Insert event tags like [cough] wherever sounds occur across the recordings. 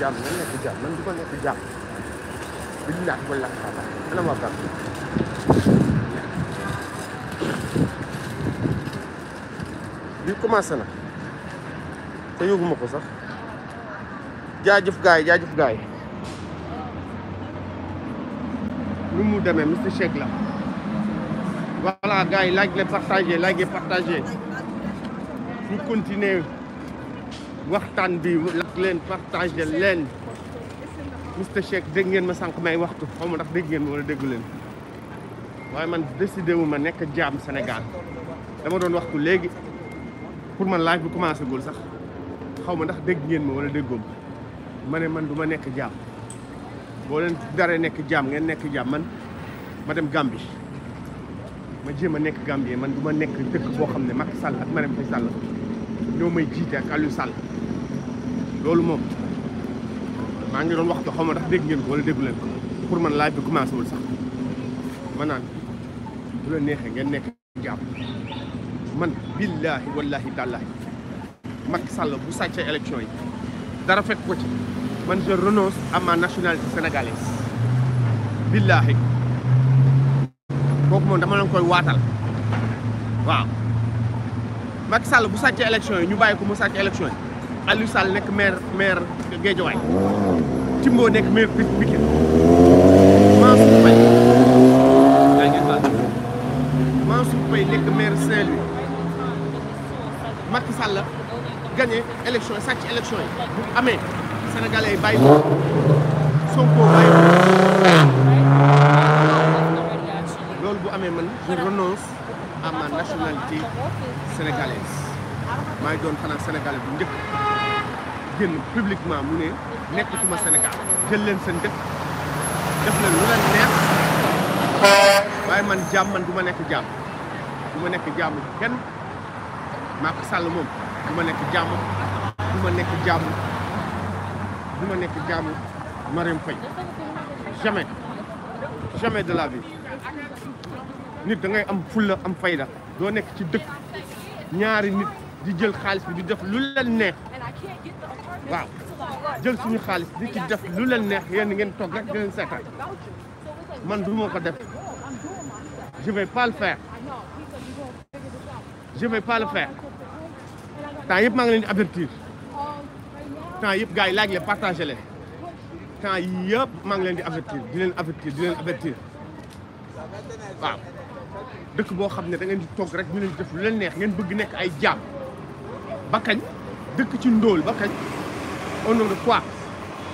jàmm na nekk jàmm man du ma nekk jàmm billahi wallahi taala ana waa gàmm bi commencé na te yóbbuma ko sax jaajëf gaay jaajëf gaay lu mu demee Mister Shake la voilà gars yi like les partager like les partager ñu waxtaan bi lakk leen partagé leen Mister Shake dégg ngeen ma sànq may waxtu xaw ma ndax dégg ngeen ma wala dégg leen waaye man décidé wu ma nekk jaam Sénégal dama doon waxtu léegi pour man laaj bi commencé gul sax xaw ma ndax dégg ngeen ma wala déggoom ma ne man du ma nekk jaam boo leen daree nekk jaam ngeen nekk jaam man ma dem Gambie ma jëm a nekk Gambie man du ma nekk dëkk boo xam ne Macky Sall ak Marème Faye Sall ñoo may jiite ak Aliou Sall لولو موم ماغي دون وقت خوما دا ديغ نين ولا ديغ لين بور مان لايف كوماسول صاح مان نان دولا نيهي نين نيك جام مان بالله والله تالله ماك سالو بو ساتشي الكسيون يي دا رافيت كو تي مان جو رونوس ا ما ناسيوناليتي سينيغاليس بالله كوك مون دا ما نكوي واتال واو ماك سالو بو ساتشي الكسيون يي ني بايكو مو ساتشي الكسيون يي Alusal Sall que maire maire Guédiawaye Timbo Nek maire Pikine Mansour Faye nest ngeen Mansour maire Saint-Louis Macky Sall gagné élection sàcc élection Amé, sénégalais yi Son ko Sonko bàyyi bu amé man je renonce à ma nationalité sénégalaise maa donne doon sénégalais génn publiquement mu ne nekkatuma Sénégal jël leen seen dëkk def leen lu leen neex waaye man jaam man du ma nekk jaam du ma nekk jaamu kenn Macky Sall nekk jaamu du ma nekk jaamu du ma nekk jaamu de la vie nit dangay am fulla am fayda doo nekk ci dëkk ñaari nit di jël xaalis bi di def lu leen neex waaw jël suñu xaalis di ci def lu leen neex yéen ngeen toog rek di leen seetaan man du ma ko def je vais pas le faire je vais pas le faire temps yëpp maa ngi leen di avertir temps yëpp gars yi laaj leen partagé leen temps yëpp maa ngi leen di avertir di leen avertir di leen avertir waaw dëkk boo xam ne da ngeen di toog rek ñu leen def lu leen neex ngeen bëgg nekk ay jaam ba kañ dëkk ci ndóol ba kañ au nom de quoi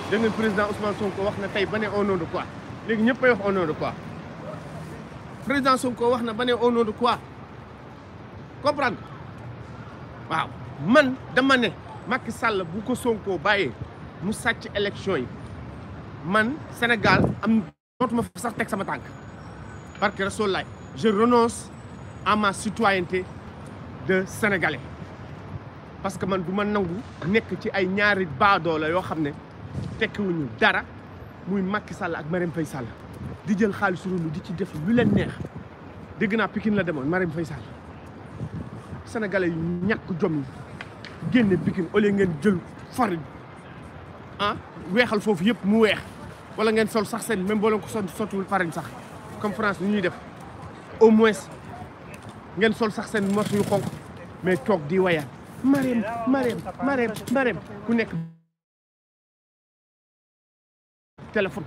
dégg ngeen président Ousmane Sonko wax na tey ba ne au de quoi léegi ñëpp ay wax au nom de quoi président Sonko wax na ba ne au de quoi comprendre waaw man dama ne Macky Sall bu ko Sonko bàyyee mu sàcc élection yi man Sénégal am dootuma fa sax teg sama tànk parce que Rasoul laay je renonce à ma de Sénégalais. parce que man bu ma nangu nekk ci ay ñaari baadoola yoo xam ne tekkiwuñu dara muy makki sàll ak Marème Faye Sall di jël xaalis lu di ci def lu leen neex dégg naa Pikine la demoon Marème Faye Sall sénégalais yu ñàkk jom yi génne Pikine au ngeen jël fari ah weexal foofu yëpp mu weex wala ngeen sol sax seen même boo leen ko son sottiwul farine sax comme France ni ñuy def au moins ngeen sol sax seen morceau yu xonk mais toog di wayaan مريم مريم مريم مريم كونيك تليفون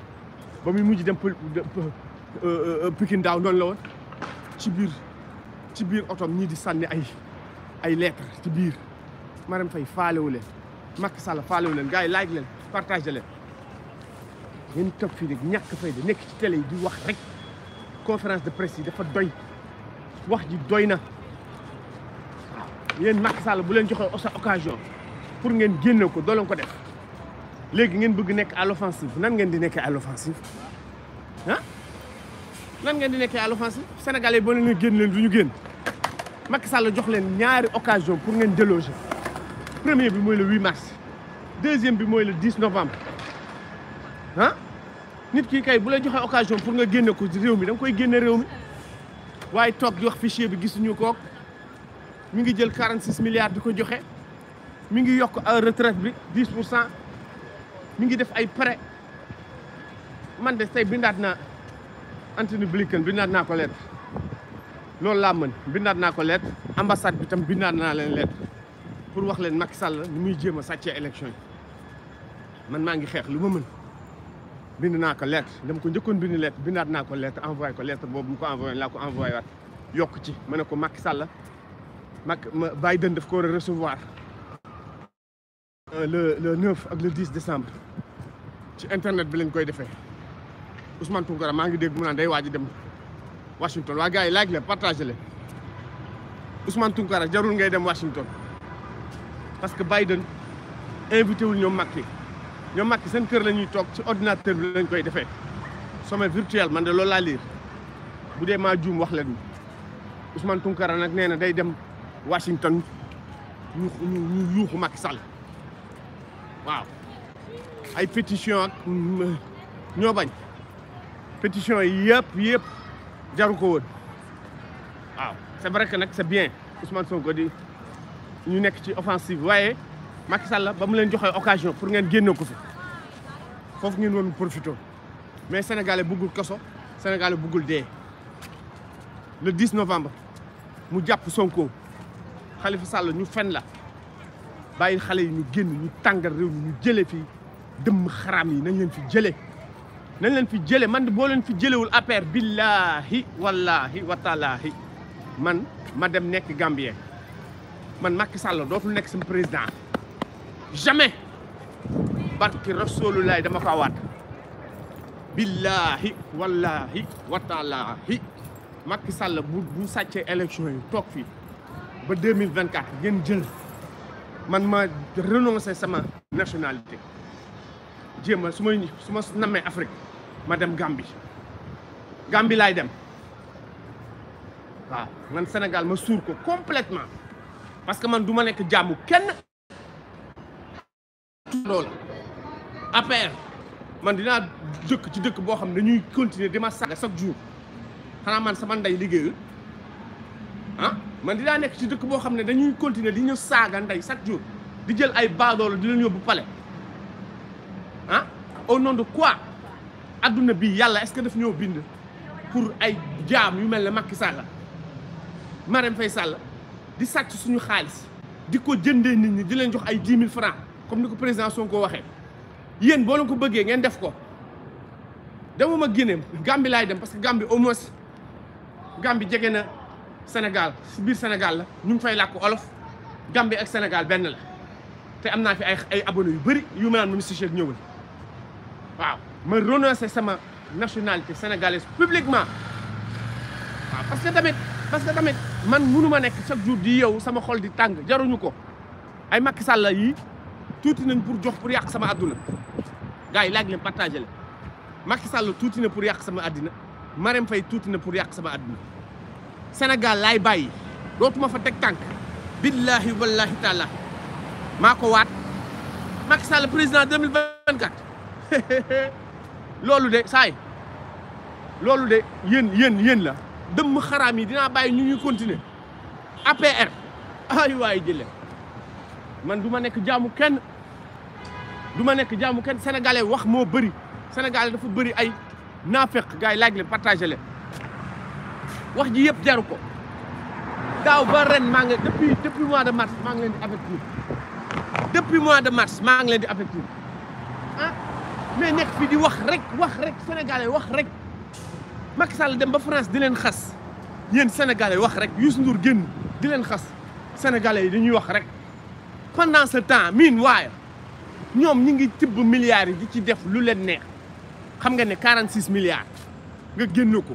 بامي موجي دم أه، أه، أه، بيكين داو نون لاون سي بير سي بير اوتوم ني دي ساني اي اي ليتر سي بير مريم فاي فالو لين ماك سالا فالو لين غاي لايك لين بارتاج لين ين توب في ديك نياك فاي دي نيك سي تيلي دي واخ ريك كونفرنس دو بريس دي فا دوي واخ دي دوينا yéen Macky Sall bu len joxe occasion pour ngeen génne ko doo leen ko def légui ngeen bëgg nek à l'offensive nan ngeen di nek à l'offensive ah nan ngeen di nek à l'offensive sénégalais bo len génn len duñu ñu génn Macky Sall jox len ñaari occasion pour ngeen déloger premier bi moy le 8 mars deuxième bi moy le 10 novembre ah nit ki kay bu la joxe occasion pour nga génne ko réew mi dang koy génne réew mi waaye tok di wax fichier bi gisunu ko mi ngi jël 46 milliards di ko joxe mi ngi yokk à retraite bi 10 pour cent mi ngi def ay prêt man de tey bindaat naa Anthony Blinken bindaat naa ko lettre loolu laa bindaat naa ko lettre ambassade bi tam bindaat naa leen lettre pour wax leen Macky Sall ni muy jéem a sàccee élection man maa ngi xeex lu ma mën bind naa ko lettre dama ko njëkkoon bind lettre bindaat naa ko lettre envoyé ko lettre boobu mu ko envoyé laa ko envoyé waat yokk ci ma ne ko makki Sall Mac Biden daf ko recevoir euh, le le 9 ak le 10 décembre ci internet bi lañ koy défé Ousmane Touré maa ngi dégg mu nan day waaj dem Washington Wa gars like le partagé le. Ousmane Touré jarul ngay dem Washington parce que Biden invité wul ñom Macky ñom Macky seen kër lañuy ñuy ci ordinateur bi lañ koy défé sommet virtuel man de loolu la lire boudé ma maa wax leen Ousmane Touré nak néna day dem. Washington nous ñu yuuxu Macky Sall waaw ay pétition ak mm, ñoo bañ pétition Nous c'est vrai que c'est bien Ousmane Sonko dit. Nous sommes ci offensive nous Macky Sall leen occasion pour ngeen vous fi que nous mais sénégalais bëggul sénégalais bëggul le 10 novembre nous jàpp Sonko Khalifa Sall ñu fen la bàyyi xale yi ñu génn ñu tàngal réew mi ñu jële fi dëmm xaram yi nañ leen fi jële nañ leen fi jële man boo leen fi jëlewul affaire billaahi wallaahi wataalaahi man ma dem nekk Gambien man Macky Sall dootul nekk sama président jamais barki rasulullaay dama ko awaat billaahi wallaahi wataalaahi Macky Sall bu bu sàccee élection yi toog fii ba deux mille vingt quatre ngeen jël man ma renoncer sama nationalité jéem a su may su ma namee Afrique ma dem Gambie Gambie laay dem waaw man Sénégal ma suur ko complètement parce que man du ma nekk jàmmu kenn loolu APR man dinaa dëkk ci dëkk boo xam ne dañuy continuer di ma saaga chaque jour xanaa man sama nday liggéeyul ah man dinaa nekk ci dëkk boo xam ne dañuy continuer di ñu saaga ndey chaque jour di jël ay baadoolo di leen yóbbu pale ah au nom de quoi adduna bi yàlla est-ce que daf ñoo bind pour ay jaam yu mel ne Macky Sall Marème fay Sall di sàcc suñu xaalis di ko jëndee nit ñi di leen jox ay dix mille francs comme ni ko président ko waxee yéen boo leen ko bëggee ngeen def ko demuma Guinée Gambie laay dem parce que Gambie au moins Gambie jege na. Sénégal si biir Sénégal la ñu ngi fay làkk olof Gambie ak Sénégal benn la te am naa fi ay ay abonné yu bëri yu ma naan ma Mister Shake ñëwul waaw ma renoncé sama nationalité sénégalaise publiquement waaw parce que tamit parce que tamit man munu ma nekk chaque jour di yow sama xol di tàng jaruñu ko ay Macky Sall yi tuuti nañ pour jox pour yàq sama àdduna gars yi laaj leen partagé la Macky Sall tuuti na pour yàq sama àddina Marème fay tuuti na pour yàq sama àdduna Sénégal laay bàyyi dootuma fa teg tànk billaahi wallaahi taala maa ko waat Macky Sall président 2024 [laughs] loolu de saay loolu de yéen yéen yéen la dëmm xaraam yi dinaa bàyyi ñu ñuy continuer APR ay waay jële man du ma nekk jaamu ken du ma nekk jaamu kenn sénégalais wax moo bëri sénégalais dafa bëri ay naafeq gars yi laaj leen partagé leen wax ji yëpp jaru ko daaw ba ren maa ngi depuis depuis mois de mars maa ngi leen di affecté depuis mois de mars maa ngi leen di affecté ah mais nekk fi di wax rek wax rek sénégalais wax rek Macky Sall dem ba France di leen xas yéen sénégalais wax rek Youssou Ndour génn di leen xas sénégalais yi dañuy wax rek pendant ce temps miin waaye ñoom ñi ngi tibb milliards yi di ci def lu leen neex xam nga ne 46 milliards nga génn ko.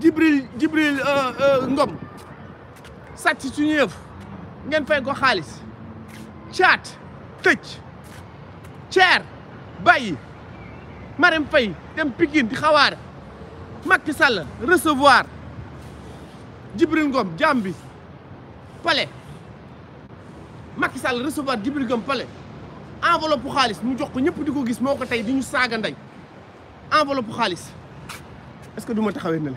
Jibril Jibril euh, euh, Ngom sàcc suñu yëf ngeen fay ko xaalis caat tëj ceer bàyyi Marème Faye dem Pikine di xawaar Macky Sall recevoir Jibril Ngom jaam bi palais Macky Sall recevoir Jibril Ngom palais enveloppe xaalis mu jox ko ñëpp di ko gis moo ko tey di ñu saaga ndey enveloppe xaalis est que du ma taxawee na le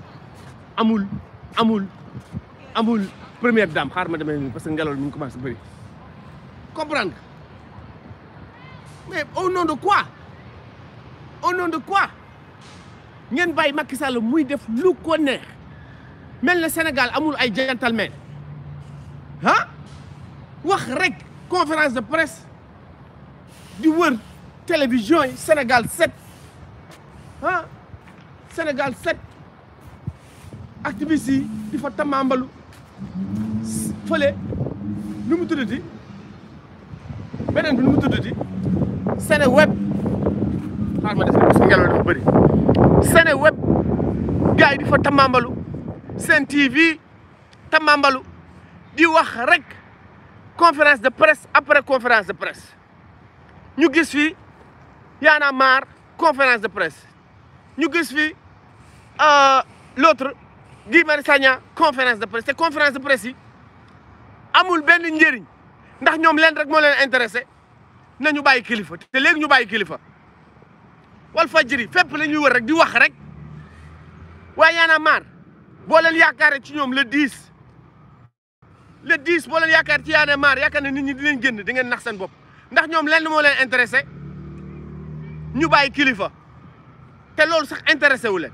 amul amul amul première dame xaar ma demee parce que ngalol li ngi commencé comprendre mais au nom de quoi au nom de quoi ngeen pas Macky Sall muy def lu ko neex mel na Sénégal amul ay gentleman Hein wax rek conférence de presse du wër télévision Sénégal 7 Hein..? Sénégal 7. activiste yi di fa tamambalu fële nu mu tuddati beneen bi nu mu tuddati sene web xaar ma def parce ngelaw dafa bëri sene web gars yi di fa tamambalu seen TV tamambalu di wax rek conférence de presse après conférence de presse ñu gis fii Y'en a conférence de presse ñu gis fii euh, l'autre Guy Marius Sagna conférence de presse te conférence de presse amul benn njëriñ ndax ñoom leen rek moo leen intéressé na ñu bàyyi kilifa te léegi ñu bàyyi kilifa wal Walfadjri fépp la ñuy wër rek di wax rek waaye Y'en a marre boo leen yaakaaree ci ñoom le 10 le 10 boo leen yaakaar ci Y'en a marre yaakaar ne nit ñi dinañ di ngeen nax seen bopp ndax ñoom lenn moo leen intéressé ñu bàyyi kilifa te loolu sax intéressé wu leen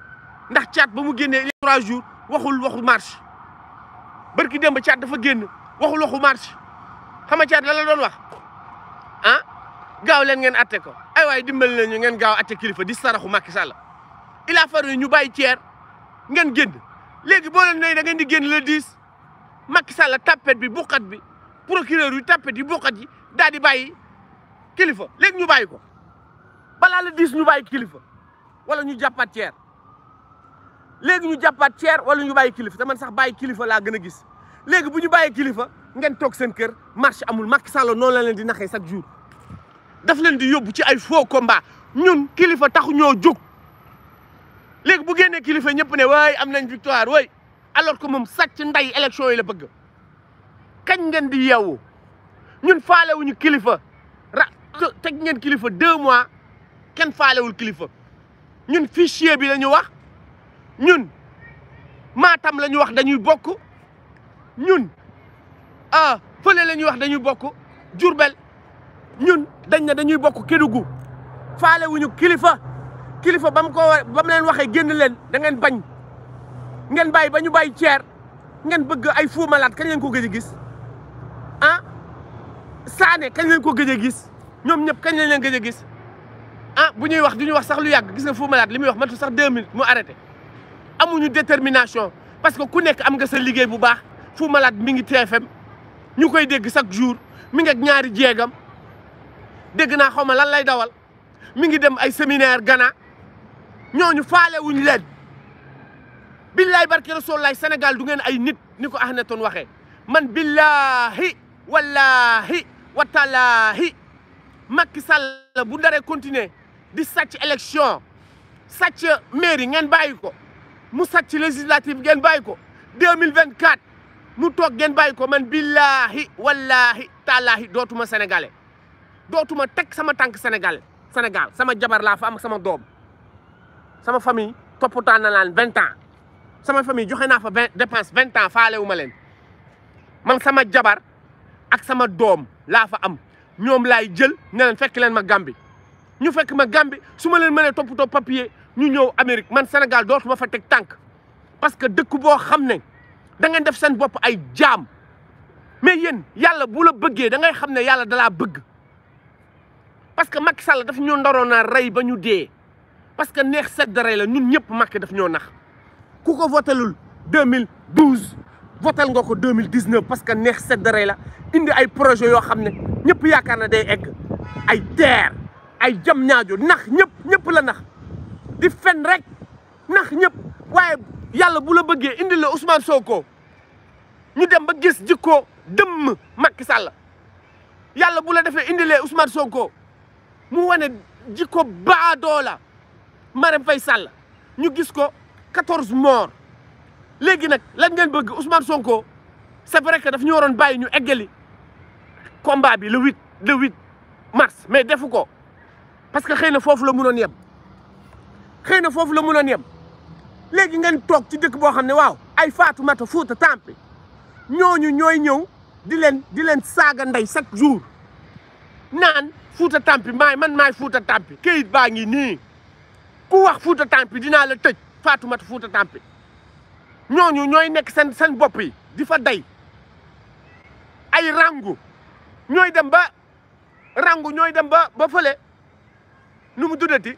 ndax chat ba mu génnee il trois jours waxul waxu marche barki démb caat dafa génn waxul waxu marche xama nga la la doon wax ah gaaw len ngeen atté ko ay waay dimbali nañu ngeen gaaw atté kilifa di saraxu Macky Sall il a fallu ñu bay ceer ngeen génn légui bo len lay da ngeen di génn le 10 Macky Sall tapet bi buqat bi procureur yu tapet yi buqat yi daal di kilifa légui ñu bayiko bala le 10 ñu bayyi kilifa wala ñu jappat léegi ñu jàppaat ceer wala ñu bàyyi kilifa te sax bàyyi kilifa laa gën a gis léegi bu ñu bàyyi kilifa ngeen toog seen kër marche amul Macky Sall noonu la leen di naxee chaque jour daf leen di yóbbu ci ay faux combat ñun kilifa taxu ñoo jóg léegi bu génnee kilifa ñëpp ne waaye am nañ victoire waay alors que moom sàcc nday élection yi la bëgg kañ ngeen di yeewu ñun faalewuñu kilifa ra teg ngeen kilifa deux mois kenn faalewul kilifa ñun fichier bi la ñu wax ñun Matam la ñu wax dañuy bokk ñun a fële la ñuy wax dañuy bokk Diourbel ñun dañ ne dañuy bokk Kédougou faale wuñu kilifa kilifa ba mu ko ba mu leen waxee génn leen da ngeen bañ ngeen bàyyi ba ñu bàyyi ceer ngeen bëgg ay Fou Malade kañ ko gëj a gis ah Sané kañ ngeen ko gëj a gis ñoom ñëpp kañ lañ leen gëj a gis ah bu ñuy wax du ñu wax sax lu yàgg gis nga Fou Malade li muy wax matu sax deux minutes mu arrêté. amuñu détermination parce que ku nekk am nga liggéey bu baax Fou malaat mi ngi TFM ñu koy dégg chaque jour mi ñaari jéegam dégg naa xaw ma lan lay dawal mi ngi dem ay séminaire Ghana ñooñu faale wuñ leen. billaay barke rasulilaay Sénégal du ngeen ay nit ni ko Akhenaton waxe man billahi wallahi watalaahi Macky Sall bu daree continuer di sàcc élection sàcc mairie ngeen bàyyi ko. mu ci législatif gën 2024 mu tok gën un ko man billahi wallahi dootuma sénégalais dootuma tek sama tank sénégal sénégal sama jabar la fa am sama sama famille na 20 ans sama famille joxe na fa ans ma man sama jabar ak sama dom la fa am ñom lay jël ne fekk len ma ñu fekk ma papier ñu ñëw Amérique man Sénégal dootuma fa teg tànk parce que dëkk boo xam ne da ngeen def seen bopp ay jaam mais yéen yàlla bu la bëggee dangay xam ne yàlla dalaa bëgg parce que Macky Sall daf ñoo ndaroon a rey ba ñu dee parce que neex set rey la ñun ñëpp Macky daf ñoo nax ku ko votalul 2012 votal nga ko 2019 parce que neex set rey la indi ay projet yoo xam ne ñëpp yaakaar na day egg ay terre ay jam ñaajo nax ñëpp ñëpp la nax di fen rek nax ñëpp waaye yàlla bu la bëggee indi la Ousmane Sonko ñu dem ba gis jikko dëmm Macky Sall yàlla bu la defee indi indilee Ousmane Sonko mu wane jikko baadoola Marème Faye Sall ñu gis ko quatorze morts léegi nag lan ngeen bëgg Ousmane Sonko c'est vrai que daf ñu waroon bàyyi ñu eggali combat bi le huit le huit mars mais defu ko parce que xëy na foofu la mun mënoon yem xëy na foofu la a yem léegi ngeen toog ci dëkk boo xam ne waaw ay Fatoumata Fouta Tampi ñooñu ñooy ñëw di leen di leen saaga ndey chaque jour naan Fouta Tampi maay man maay Fouta Tampi këyit baa ngi nii ku wax Fouta Tampi dinaa la tëj Fatoumata Fouta Tampi ñooñu ñooy nekk seen seen bopp yi di fa day ay ràngu ñooy dem ba rangu ñooy dem ba ba fële nu mu tuddati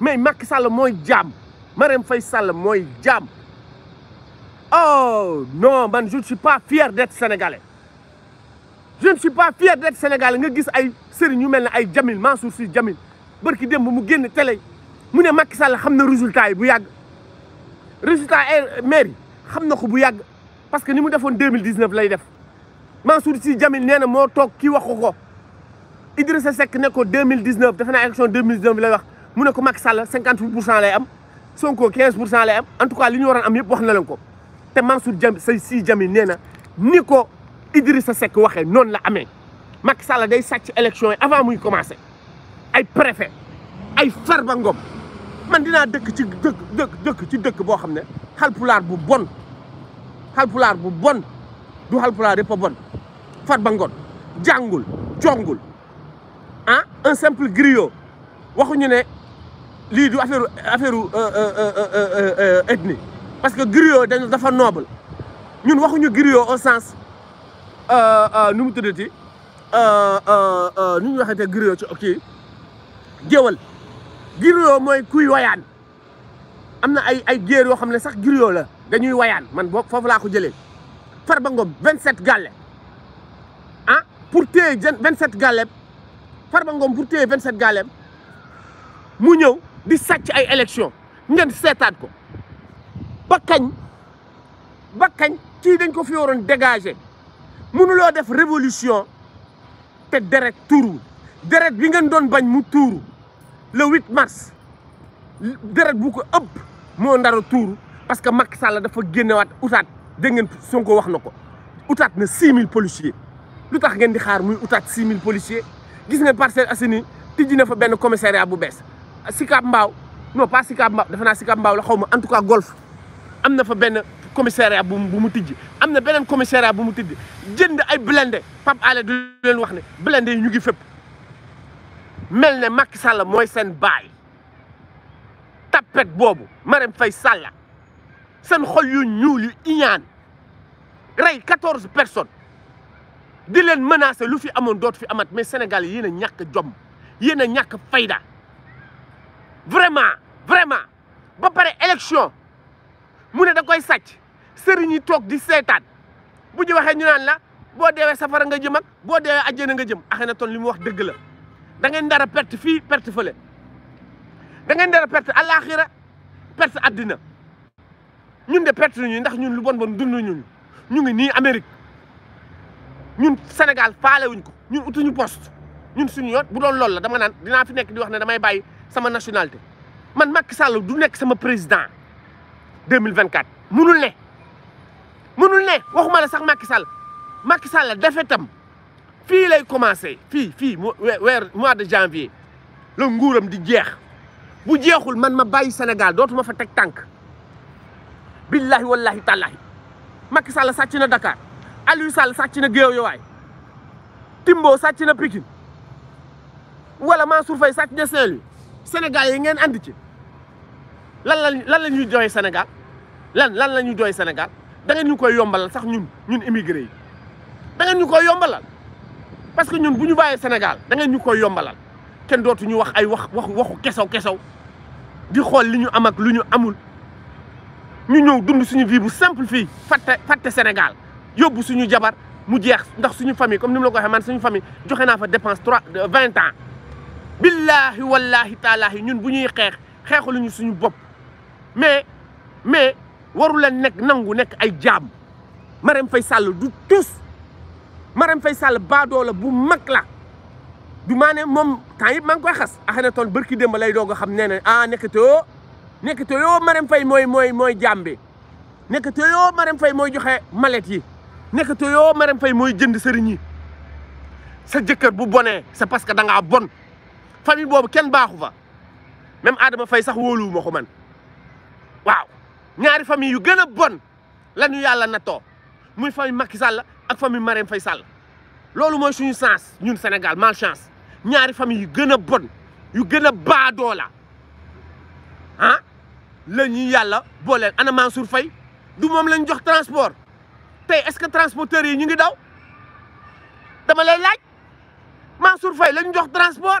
mais Macky Sall mooy jaam Marème Faye Sall moy jam. oh non man je ne suis pas fier d'être sénégalais je ne suis pas fier d'être sénégalais nga gis ay serigne yu melni ay Jamil Mansour Sy Jamil barki démb mu guen télé mu ne Macky Sall xam résultat yi bu yag résultat eh, maire xamna ko bu yag parce que ni mu defoon 2019, lay def Mansour Sy Jamil nee mo tok ki kii Idrissa Seck ne ko 2019, mille dix élection bi lay wax mu ne ko Macky Sall cinquante lay am Sonko 15 lay am en tout cas li ñu waroon am yëpp wax na leen ko te Mansour Diam say si Jami nee niko Idrissa Seck waxee non la amé Macky Sall day sàcc élection avant muy commencer ay préfet ay Farba Ngom man dina dëkk ci dëkk dëkk dëkk ci dëkk bo xamné ne bu bon xalpulaar bu bon du xalpulaar yëpp a bon Farba Ngom jàngul jongul ah un simple griot waxu ñu né lii du affaire affaire euh, euh, euh, ethnie parce que griot dañu dafa noble ñun waxuñu griot au sens nu mu tuddati nu ñu waxante griot ci kii géwal griot mooy kuy wayaan am na ay ay géer yoo xam ne sax griot la dañuy wayaan man boog foofu laa ko jëlee Farba Ngom 27 gàlle ah pour téye vingt 27 gàllem Farba Ngom pour téye 27 gale mu ñëw. di sàcc ay élection ngeen seetaat ko ba kañ ba kañ kii dañ ko fi woron dégager lo def révolution té deret tourou deret bi ngeen don bañ mu tourou le 8 mars deret bu ko upp mo ndara tourou parce que Macky Sall dafa wat outat de ngeen Sonko wax na ko na 6000 policiers lutax ngeen di xaar muy outat 6000 policiers gis ngeen Parcelles Assainies tijji na fa ben commissariat bu bess Sicap Mbao non pas Sicap Mbao defe naa Sicap Mbao la xaw ma en tout cas golf am na fa benn commissariat bu bu mu tijji am na beneen commissariat bu mu tijji jënd ay blindé Pape Alé du leen wax ne blindé yi ñu ngi fépp mel ne Macky Sall mooy seen baay tappet boobu Marème fay Sall seen xol yu ñuul yu iñaan rey quatorze personnes di leen menacer lu fi amoon dootu fi amat mais Sénégal yéen a ñàkk jom yéen a ñàkk fayda vraiment vraiment ba pare élection mu ne da koy sàcc sëriñ yi toog di seetaan bu ñu waxee ñu naan la boo deewee safara nga jëm ak boo deewee àjjana nga jëm axee na ton li mu wax dëgg la da ngeen dara perte fii perte fële da ngeen dara perte àllaaxira perte àddina ñun de perte nañu ndax ñun lu bon bon dund ñun ñu ngi nii Amérique ñun Sénégal faalewuñ ko ñun utuñu poste ñun suñu yoon bu doon loolu la dama naan dina fi nekk di wax ne damay bay sama nationalité man Macky Sall du nekk sama président 2024 munul ne munul ne waxuma la sax Macky Sall Macky Sall defetam fii lay commencé fii fii weer mois de janvier la nguuram di jeex bu jeexul man ma bàyyi Sénégal dootuma fa teg tànk billahi wallahi tàllahi Macky Sall sàcc na Dakar Aliou Sall sàcc na Guédiawaye Timbo sàcc na Pikine wala Mansour Faye sàcc na Saint-Louis Sénégal yi ngeen ànd ci lan la lan la ñuy jooy Sénégal lan lan la ñuy jooy Sénégal da ngeen ñu koy yombalal sax ñun ñun immigré yi da ñu koy yombalal parce que ñun bu ñu bàyyee Sénégal da ngeen ñu koy yombalal kenn dootu ñu wax ay wax waxu waxu kesaw kesaw di xool li ñu am ak lu ñu amul ñu ñëw dund suñu vie bu simple fii fàtte fàtte Sénégal yóbbu ñu jabar mu jeex ndax suñu famille comme ni mu la ko waxee man suñu famille joxe naa fa dépense trois vingt ans. billahi wallahi taalahi ñun bu ñuy xexu luñu suñu bop mais mais waru la nek nangu nek ay jaam Marème fay Sall du tous Marème fay Sall la bu mak la du mané mom tan yëpp mang koy xass xas ah, ton barki démb lay dogo xam nee ah nekkate yoo nekkate yoo Marème moy moy moy mooy jaam bi nekkate yoo Marème Faye mooy joxe malet yi nekkate yo Marème fay moy jënd sëriñ yi sa jëkkër bu boné c'est parce que da nga bonne famille boobu kenn baaxu fa même Adama fay sax wóoluwuma ko man waaw ñaari famille yu gën a bon la ñu yàlla nattoo muy famille makki Sall ak famille Marème fay Sall loolu mooy suñu chance ñun Sénégal malchance ñaari famille yu gën a bon yu gën a baadoo la ah la ñuy yàlla booleel ana Mansour fay du moom lañ jox transport tey est-ce que transporteurs yi ñu ngi daw dama lay laaj Mansour Faye lañ jox transport.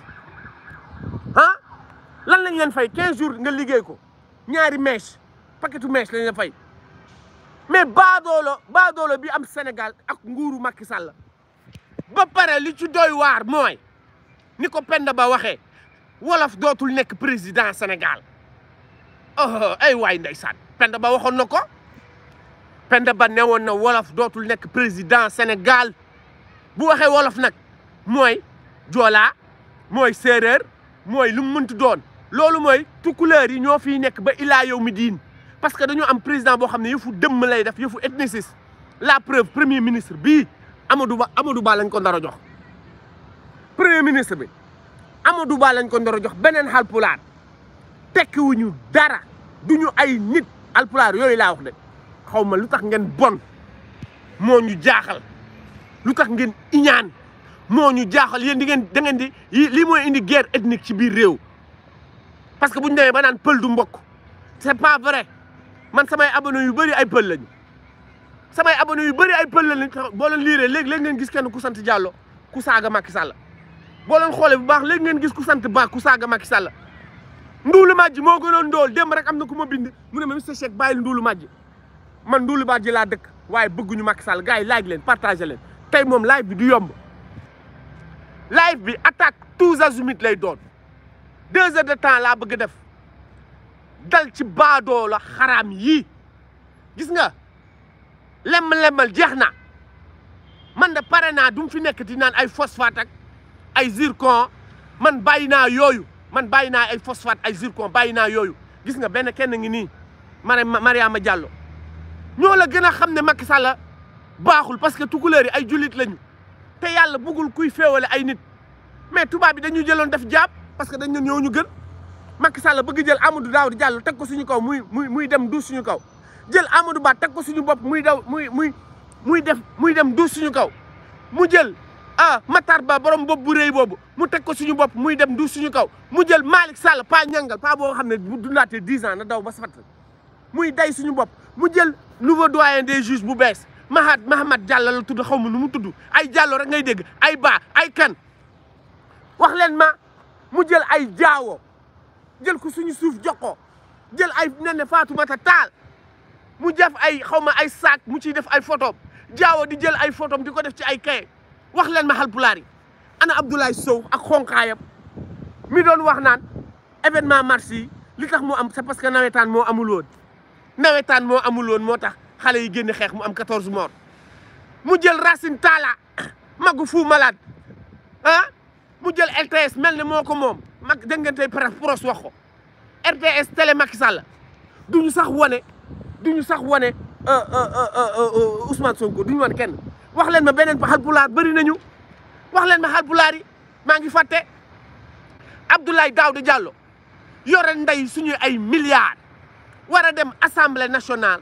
Hein? lan lañ fay 15 jours nga a ko ñaari mèche paquetu mèche mais le bi am Sénégal ak nguuru Macky ba li ci doy Penda Ba wolof dootul président Sénégal oh ay Penda Ba Penda Ba ne que na wolof dotul nek président Sénégal bu waxee wolof C'est... mooy C'est mooy mooy lu mu mënti doon loolu mooy tukkuleur yi ñoo fiy nekk ba ilaa yow mi diin parce que dañoo am président boo xam ne yëfu dëmm lay def yëfu ethniciste la preuve premier ministre bi Amadou Ba Amadou Ba lañ ko ndara jox premier ministre bi Amadou Ba lañ ko ndara jox beneen Halpulaar tekkiwuñu dara duñu ay nit Halpulaar yooyu laa wax de xaw ma lu tax ngeen bon moo ñu jaaxal lu tax ngeen iñaan moo ñu jaaxal yéen di ngeen da di lii mooy indi guerre ethnique ci biir réew parce que bu ñu demee ba naan pël du mbokk c'est pas vrai man samay abono yu bëri ay pël lañu samay abonné yu bëri ay pël lañu boo leen liiree léegi léegi ngeen gis kenn ku sant Diallo ku saaga Macky Sall boo leen xoolee bu baax léegi ngeen gis ku sant baax ku saaga Macky Sall nduulu majj moo gënoon ndool démb rek am na ku ma bind mu ne ma monsieur Cheikh bàyyil nduulu majj man nduulu majj laa dëkk waaye bëgguñu Macky Sall gars yi laaj leen partagé leen moom laaj bi yomb live bi attaque tous azimuts lay doon deux de temps laa bëgg def dal ci baadoo la xaraam yii gis nga lemm-lemmal jeex na man de pare naa du mu fi nekk di naan ay phosphate ak ay zircon man bàyyi naa yooyu man bàyyi naa ay phosphate ay zircon bàyyi naa yooyu gis nga benn kenn ngi nii Mariama Diallo ñoo la gën a xam ne Macky Sall baaxul parce que tukulóor yi ay jullit lañu te yàlla bëggul kuy féewale ay nit mais tubaab bi dañuy jëloon def jàpp parce que dañ ñoo ñu gën Macky Sall bëgg jël Amadou Daouda Diallo teg ko suñu kaw muy muy muy dem duus suñu kaw jël Amadou teg ko suñu bopp muy daw muy muy muy def muy dem duus suñu kaw mu jël ah Matar Ba borom bopp bu rëy boobu mu teg ko suñu bopp muy dem duus suñu kaw mu jël Malick Sall pa ñangal pa boo xam ne bu dundaatee dix ans na daw ba safat muy day suñu bopp mu jël nouveau doyen des juges bu bees Mahad Mahamad Diallo la tudd xaw ma nu mu tudd ay Diallo rek ngay dégg ay Ba ay kan wax leen ma mu jël ay jaawo jël ko suñu suuf jox jël ay Néné Fatoumata Tall mu def ay xaw ma ay saak mu ciy def ay photo jaawo di jël ay photom di ko def ci ay kay wax leen ma Haalpulaar yi ana Abdoulaye Sow ak xonqaayam mi doon wax naan événement mars yi li tax mu am c'est parce que nawetaan moo amul woon nawetaan moo amul woon moo tax. xale yi génn xex mu am 14 mort mu jël Racine tala magu Fou Malade ah mu jël lts melni moko mom mag dégg ngeen tey pros wax RTS télé makissal duñu sax woné duñu sax wane Ousmane Sonko duñu won kenn wax len ma benen beneen Haalpulaar bari nañu wax len ma Haalpulaar yi ma ngi faté Abdoulaye Daouda Diallo yore nday suñu ay milliards wara dem assemblée nationale.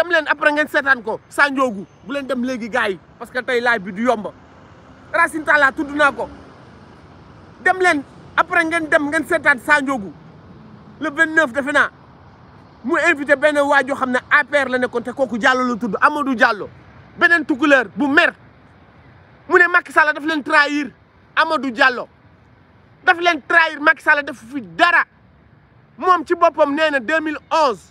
dem leen après ngeen seetaan ko Sa Ndiogou bu leen dem léegi gars yi parce que tey live bi du yomba Racine Talla tudd naa ko dem leen après ngeen dem ngeen seetaan Sa Ndiogou le 29 defe naa mu invité benn waa joo xam ne APR la nekkoon te kooku Diallo la tudd Amadou Diallo beneen tukkuleer bu mer mu ne Macky Sall daf leen trahir Amadou Diallo def leen trahir Macky Sall def fi dara moom ci boppam nee na 2011.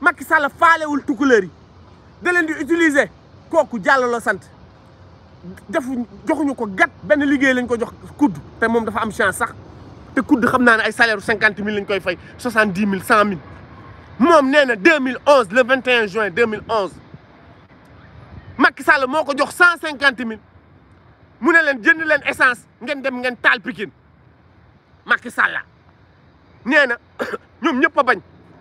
Macky Sall tout tukkuleer yi da len di utiliser kooku la sante def joxuñu ko gat ben liguey lañ ko jox kudd te mom dafa am chance sax te kudd ay salaire koy fay le 21 juin 2011. Macky Sall moko jox 150.000$... jënd essence ngeen dem ngeen talpikin. Pikine Sall [coughs] ñom bañ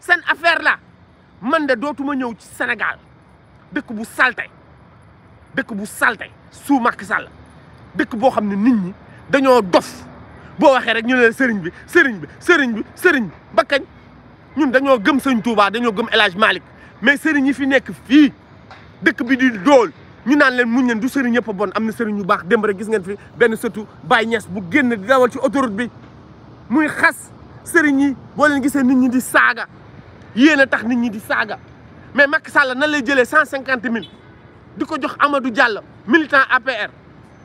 seen affaire la man de dootuma ñëw ci senegal dëkk bu salte dëkk bu salte suu Macky Sall dëkk boo xam ne nit ñi dañoo dof boo waxee rek ñu ne sëriñ bi sëriñ bi sëriñ bi sëriñ bi ba kañ ñun dañoo gëm sëñ Touba dañoo gëm El Hadj mais sëriñ yi fi nekk fii dëkk bi di dool ñu naan leen muñ leen du sëriñ yëpp bon am na sëriñ yu baax démb gis ngeen fi benn sëtu Baye Niass bu génn di dawal ci autoroute bi muy xas sëriñ yi boo leen gisee nit ñi di saaga yéen tax nit ñi di saga mais Macky Sall nan lay jëlee 150 000. mille jox Amadou Diallo militant APR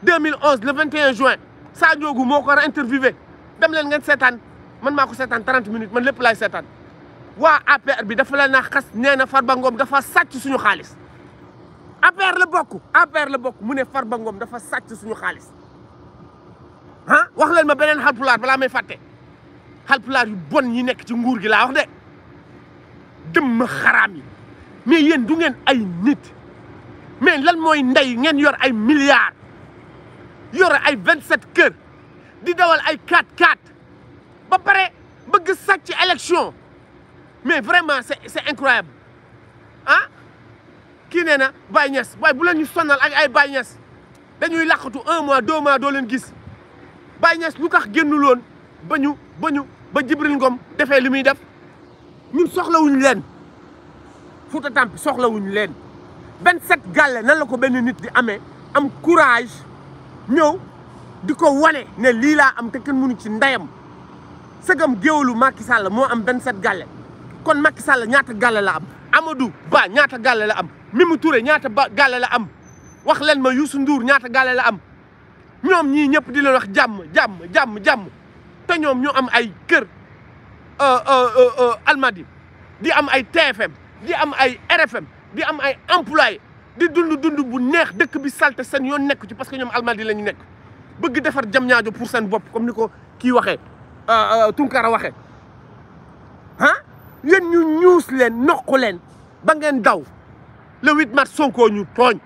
2011 le 21 juin Sa Ndiogou moko ra interviewé dem leen ngeen sétane man mako sétane 30 minutes man lepp lay sétane Wa APR bi dafa la na xas nee Farba Ngom dafa sacc suñu xaaliss APR le bokk APR le bokk mune Farba Ngom dafa sacc suñu xaaliss ah hein? wax leen ma benen xalpulaar balaa may faté xalpulaar yu bonne yi nek ci nguur gi la wax de dëmm xaraam yi mais yéen du ngeen ay nit mais lan mooy ndey ngeen yor ay milliards yor ay vingt sept kër di dawal ay 4-4 ba pare bëgg sàcc élection mais vraiment c'est c'est incroyable ah kii nee na Baye waaye bu leen ñu sonal ak ay Baye Niass dañuy làqatu un mois deux mois doo leen gis Baye Niass lu tax génnuloon ba ñu ba ba Jibril Ngom defee li muy def ñun soxlawuñ leen Fouta Tampi soxlawuñu leen 27 gàlle nan la ko benn nit di amee am courage ñëw di ko wane ne lii am te kenn mënu ci ndeyam sëgam géwalu Macky Sall moo am 27 gàlle kon Macky Sall ñaata gàlle la am Amadou Ba ñaata gàlle la am Mimi Touré ñaata ba gàlle la am wax leen ma Youssou Ndour ñaata gàlle la am ñoom ñii ñëpp di leen wax jàmm jàmm jàmm jàmm te ñoom ñu am ay kër Euh, euh, euh, Almadi di am ay TFM di am ay RFM di am ay employé di dund dund bu neex dëkk bi salte seen yoon nekk ci parce que ñoom Almadi la ñu nekk bëgg defar jam ñaajo pour seen bopp comme ni ko kii waxee Tunkara waxe ah yéen ñu ñuus leen noqu leen ba ngeen daw le 8 mat Sonko ñu tooñ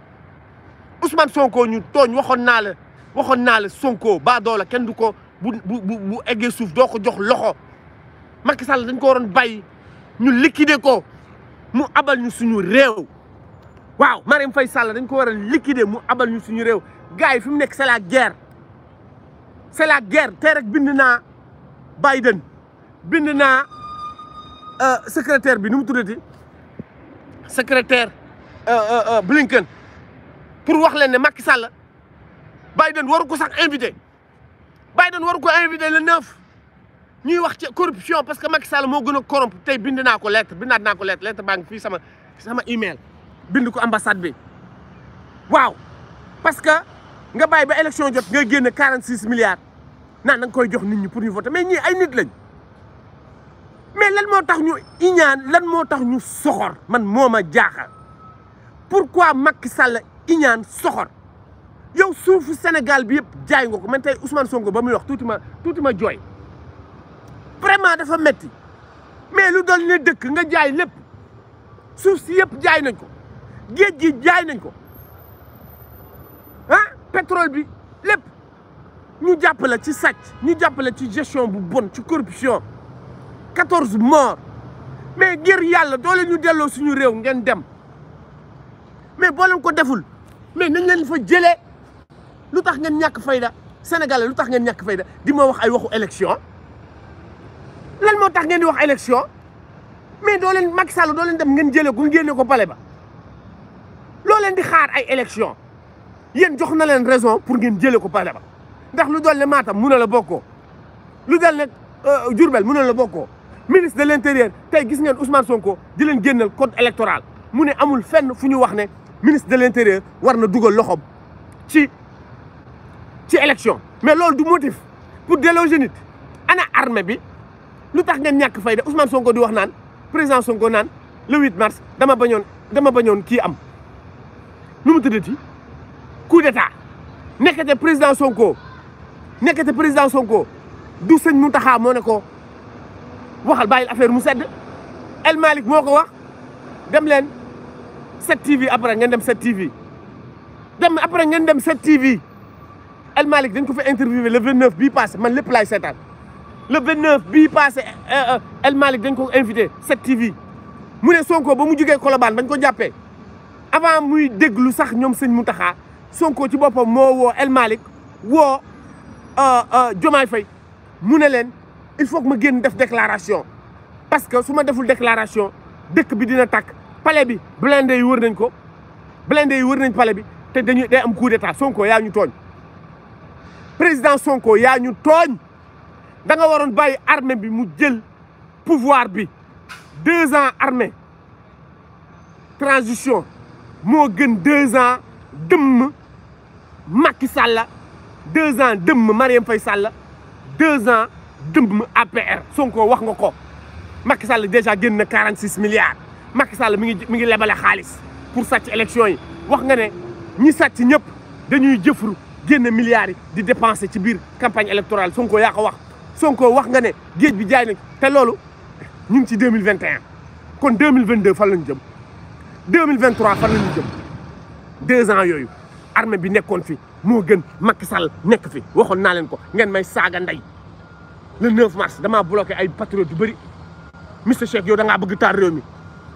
Ousmane Sonko ñu tooñ waxoon naa la waxoon naa la Sonko baadoola kenn du ko bu bu bu suuf doo ko jox loxo Macky Sall dañ ko waroon bàyyi ñu liquider ko mu abal ñu suñu réew waaw Marème Faye Sall dañ ko war a liquider mu abal ñu suñu réew gars yi fi mu nekk c'est la guerre c'est la guerre tey rek bind naa Biden bind naa euh, secrétaire bi nu mu tuddati secrétaire euh, euh, Blinken pour wax leen ne Macky Sall Biden waru ko sax invité Biden waru ko invité le neuf ñuy wax ci corruption parce que Macky Sall moo gën a corrompre tey bind naa ko lettre bindaat naa ko lettre lettre baa ngi fii sama sama email bind ko ambassade bi waaw parce que nga bàyyi ba élection jot nga génn 46 milliards naan da nga koy jox nit ñi pour ñu voter mais ñii ay nit lañ mais lan moo tax ñu iñaan lan moo tax ñu soxor man moo ma jaaxal pourquoi Macky Sall iñaan soxor yow suufu Sénégal bi yëpp jaay nga ko man tey Ousmane Sonko ba muy wax tuuti ma tuuti ma jooy. vraiment dafa metti mais lu doon ne dëkk nga jaay lépp suuf si yëpp jaay nañ ko géej gi jaay nañ ko ah pétrole bi lépp ñu jàppale ci sàcc ñu jàppale ci gestion bu bon ci corruption quatorze morts mais ngir yàlla doole ñu delloo suñu réew ngeen dem mais boo leen ko deful mais nañ leen fa jëlee lu tax ngeen ñàkk fayda Sénégalais lu tax ngeen ñàkk fayda di ma wax ay waxu élection lan mo tax ngeen di wax élection mais do len Macky Sall do len dem ngeen jele gu ngeen ko pale ba lo len di xaar ay élection yéen jox na len raison pour ngeen jele ko pale ba ndax lu dool ne Matam mu na la bokkoo lu dal nak jurbel mu na la bokkoo ministre de l'intérieur tay gis ngeen Ousmane Sonko di len génnal code électoral mu ne amul fenn fu ñu wax ne ministre de l'intérieur war na dugal loxoom ci ci élection mais loolu du motif pour déloger nit ana armée bi lu tax ngeen ñàkk fayda Ousmane Sonko di wax naan président Sonko naan le huit mars dama bañoon dama bañoon kii am nu mu tuddati coup d'état nekkate président Sonko nekkate président Sonko du sëñ Mountakha moo ne ko waxal bàyyil affaire mu sedd El Malick moo ko wax dem leen 7TV après ngeen dem 7TV dem après ngeen dem 7TV El Malick dañ ko fa interviewé le 29 bii passé man lépp laay seetaan. le 29 bi passé euh, euh, El malik dañ ko invité 7TV mu Sonko ba mu jugee Colobane bañ ko jappé avant muy déglu sax ñom sëñ Moutakha Sonko ci bopam mo wo El wo euh euh Faye fay ne len il faut que ma guen def déclaration parce que suma ma deful déclaration dekk bi dina tak palais bi blindé yi wër nañ ko blindé yi wër nañ palais bi té dañuy day am coup d'état Sonko ya ñu togn président Sonko ya ñu togn da nga armée bi pouvoir deux ans armée transition deux ans dëmm Macky deux ans dëmm Mariam Faye deux ans dëmm APR Sonko déjà 46 milliards Macky Sall mi ngi pour cette élection yi wax nga milliards de dépenses dépenser la campagne électorale Sonko wax nga ne géej bi jaay nañ te loolu ñu ngi ci deux mille vingt et kon deux mille vingt deux fan la ñu jëm deux mille vingt trois fan la ñu deux ans yooyu armée bi nekkoon fi moo gën Macky Sall nekk fi waxoon naa leen ko ngeen may saaga nday le 9 mars damaa bloqué ay patriotes yu bëri Mister Shake yow da ngaa bëgg taal réew mi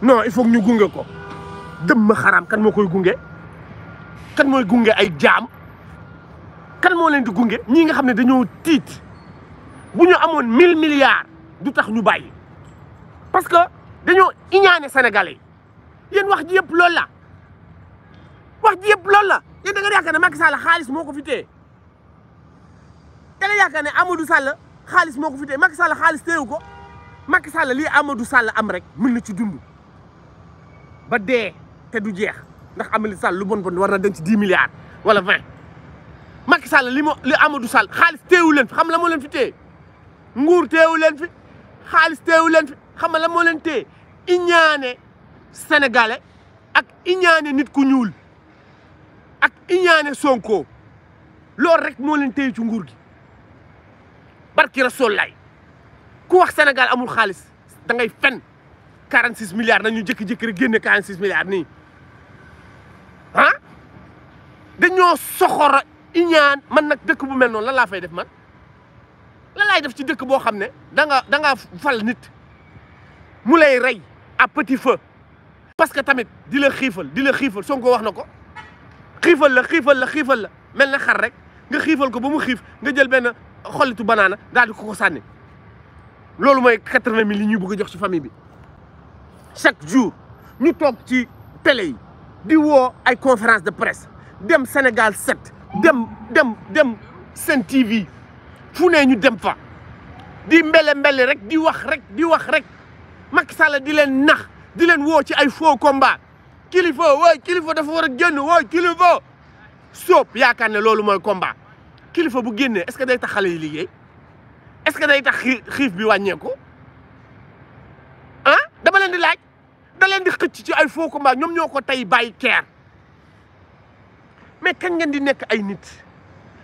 non il faut ñu gunge ko dëm ma xaraam kan moo koy gunge kan mooy gunge ay jaam kan moo leen di gunge ñii nga xam ne dañoo tiit. bu ñu amoon mille milliards du tax ñu bàyyi parce que dañoo iñaane sénégalais yi yéen wax ji yépp loolu la wax ji yëpp loolu la yéen da nga yaakaar ne Macky Sall xaalis moo ko fi téye da nga yaakaar ne Amadou Sall xaalis moo ko fi téye Macky Sall xaalis téyewu ko Macky Sall lii Amadou Sall am rek mën na ci dund ba dee te du jeex ndax Amadou Sall lu bon bon war na denc dix milliards wala vingt Macky li mo li Amadou Sall xaalis téyewu leen xam la moo leen fi téye. nguur teewu leen fi xaalis teewu leen fi xam nga la moo leen téye iñaane sénégalais ak iñaane nit ku ñuul ak iñaane sonko loolu rek moo leen téye ci nguur gi barki rasool lay ku wax senegal amul xaalis da ngay fen 46 milliards nañu jëkki-jëkki rek génne 46 milliards nii ah dañoo soxora iñaan man nag dëkk bu mel noonu la laa fay def man lan lay def ci deuk bo da nga da fal nit mou lay à petit feu parce que tamit di la que di la dit Sonko wax nako xifal la xifal la xifal la mel na xar rek nga xifal ko bamu xif nga jël ben xolitu que ko ko sanni lolou moy que famille chaque jour ñu tok ci télé yi di wo ay conférence de presse dem Sénégal 7 dem dem dem Sen TV fu nee ñu dem fa di mbele mbele rek di wax rek di wax rek Macky Sall di leen nax di leen woo ci ay foo combat kilifa wooy kilifa dafa war a génn wooy kilifa soob yaakaar ne loolu mooy combat kilifa bu génnee est-ce que day tax xale yi liggéey est-ce que day tax xiif bi wàññeeku ah dama leen di laaj da leen di xëcc ci ay faux combat ñoom ñoo ko tey bàyyi keer mais kañ ngeen di nekk ay nit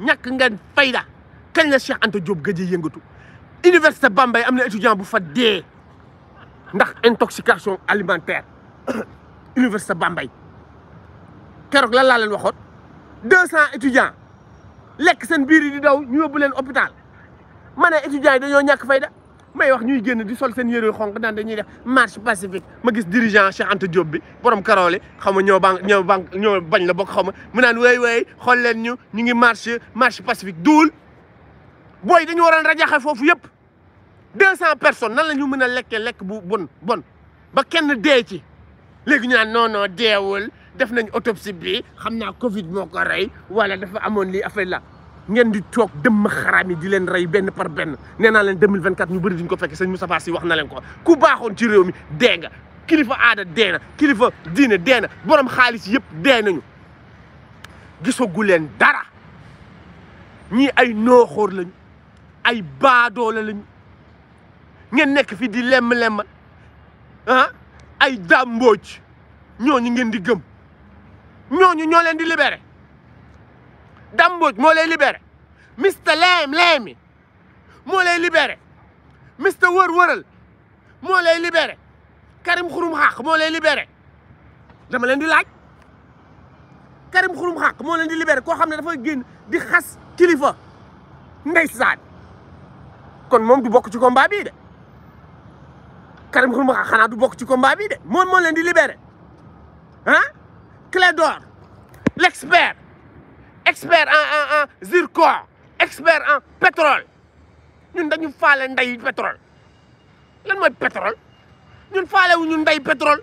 ñàkk ngeen fayda kañ la Cheikh Anta Diop gëj yëngatu université bambay am na étudiant bu fa dee ndax intoxication alimentaire [coughs] université bambay keroog lan laa leen waxoon deux cent étudiants lekk seen biir yi di daw ñu yóbbu leen hôpital ma ne étudiants yi dañoo ñàkk fayda may wax ñuy génn di sol seen yére xonq naan dañuy def marche pacifique ma gis dirigeant Cheikh Anta Diop bi borom karoole xaw ma ñoo ban ñoo ban ñoo bañ la bokk xaw ma mu naan way way xool leen ñu ñu ngi marche marche pacifique duul booy dañu waroon rajaxe foofu yëpp deux cent personnes nan la ñu mën a lekkee lekk bu bon bon ba kenn dee ci léegi ñu naan non non deewul def nañ autopsie bi xam naa covid moo ko rey wala dafa amoon lii affaire la ngeen di toog dëmm xaraam yi di leen rey benn par benn nee naa leen 2024 ñu bëri duñ ko fekke sëñ Moustapha Sy wax na leen ko ku baaxoon ci mi dee nga kilifa aada dee kilifa diina dee na borom xaalis yëpp dee nañu gisagu leen dara ñii ay nooxoor lañu ay baadoola lañu ngeen nekk fi di lemm-lemm ah ay ñoo ñu ngeen di gëm ñooñu ñoo leen di libere دمج مولاي ليبري مستر لام لامي مولاي ليبري مستر ور ورل مولاي ليبري كريم خروم حق مولاي ليبري دما لين دي لاج كريم خروم حق مو لين دي ليبري كو خامني دا فا ген دي خاص كليفا نيسان كون موم دي بوك سي كومبا بي دي كريم خروم حق خانا دو بوك سي كومبا بي دي مو مو لين دي ليبري ها كلادور l'expert expert en en en zircon expert en pétrole Nous dañu faale ndey pétrole lan mooy pétrole Nous avons wu ñu pétrole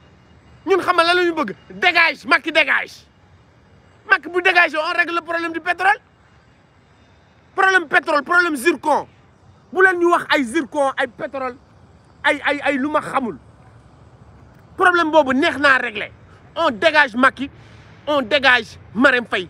Nous savons ce que nous bëgg dégage Macky dégage Macky bu dégage, on règle le problème du pétrole problème pétrole problème zircon bu nous ñu wax de zircon ay pétrole ay ay ay lu ma xamul problème est neex régler on dégage Macky on dégage Marème Faye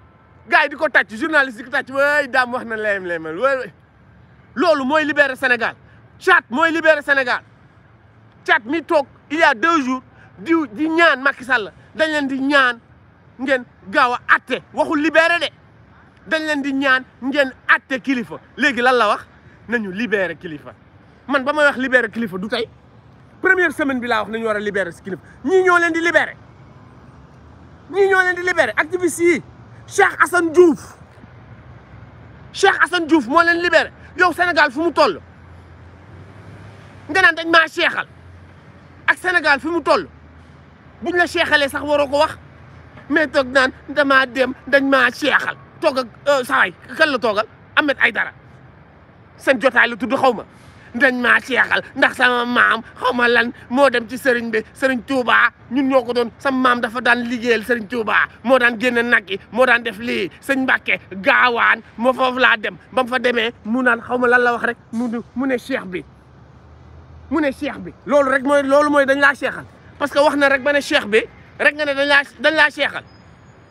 gars diko di journaliste diko ko way dam wax na leem leemal way loolu mooy libérer Sénégal chat moy libérer Sénégal chat mi tok il y a deux jours di di ñaan Macky Sall dañ leen di ñaan ngeen gawa atté waxu libérer dé dañ leen di ñaan ngeen atté kilifa légui lan la wax nañu libérer kilifa man bama wax libérer kilifa du tay première semaine bi la wax nañu wara libérer kilifa ñi ñoo leen di libérer ñi ñoo leen di libérer activiste Cheikh hassan Diouf Cheikh hassan Diouf mo len libéré yow Sénégal fu toll nga naan dañ ma cheikhal ak Sénégal fi toll buñ la cheikhalé sax waroo ko wax mais tok nan dama dem dañ ma cheikhal toog ak sawaay kan la togal amet ay dara sen jotay la tuddu xawma dañ maa seexal ndax sama maam xaw ma lan moo dem ci sëriñ bi sëriñ Touba ñun ñoo ko doon sama maam dafa daan liggéeyal sëriñ Touba moo daan génne nag yi moo daan def lii sëñ Mbàkke gaawaan moo foofu laa dem ba mu fa demee mu naan xaw ma lan la wax rek mu mu ne cheikh bi mu ne cheikh bi loolu rek mooy loolu mooy dañ laa seexal parce que wax na rek ba ne cheikh bi rek nga ne dañ laa dañ laa seexal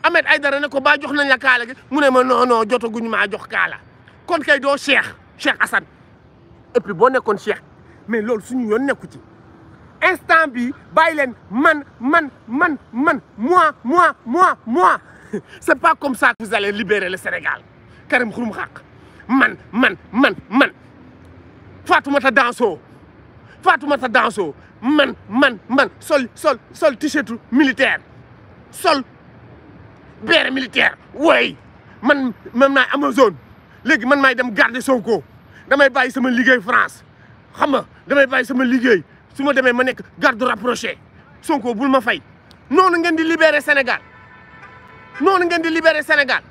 Ahmed Aïdara ne ko ba jox nañ la kaala gi mu ne ma non non jotaguñ ma jox kaala kon kay doo cheikh Cheikh Assane et puis boo nekkoon cheikh mais lol suñu yoon nekku ci instant bi bàyyi man man man man moi moi moi moi [laughs] c'est pas comme ça que vous allez libérer le Sénégal Karim Xurum Xaq man man man man Fatoumata Danso Fatoumata Danso man man man sol sol sol t-shirt militaire sol bère militaire way man man amazon Amazone léegi man may dem garder Sonko damay baye sama liggéey France xam nga damay baye sama liggéey suma ma ma nek garde rapproché Sonko bul ma fay noonu ngén di libérer Sénégal noonu ngén di libérer Sénégal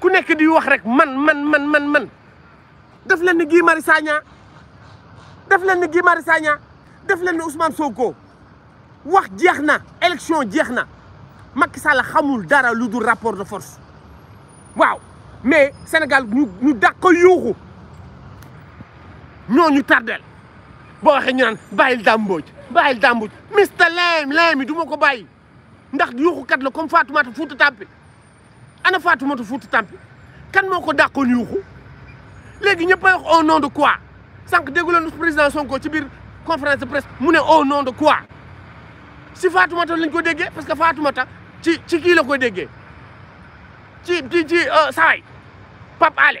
ku nek di wax rek man man man man man daf leen ni Guy Marius Sagna daf leen ni Guy daf ni Ousmane Sonko wax jeexna élection jeexna na Macky Sall xamul dara lu rapport de force waaw mais Sénégal ñu ñu dàq yuuxu nous tardel Bon, waxee ñu naan bàyyil dàmbooj bàyyil dàmbooj Mr leem ana Fatoumata Tampi kan les a wax au nom de quoi Sans que président Sonko ci bir conférence de presse mu au nom de quoi si Fatoumata lañ ko dégagé parce que Fatoumata la euh, Pape Ale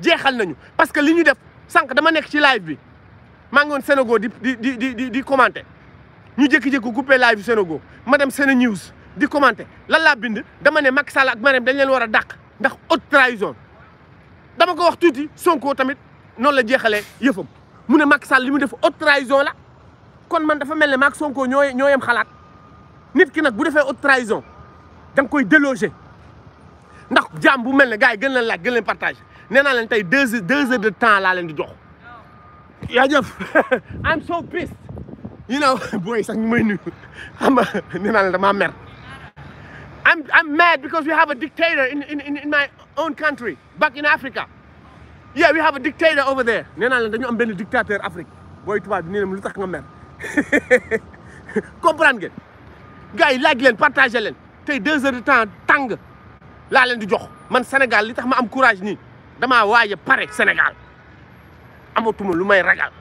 jeexal nañu parce que liñu def sank dama nek ci live bi ma ngi won Sénégo di di di di di commenter ñu jékki-jékki coupé live bi Sénégo ma dem Séné News di commenter lan la bind dama né Macky Sall ak Marème dañ leen wara a ndax haute trahison dama ko wax tuuti Sonko tamit non la jeexalee yëfam mu ne Macky Sall li def haute trahison la kon man dafa melni ne Sonko ñoo ñoyam yem xalaat nit ki nak bu defee haute trahison dang koy déloger ndax jaam bu melni ne gars gën leen laaj gën leen partager. nee naa leen tey deux heures de temps laa leen di jox. yaa jëf [laughs] I'm so pissed. you know [laughs] boy sax ñu may nuyu xam nga nee naa mer. I'm I'm mad because we have a dictator in in in my own country back in Africa. yeah we have a dictator over there. nee naa leen dañu am benn dictateur Afrique booy tubaab bi nee na lu tax nga mer [laughs] comprendre ngeen. gars yi laaj leen partagé leen tey deux heures de temps tàng laa leen di jox man Sénégal li tax ma am courage nii. damaa waaye pare Sénégal amatuma lu ragal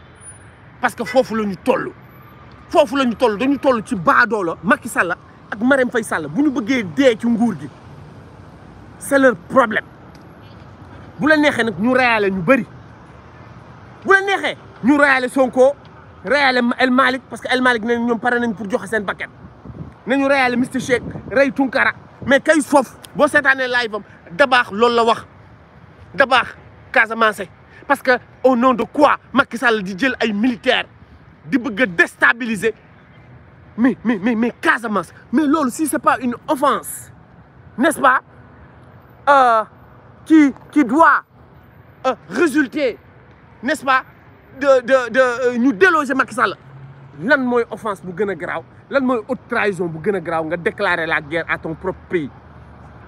parce que foofu la ñu toll foofu la ñu toll dañu toll ci baadoola Macky Sall ak Marème Faye Sall bu ñu bëggee ci nguur gi c'est leur problème bu la neexee nag ñu reyaale ñu bëri bu la neexee ñu reyaale Sonko reyaale El Malick parce que El Malick ne ñoom pare nañ pour joxe seen paquet nañu reyaale Mister Shake rey Tunkara mais kay foofu boo seetaanee live am dabaax loolu la wax d'abord Casamance parce que au nom de quoi Macky Sall di a ay militaires di bëgg déstabiliser mais mais mais mais Casamance mais l'autre si c'est pas une offense n'est-ce pas euh, qui qui doit euh, résulter n'est-ce pas de de de euh, ñu déloger Macky Sall lan mooy offense bu gën a garaaw lan haute trahison bu gën a déclarer la guerre à ton propre pays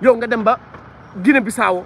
Yo, nga dem ba Guinée-Bissau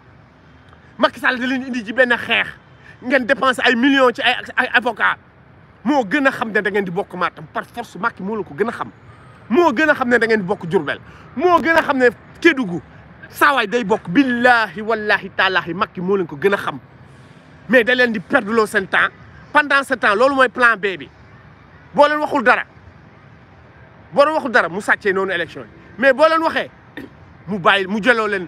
Macky Sall da leen indi ci benn xeex ngeen dépenser ay millions ci ay ay avocats moo gën a xam ne da ngeen di bokk Matam par force Macky moo la ko gën a xam moo gën a xam ne da ngeen bokk Diourbel moo gën a xam ne Kédougou saawaay day bokk billahi wallahi taalaahi Macky moo leen ko gën a xam mais da leen di perduloo seen temps pendant ce temps loolu mooy plan B bi boo leen waxul dara boo leen waxul dara mu sàccee noonu élection yi mais boo leen waxee mu bàyyi mu jëloo leen.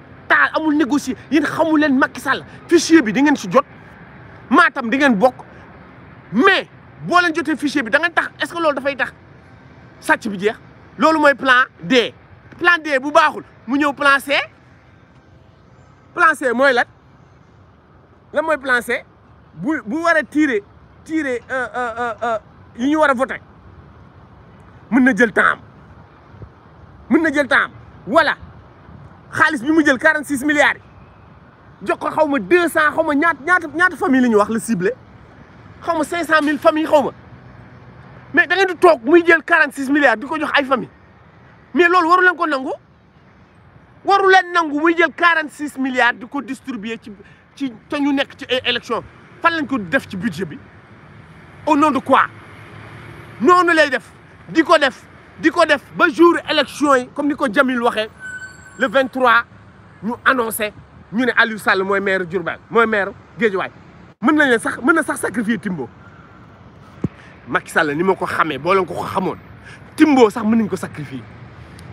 état amul négocier yéen xamu leen Macky Sall fichier bi di ngeen si jot maatam di ngeen bokk mais boole leen jotee fichier bi da ngeen tax est ce que loolu dafay tax sàcc bi jeex loolu mooy plan D. plan D bu baaxul mu ñëw plan C mooy lan lan mooy plan bu bu war a tirer tirer euh, euh, euh, yi ñu war a voter mën na jël temps mën na jël temps wala. خالص بيمو جيل 46 مليار جوكو خاوما 200 خاوما نيات نيات نيات فامي لي نيوخ لا سيبلي خاوما 500 ميل فامي خاوما مي داغي دو توك موي جيل 46 مليار ديكو جوخ اي فامي مي لول وارو لنكو نانغو وارو لن نانغو موي جيل 46 مليار ديكو ديستريبيي تي تي تانيو نيك تي الكسيون فان لنكو ديف تي بودجي بي او نون دو كوا نونو لاي ديف ديكو ديف ديكو ديف با جور الكسيون كوم نيكو جاميل واخه le 23 nous annoncé nous sommes Aliou Sall maire Durban mon maire de a ne leen sacrifier Timbo Macky ni xamé bo ko Timbo sax sacrifier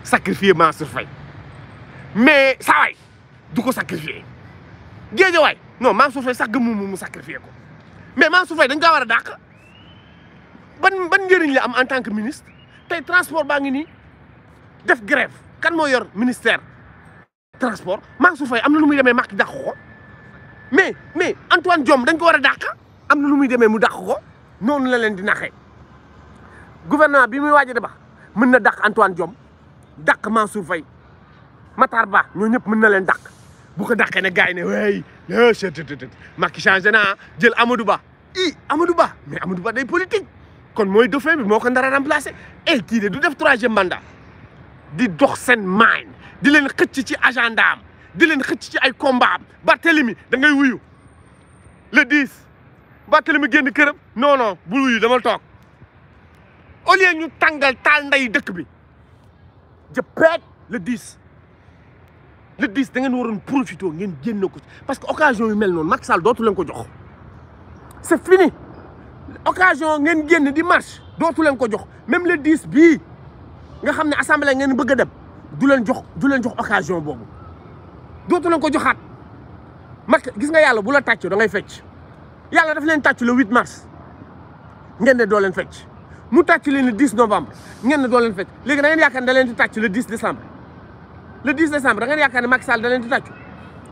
sacrifier mais ça du ko sacrifier non Mansour fay sax mu sacrifier ko mais dañ a ban ban est la en tant que ministre tay transport ngi grève kan mooy yor ministère transport Mansour Faye am na lu muy demee Macky dàq ko mais mais Antoine Diome dañ ko war a dàq am na lu muy demee mu dàq ko noonu la leen di naxee gouvernement bi muy waaj a ba mën na dàq Antoine Diome dàq Mansour Faye mataar Ba ñoo ñëpp mën na leen dàq bu ko dàqee ne gars yi ne wey eh, Macky changé na jël ama du Ba i Amadou Ba mais Amadou Ba day politique kon mooy dauphin bi moo ko nar a remplacé et kii de du def troisième mandat. di dox sen maañ di len xëcc ci agenda am di len xëcc ci ay combat am Barthélemy da ngay wuyu le 10 Barthélemy genn kërëm non non bu wuyu dama tok au lieu ñu tangal tal nday dëkk bi je jëppeet le 10 le 10 da ngeen waron profito ngeen génn ko parce que occasion yu mel non Macky Sall dootu len ko jox c'est fini occasion ngeen genn di marche dootu len ko jox même le 10 bi nga xam assemblée ngeen bëgg a dem du leen jox du leen jox occasion bobu dootu lañ ko joxat mak gis nga yalla bu la taccu da ngay fecc yalla daf leen taccu le 8 mars ngeen ne do leen fecc mu taccu leen le 10 novembre ngeen ne do leen fecc léegi da ngeen yaakaar da leen di taccu le 10 décembre le 10 décembre da ngeen yaakaar mak Macky Sall da leen di taccu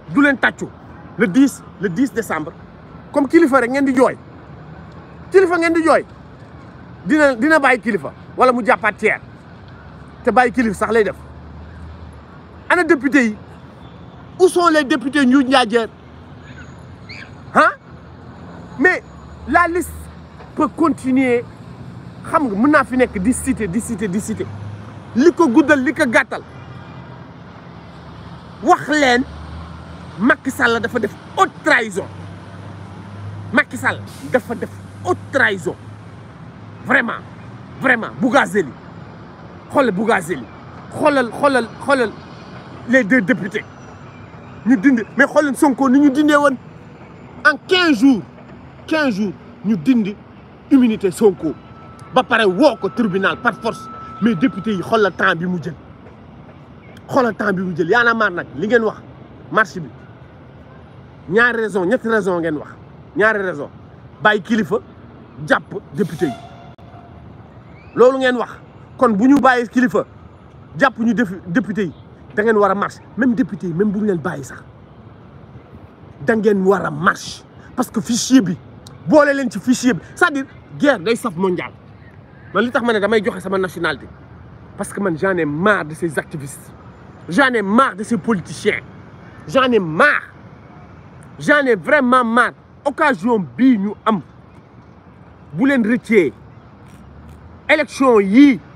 du leen taccu le 10 le 10 décembre comme kilifa rek ngeen di joy kilifa ngeen di joy dina dina baye kilifa wala mu jappat ceer te bàyyi kilif sax lay def ana député yi où sont les députés ñu Ndiadière hein mais la liste peut continuer xam nga mëna fi nek di citer di citer di citer li guddal wax len Macky Sall dafa def haute trahison Macky Sall dafa def haute trahison vraiment vraiment Bougazeli xoolal Bougazeli xoolal xoolal xoolal les deux députés ñu dindi mais xoolal Sonko ni ñu dindee woon en 15 jours 15 jours ñu dindi immunité Sonko ba pare woo ko tribunal par force mais député yi xoolal temps bi mu jël xoolal temps bi mu jël yaana maar nag li ngeen wax marche bi ñaari raison ñetti raison ngeen wax ñaari raison bàyyi kilifa jàpp député yi loolu ngeen wax kon bu ñu bàyyi kilifa pour ñu def député yi da marche même député même bu ne leen bàyyi sax da ngeen marche parce que fichier bi boole leen ci fichier bi c'est-à-dire guerre day saf mondial man li tax ma ne damay joxe sama nationalité parce que man j'en ai marre de ces activistes j'en ai marre de ces politiciens j'en ai marre j'en ai vraiment marre occasion bi ñu am bu leen rëccee élection yi.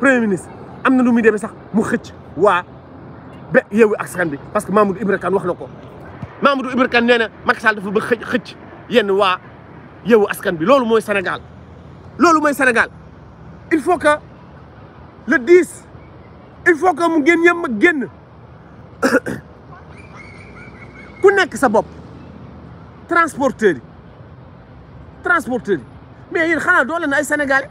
premier ministre amna na lu muy demee sax mu xëcc waa ba yeewu askan bi parce que Mamadou Ibra kan wax lako Mamadou Ibra kan néna na Sall dafa ba xëcc yenn wa yeewu askan bi loolu moy Sénégal loolu moy Sénégal il faut que le 10 il faut que mu génn ñëpp génn ku nekk sa bop transporteur transporteur mais yéen xanaa doole na ay sénégalais.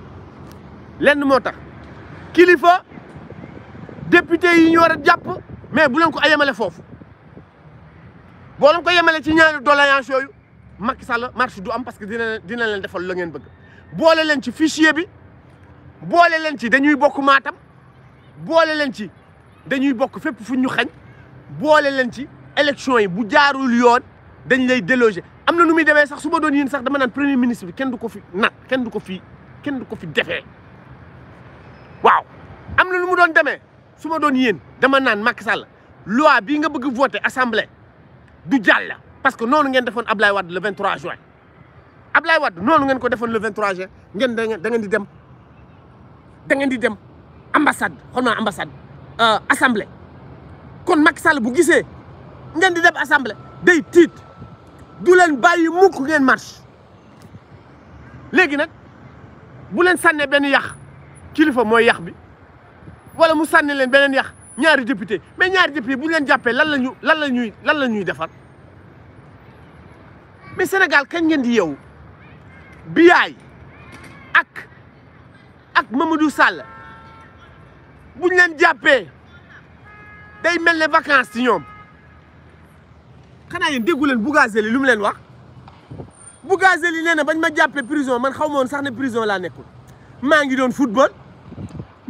lenn motax kilifa député yi ñu wara japp mais bu len ko ayemale fofu bo leen ko yemale ci ñaari doléance yoyu Macky Sall marche du am parce que dina dina leen defal la ngeen bëgg boole leen ci fichier bi boole leen ci dañuy bokk Matam boole leen ci dañuy bokk fep fu ñu xañ boole leen ci élection yi bu jaarul yoon dañ lay déloger am na nu muy demee sax suma doon yéen sax dama naan premier ministre bi kenn du ko fi nat kenn du ko fi kenn du ko fi défé waaw am na lu mu doon demee suma doon yéen dama naan Macky Sall loi bii nga bëgg voté assemblée du jaal la parce que noonu ngeen defoon Ablaye Wade le 23 juin Ablaye Wade noonu ngeen ko defoon le 23 juin ngeen da ngeen di dem da ngeen di dem ambassade xam naa ambassade euh, assemblée kon Macky Sall bu gisee ngeen di dem assemblée day tiit du leen bàyyi mukk ngeen marche léegi nag bu leen sànnee benn yàq. kilifa moy yakh bi wala mu sanni len benen yakh ñaari député mais ñaari député buñ len jappé lan lañu lan lañuy lan lañuy ñuy mais Sénégal kañ ngeen di yow biyaay ak ak Mamadou Sall buñ len jappé day mel ne vacances ci ñom xana yéen déggu len bougazeli lu mu leen wax bougazeli néna bañ ma jappé prison man xaw sax né prison la nekkul maa ngi doon football.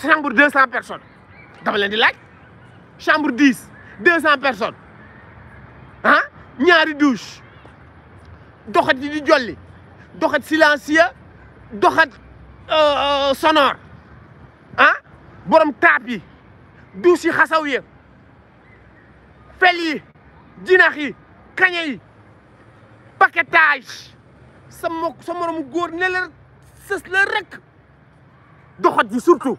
chambre deux cent personnes dama leen di laaj chambre dix deux cent personnes ah ñaari douche doxat yi di jolli doxat silencieux doxat euh, euh, sonore ah borom taap yi douche yi xasaw yi fel yi jinax yi kañe yi paquetage sa mo góor ne la sës la rek doxat yi surtout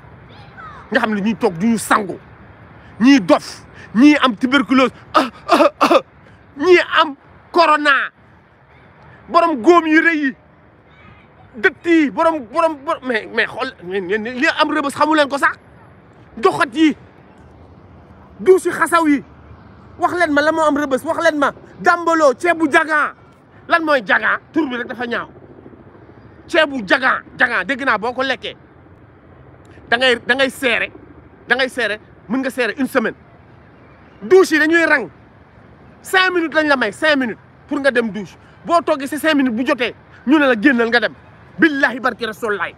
nga xam ne ñuy toog du ñu sangu ñii dof ñii am tuberculose ah, ah, ah, ñii am corona borom góom yu rëy yi dëtt yi borom borom mais mais xool li am rëbës xamu leen ko sax doxat yi si xasaw yi wax leen ma la moo am rëbës wax leen ma dambaloo ceebu jagan lan mooy jagan tur bi rek dafa ñaaw ceebu jagan jagan dégg naa boo ko lekkee da ngay da ngay seere da ngay seere nga seere une semaine douche yi dañuy rang cinq minutes lañ la may cinq minutes pour nga dem douche boo toggee si cinq minutes bu jotee ñu ne la génnal nga dem billahi barki rasulaay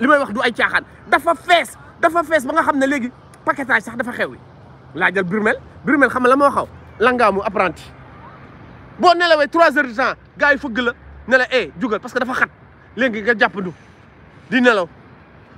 li may wax du ay caaxaan dafa fees dafa fees ba nga xam ne léegi paquetage sax dafa xew wi laajal Burmel Burmel xam nga la moo xaw langaamu apprenti boo nelawee trois heures de temps gars yi fëgg la ne la eh, jugal parce que dafa xat léegi nga jàppandu di nelaw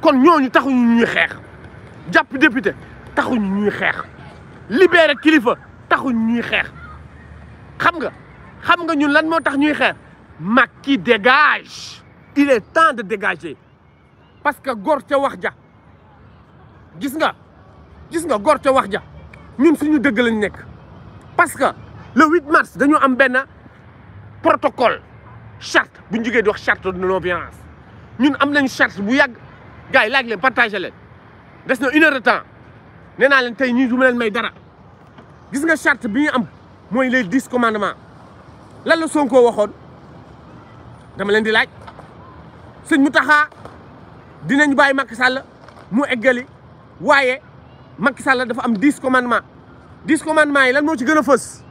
kon ñooñu taxuñu ñuy xeex jàpp député taxuñu ñuy xeex libéré kilifa taxuñu ñuy xeex xam nga xam nga ñun lan moo tax ñuy xeex Macky dégage il est temps de dégager parce que góor ca wax ja gis nga gis nga Nous ca wax ja ñun suñu parce que le 8 mars nous am un.. protocole charte bu ñu di wax charte de non violence ñun am nañ charte bu yàgg gars laaj leen partagé leen des na une heure temps nee naa leen tey ñun du may dara gis nga charte bi ñu am mooy les diis commandement lan la Sonko waxoon dama leen di laaj sëñ Mountakha dinañ bàyyi makki Sall mu eggali waaye Macky Sall dafa am dix commandement dix commandements yi lan moo ci gën a fës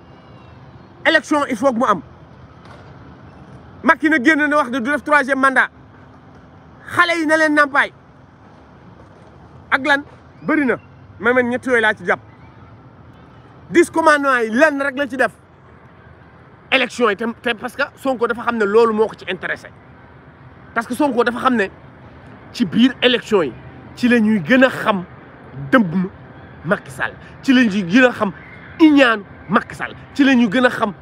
élection il faut mu am Macky na génn na wax ne du def troisième mandat xale yi na leen nampaay. ak lan bëri na ma men ñett yooyu laa ci jàpp dix commandement yi lenn rek la ci def élection yi te parce que Sonko dafa xam ne loolu moo ko ci intéressé parce que Sonko dafa xam ne ci biir élection yi ci la ñuy gën a xam dëmm Macky Sall ci la ñuy gën a xam iñaan Macky Sall ci la ñuy gën a xam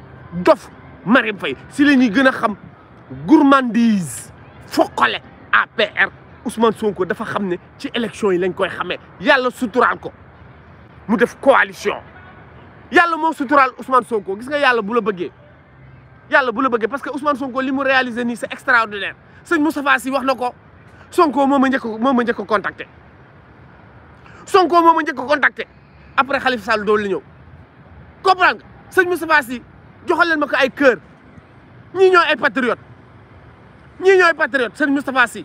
dof mari fay ci la ñuy gën a xam gourmandise fokkale APR Ousmane Sonko dafa xam ne ci élection yi lañ koy xamee yàlla suturaal ko mu def coalition yàlla moo suturaal Ousmane Sonko gis nga yàlla bu la bëggee yàlla bu la bëggee parce que Ousmane Sonko li mu réalisé nii c'est extraordinaire sëñ Moustapha Sy wax na ko Sonko moo ma ko moo ma njëkk contacté Sonko moo ma njëkk contacté après Khalifa Sall doon la ñëw comprendre nga sëñ Moustapha Sy joxal leen ma ko ay cœur ñii ñoo ay patriote ñii ñooy patriote sëñ Moustapha Sy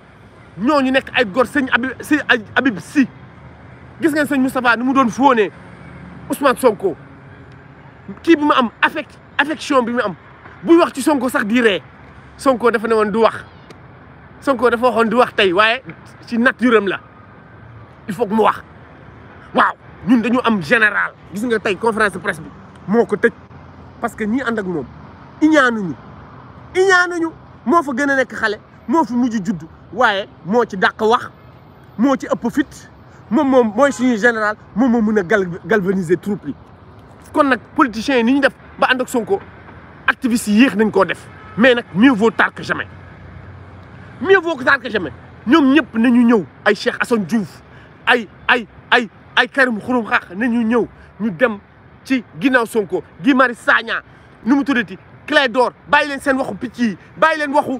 ñoñu nek ay les sëñ Abib si Abib si gis ngeen ni mu doon foné Ousmane Sonko ki am affection bima am buy wax ci Sonko sax di Sonko dafa ne du wax Sonko dafa du wax tay waye ci nature la il faut que mu wax waaw am général gis nga tay conférence de presse bi parce que ñi sommes ak mom iñaanuñu iñaanuñu moo fa waaye moo ci dàq wax moo ci ëpp fit moom moom mooy suñu général moom moo mun a galvaniser troupe yi kon nag politiciens yi ni ñu def ba ànd ak Sonko activistes yi yéex nañ koo def mais nag mieux vaut tard que jamais mieux vaut tard que jamais ñoom ñëpp nañu ñëw ay Cheikh Assane Diouf ay ay ay ay Karim Xurum na nañu ñëw ñu dem ci ginnaaw Sonko Guy Marius Sagna nu mu tuddati door bàyyi leen seen waxu picc yi bàyyi leen waxu.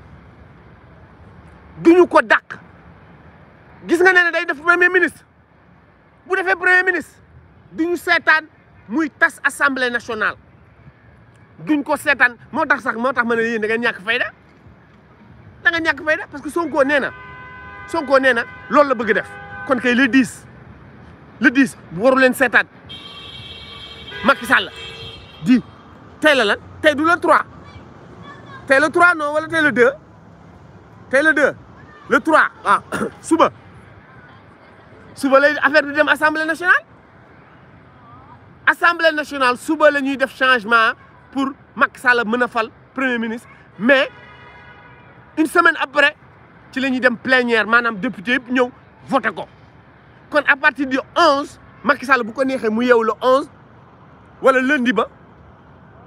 duñu ko dak gis nga ne day def premier ministre bu defé premier ministre duñu sétane muy tas assemblée nationale duñ ko sétane motax sax motax mané yi da nga ñak fayda da nga ñak fayda parce que Sonko néna Sonko néna na loolu la bëgg def kon kay le 10 le 10 waru len sétane Macky Sall di tay la lan tay du le 3 tay le 3 non wala tay le 2 tay le 2. le 3 ah, [coughs] suba suba lay affaire nationale assemblée nationale suba le ñuy def changement pour Macky Sall premier ministre mais une semaine après ci la ñuy dem plénière madame députée, nous voter voté ko à partir du 11 Macky Sall bu ko neexee mu le 11 le lundi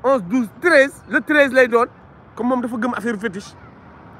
11 12 13 le 13 lay doon comme moom dafa affaire fétiche.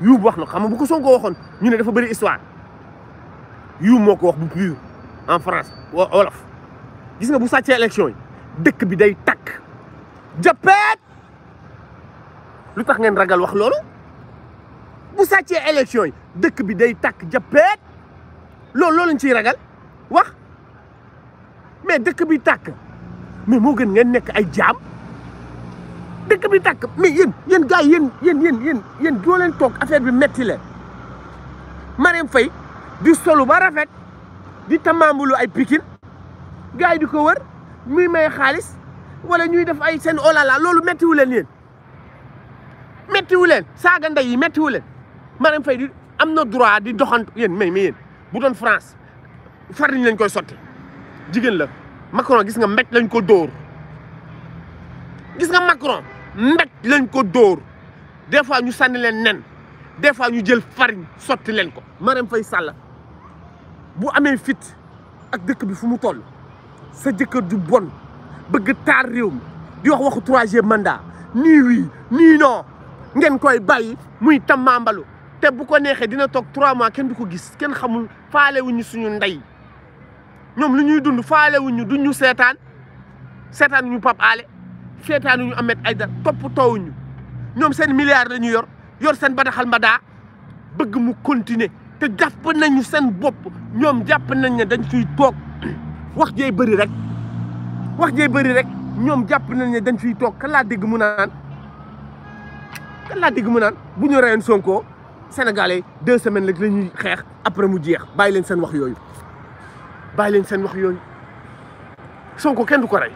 Youm wax na xam nga bu ko Sonko waxoon ñu ne dafa bëri histoire Youm moo ko wax bu pur en France wolof gis nga bu sàccee élection yi dëkk bi day takk jàppeet lu tax ngeen ragal wax loolu bu sàccee élection dëkk bi day takk jàppeet loolu loolu lañ ciy ragal wax mais dëkk bi takk mais moo gën ngeen nekk ay jaam dëkk bi tàkk mais yéen yéen gars yi yéen yéen yéen yéen yéen doo leen toog affaire bi metti leen Marème di solu ba rafet di tamaambulu ay pikin gars yi di ko wër muy may xaalis wala ñuy def ay seen olala loolu mettiwu leen yéen mettiwu leen ndey yi mettiwu leen Marème Faye di am na droit di doxantu yéen mais mais yéen bu doon France farine lañ koy sotti jigéen la Macron gis nga mbéj lañ ko dóor gis nga Macron mbéj lañ ko dóor des fois ñu sànni leen nen des fois ñu jël fariñ sotti leen ko Marème fay Sall bu amee fit ak dëkk bi fu mu toll sa jëkkër ju bon bëgg taar réew mi di wax waxu troisième mandat nii oui nii non ngeen koy bàyyi muy tammaambalu te bu ko neexee dina toog trois mois kenn du ko gis kenn xamul faalewuñu suñu ndey ñoom lu ñuy dund faalewuñu duñu seetaan seetaan ñu Pape seetaanuñu Ahmed Aïdara topp toowuñu ñoom seen milliards la yor yor seen badaxal mbadaa bëgg mu continuer te jàpp nañu seen bopp ñoom jàpp nañ ne dañ fiy toog [clears throat] wax jee bari rek wax jee bëri rek ñoom jàpp nañ ne dañ fiy toog kan laa dégg mu naan kan laa dégg mu naan bu ñu reyoon Sonko Sénégalais deux semaines rek la ñuy xeex après mu jeex bàyyi leen seen wax yooyu bàyyi leen seen wax yooyu Sonko kenn du ko rey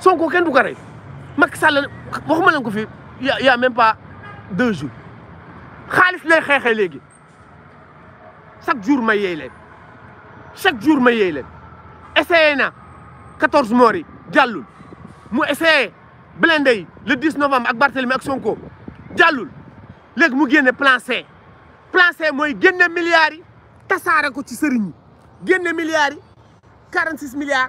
Sonko kenn du ko Je Macky Sall waxuma len ko fi y' a même pas deux jours khalif lay légui chaque jour ma suis. chaque jour ma yeey leen essayé na 14 morts yi mu essayé le 10 novembre ak Barthélemy ak Sonko mu plan C plan milliards tassara ko ci milliards 46 milliards.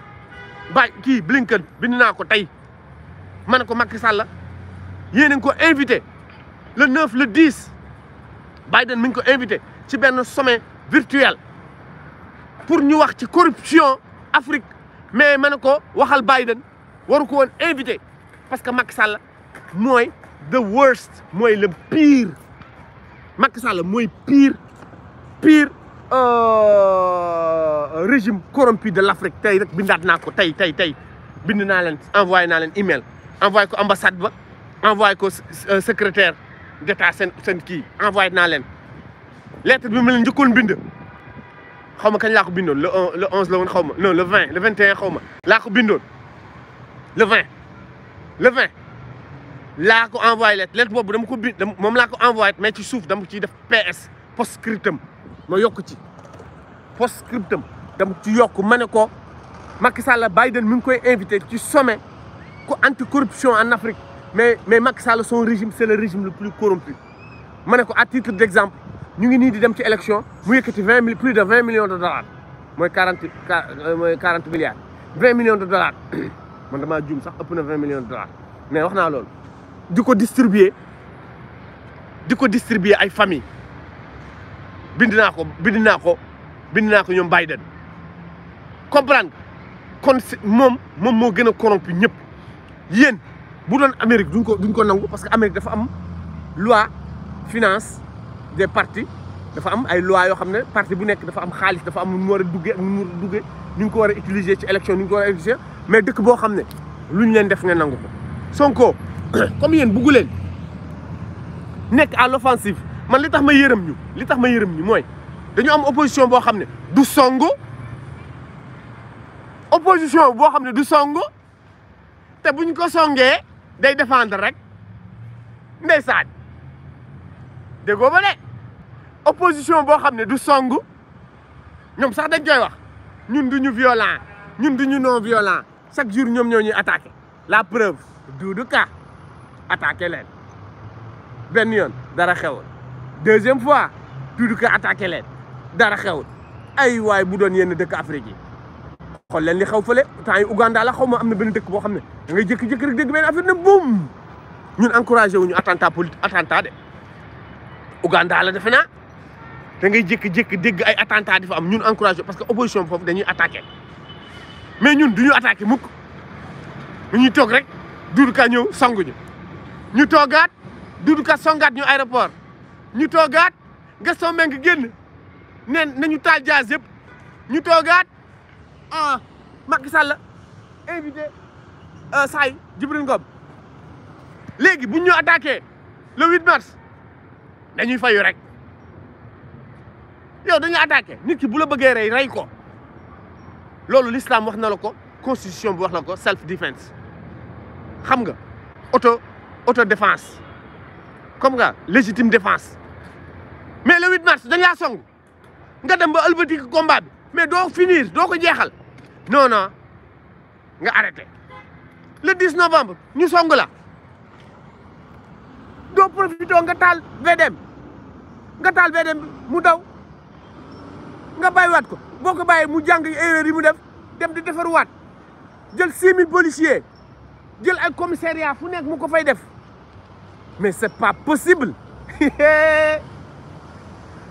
ba kii Blinken bind naa ko tey ma ne ko Macky Sall yéen a ko invité le 9 le 10 Biden mi ko invité ci benn sommet virtuel pour ñu wax ci corruption Afrique mais ma ne ko waxal Biden waru ko invité parce que Macky Sall mooy the worst mooy le pire Macky Sall mooy pire pire. Euh, régime corrompu de l'Afrique tey rek bindaat naa ko tey tey tey bind naa leen envoyé naa leen email envoyé ko ambassade ba envoyé ko euh, secrétaire d'état seen seen kii envoyé naa leen lettre bi ma leen njëkkoon bind xaw ma kañ laa ko bindoon le le onze la xaw ma non le le vingt xaw ma laa ko bindoon le vingt le vingt laa ko envoyé lettre lettre boobu dam ko bind moom laa ko envoyé mais ci suuf dama ciy def PS post scriptum post Sall Biden est invité au sommet anti-corruption en Afrique. Mais, mais Macky son régime, c'est le régime le plus corrompu. Je à titre d'exemple, nous avons dit que élection, nous avons plus de 20 millions de dollars. Moi, 40, 40 milliards. 20 millions de dollars. Je ne sais pas si 20 millions de dollars. Mais je a sais Du coup, distribuer. Du coup, distribuer à la familles. Biden comprendre corrompu Amérique duñ parce que Amérique dafa loi finance des partis dafa am loi yo xamné parti bu nek dafa am xaliss dafa am les ñu utiliser ci élection ñu ko utiliser mais dëkk les xamné les leen def nga nangu ko Sonko [clears throat] comme yeen à l'offensive man li tax ma yërëm ñu li tax ma yërëm ñu mooy dañu am opposition boo xam ne du songo opposition boo xam ne du songo te buñ ko songee day défendre rek ndeysaan déggoo ba de opposition boo xam ne du song ñoom sax dañ koy wax ñun du ñu violent ñun du ñu non violent chaque jour ñoom ñoo ñuy attaqué la preuve Doudou Ka attaqué leen benn yoon dara xewul deuxième fois Doudou que attaquer leen dara xewul ay way bu doon yenn deuk Afrique yi xool leen li xaw fële temps yi la xaw amna ben deuk bo dëkk da ngay jek jek rek dégg ben affaire ne boum ñun encourager wuñu attentat politique attentat de uganda la defena da ngay jek jek dégg ay attentat di am ñun encourager parce que opposition fofu dañuy attaquer mais ñun duñu attaquer attaqué mukk mu ñuy toog rek dudu Ka ñëw sanguñu ñu togaat dudu Ka songaat ñu aéroport nous sommes Gaston Mbengue gens qui Nous Nous ah invité Nous euh, nous le 8 mars dañuy fayu rek yow dañu attaqué nit ki la rey rey l'islam wax la constitution self défense xam auto auto défense comme légitime défense mais le 8 mars dañ y a nga dem ba combat Mais mais faut finir il ko non non Arrêtez. le 10 novembre ñu song la doo profiter nga la VDM nga VDM mu daw nga ko tu mu il erreur yi mu def dem di 6000 policiers jël ay commissariat fu ce mu ko fay def mais c'est pas possible. [laughs]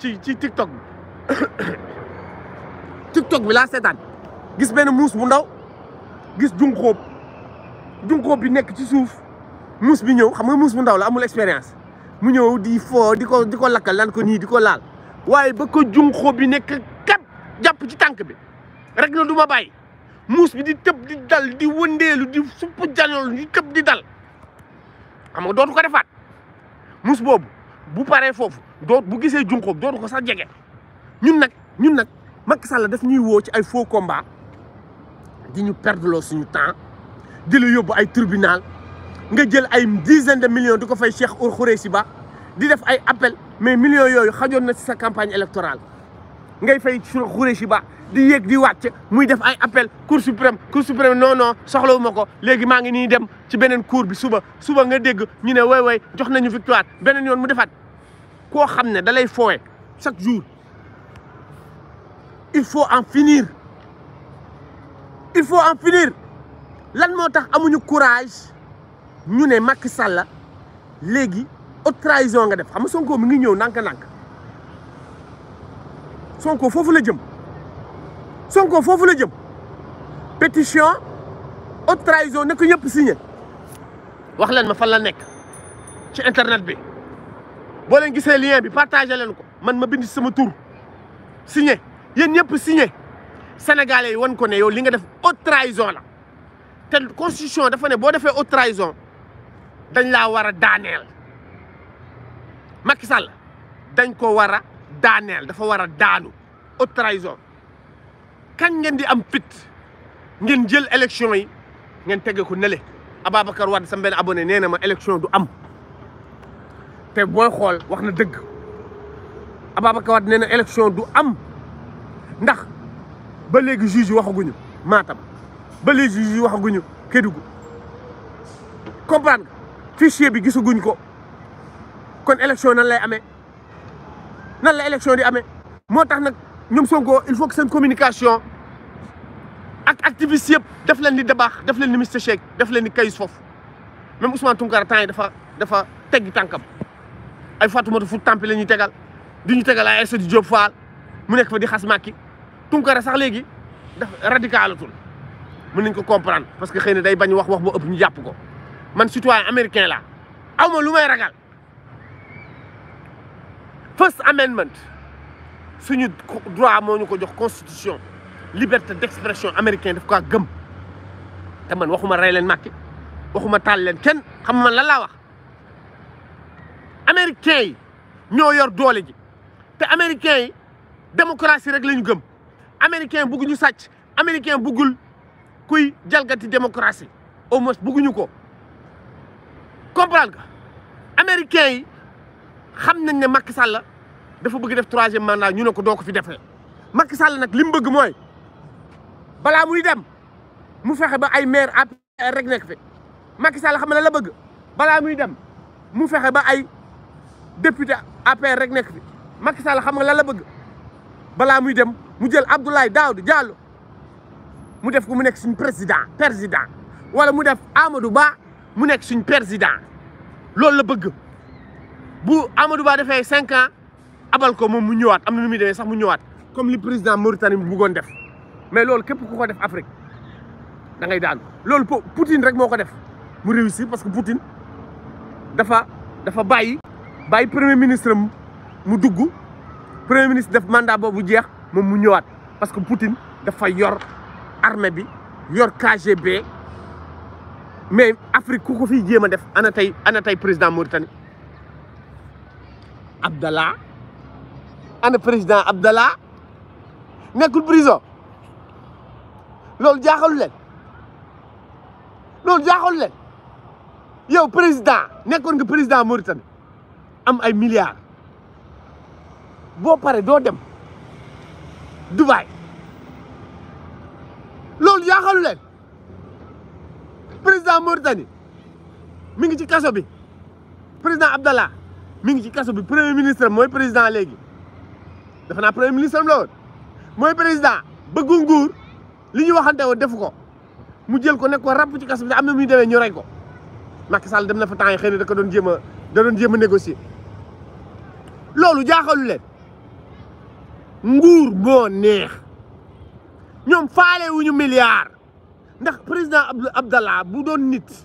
ci ci tiktok [coughs] tiktok bi la setan gis ben muus bu ndaw gis junxóob junxóob bi nek ci souf muus bi ñew xam nga muus bu ndaw la amul experience mu ñew di fo di ko di ko lakkal lan ko ni di ko laal waaye ba ko junxóob bi nek kat japp ci tank bi rek na duma bay bi di tepp di dal di wëndeelu di supp jallol di tepp di dal xam nga dootu ko defat bobu bu paré fofu doo bu gisee junqoom dootu ko sax jege ñun nag ñun nag Macky Sall def ñuy woo ci ay foo combat di ñu perdloo suñu temps di la yóbbu ay tribunal nga jël ay dizaine de millions di ko fay Cheikh si Ba di def ay appel mais millions yooyu xajoon na ci sa campagne électorale ngay fay Cheikh Khoureyssi Ba di yéeg di wàcc muy def ay appel cour suprême cour suprême non ma ko léegi maa ngi nii dem ci beneen cour bi suba suba nga dégg ñu ne way way jox nañu victoire beneen yoon mu defaat chaque jour il faut en finir il faut en finir lan a mon le courage Nous ne Macky Légui, autre trahison nga def Sonko mi ngi nous. Sonko Nous la jëm Sonko la pétition haute trahison ne ñëpp signé wax ma la nous. internet si vous avez le lien bi partager Je ko man ma bind sama avez signé yéen sénégalais yi autre ko yow li def haute trahison la constitution dafa ne boo fait haute trahison dañ la wara vous dañ ko wara vous dafa haute trahison vous ngeen di am fit ngeen jël élection yi un tege ko vous..! ma élection du am te booy xool wax na dëgg Ababacar Wade nee na élection du am ndax ba léegi juge yi waxaguñu Matam ba léegi juge yi waxaguñu Kédougou comprendre nga fichier bi gisaguñ ko kon élection nan lay amee nan la élection di amee moo tax nag ñoom Sonko il faut que seen communication ak activiste yëpp daf leen di dabaax daf leen di Mister Shake daf leen di kayis foofu même Ousmane Tounkara temps yi dafa dafa teggi tànkam ay Fatoumata fu Tampi la tegal diñu tegal ay Aïssatou job Fall mu nek fa di xas Macky Tounkara sax légui daf radicalatul mën nañ ko comprendre parce que xeyna day bañ wax wax bo upp ñu jàpp ko man citoyen américain la awma ma lu may ragal first amendment suñu droit moo ñu ko jox constitution liberté d'expression américain daf ko gëm te man waxuma ray leen makki waxuma tal leen kenn xam man lan la wax. américains yi ñoo yor doole ji te américains yi démocratie rek lañu ñu gëm américain bugguñu sàcc américain buggul kuy jalgati démocratie au moins bugguñu ko comprendre nga yi xam nañ ne Macky Sall dafa bëgg def troisième mandat ñu ne ko doo ko fi defee Macky Sall nag li mu bëgg mooy balaa muy dem mu fexe ba ay maire APR rek nekk fi Macky Sall xam na la bëgg balaa muy dem mu fexe ba ay député APR rek nek fi Macky Sall xam nga lan la bëgg bala muy dem mu jël Abdoulaye Daouda Diallo mu def ko mu nek suñu président président wala mu def Amadou Ba mu nek suñu président loolu la bëgg bu Amadou Ba defee 5 ans abal ko mom mu ñëwaat amna na nu muy demee sax mu ñëwaat comme li président Mauritanie bu bëggoon def mais loolu képp ku ko def Afrique da ngay daan loolu Poutine rek moko def mu réussir parce que Poutine dafa dafa bàyyi bay premier ministre mu dugg premier ministre def mandat bobu jeex mom mu ñëwaat parce que Poutine dafa yor armée bi yor KGB mais Afrique ku ko fiy jéem def ana tay ana tay président Mauritanie Abdallah ana président Abdallah nekul prison loolu jaxalu len loolu jaaxalu len yow président nekkon nga président Mauritanie am ay milliards boo pare doo dem Dubaï loolu yaaxalu leen président Mauritanie mi ngi ci kaso bi président Abdallah mu ngi ci kaso bi premier ministre mooy président léegi dafa naa premier ministre am la mooy président bëggu nguur li ñu waxante woon defu ko mu jël ko nekk ko ràpp ci kaso bi am na muy demee ñu rey ko Macky Sall dem na fa temps yi xëy da ko doon jéem a da doon jéem a négocier loolu jaaxalu leen nguur moo neex ñoom faale wuñu milliard ndax président Abdallah bu doon nit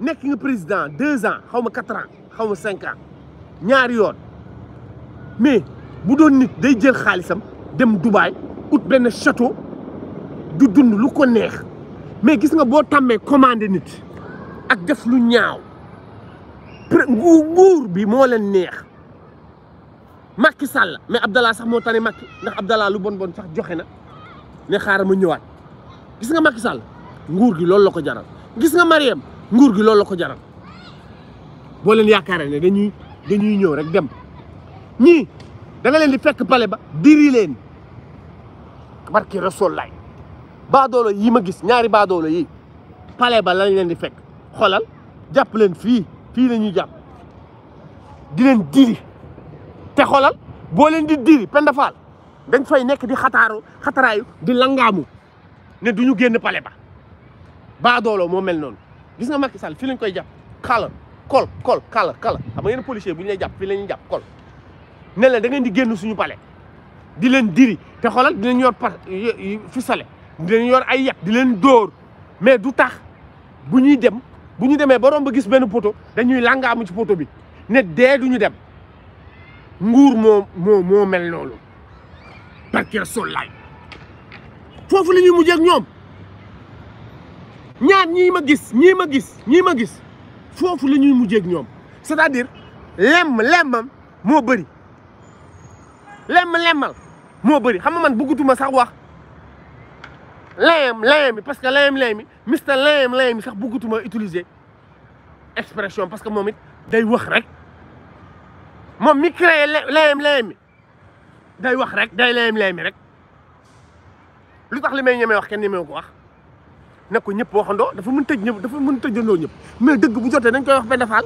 nekk nga président deux ans xaw ma quatre ans xaw ma cinq ñaari yoon mais bu doon nit day jël xaalisam dem Dubaay ut benn château du dund lu ko neex mais gis nga boo tàmmee commandé nit ak def lu ñaaw nguur bi moo leen neex Macky Sall mais Abdallah sax mo tane Macky ndax Abdallah lu bon bon sax joxe na ne xaaral ma ñëwaat gis nga Macky Sall nguur gi loolu lolo jaral gis nga Mariam nguur gi loolu lako jaral bo leen yaakaare ne dañuy dañuy ñëw rek dem ñi da nga leen di fekk ba diri leen barki rasool laay badolo yi ma gis ñaari baadoolo yi pale ba lañ leen di fekk xolal japp leen fi fi lañuy japp di leen diri te xoolal booleen leen di diri Penda dañ fay nekk di xataaru xataraayu di langaamu ne du ñu génn pale ba baadoolo moo mel noonu gis nga Macky sal fii lañ koy jàpp xala kol kol xala kal xam nga yéen policier bu ñu jàpp fii la ñuy jàpp kol ne la da ngeen di génn suñu pale di leen diri te xoolal di leen yor par fisale di leen yor ay yat di leen dóor mais du tax bu ñuy dem bu ñu demee ba romb gis benn poto dañuy langaamu ci poto bi ne dee ñu dem nguur mo mo moo mel loolu barke Rasulaay foofu fofu ñuy mujj ak ñom ñaan ñi ma gis ñi ma gis ñi ma gis fofu la ñuy ak ñom c'est-à-dire lem lem mo bari, lem lem mo bari. xam nga man bëggatuma sax wax Lem lem parce que lem lem, mi lem lem, leem mi sax bëggatuma utiliser expression parce que momit day wax rek moom mi créé layam layami day wax rek day layam layami rek lu tax li may ñemee wax kenn ñemee ko wax ne ko ñëpp waxandoo dafa mën tëj ñëpp dafa mën tëjandoo ñëpp mais dëgg bu jotee dañ koy wax benn faal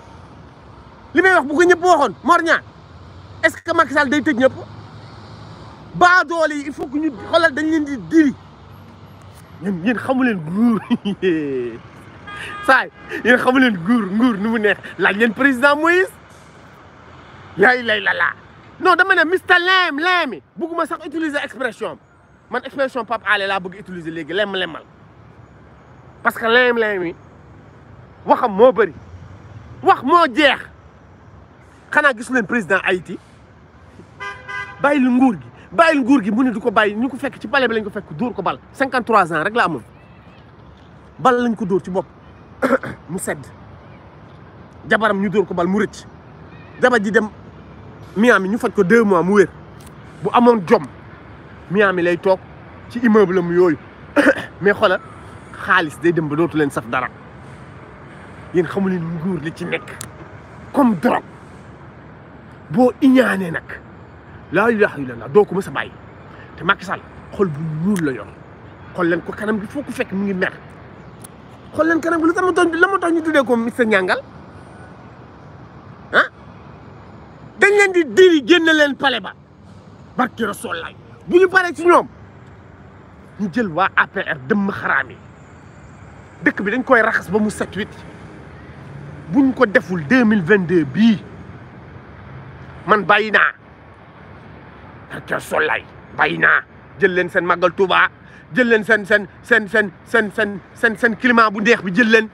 li may wax bu ko ñëpp waxoon Mor est-ce que Macky Sall day tëj ñëpp baa doole yi il faut que ñu xolal dañ leen di diri ñun yéen xamu leen nguur [laughs] saay yéen xamu leen nguur nguur nu mu neex laaj leen président Moïse. lay lay la laa non dama ne mista leem leemi bugguma sax utiliser expression man expression Pape Alé laa bëgg utiliser léegi lem lemal parce que leem leemi waxam moo bari wax moo jeex xanaa gis leen président Haïti lu nguur gi bàyyil nguur gi mu ne du ko bàyyi ñu ko fekk ci palais bi lañ ko fekk dóor ko bal 53 ans rek la amoon bal lañ ko dóor ci bopp [coughs] mu sedd jabaram ñu dóor ko bal mu rëcc jabar ji dem Miami ñu faj ko deux mois mu wér bu amoon jom mi lay toog ci immeuble am yooyu [coughs] mais xoola xaalis day dem ba dootu leen saf dara yéen xamu leen nguur li ci nekk comme drogue boo iñaanee nag laa ilaaha illallaah doo ko mës a bàyyi te Macky Sall xol bu ñuul la yor xol leen ko kanam gi foo ku fekk mu ngi mer xol leen kanam gi lu tax la ma tax ñu tuddee ko mister ñàngal ah dañ leen di diri génne leen pale ba barki rasool lay bu ñu paree ci ñoom ñu jël waa APR dëmm xaraam yi dëkk bi dañ koy raxas ba mu set wit buñ ko deful deux mille vingt deux bii man bàyyi naa barki rasool lay bàyyi naa jël leen seen màggal Tuuba jël leen seen seen seen seen seen seen seen seen climat bu neex bi jël leen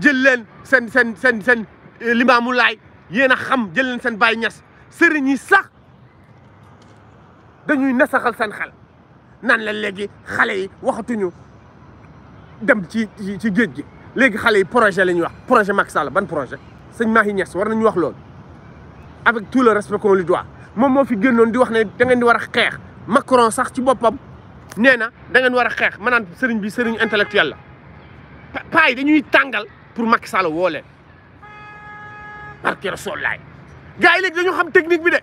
jël leen seen seen seen seen eh, limaamu yeena xam jël len sen bay ñass serigne yi sax dañuy nasaxal sen xel nan la legi xale yi waxatu ñu dem ci ci géej gi legi xale yi projet lañ wax projet Macky Sall ban projet serigne Mahi ñass war nañ wax lool avec tout le respect qu'on lui doit mom mo fi gennon di wax ne da ngeen di wara xex Macron sax ci bopam neena da ngeen wara xex manan serigne bi serigne intellectuel la pay dañuy tàngal pour Macky Sall woo barke Rasuul laay gars yi léegi dañoo xam technique bi de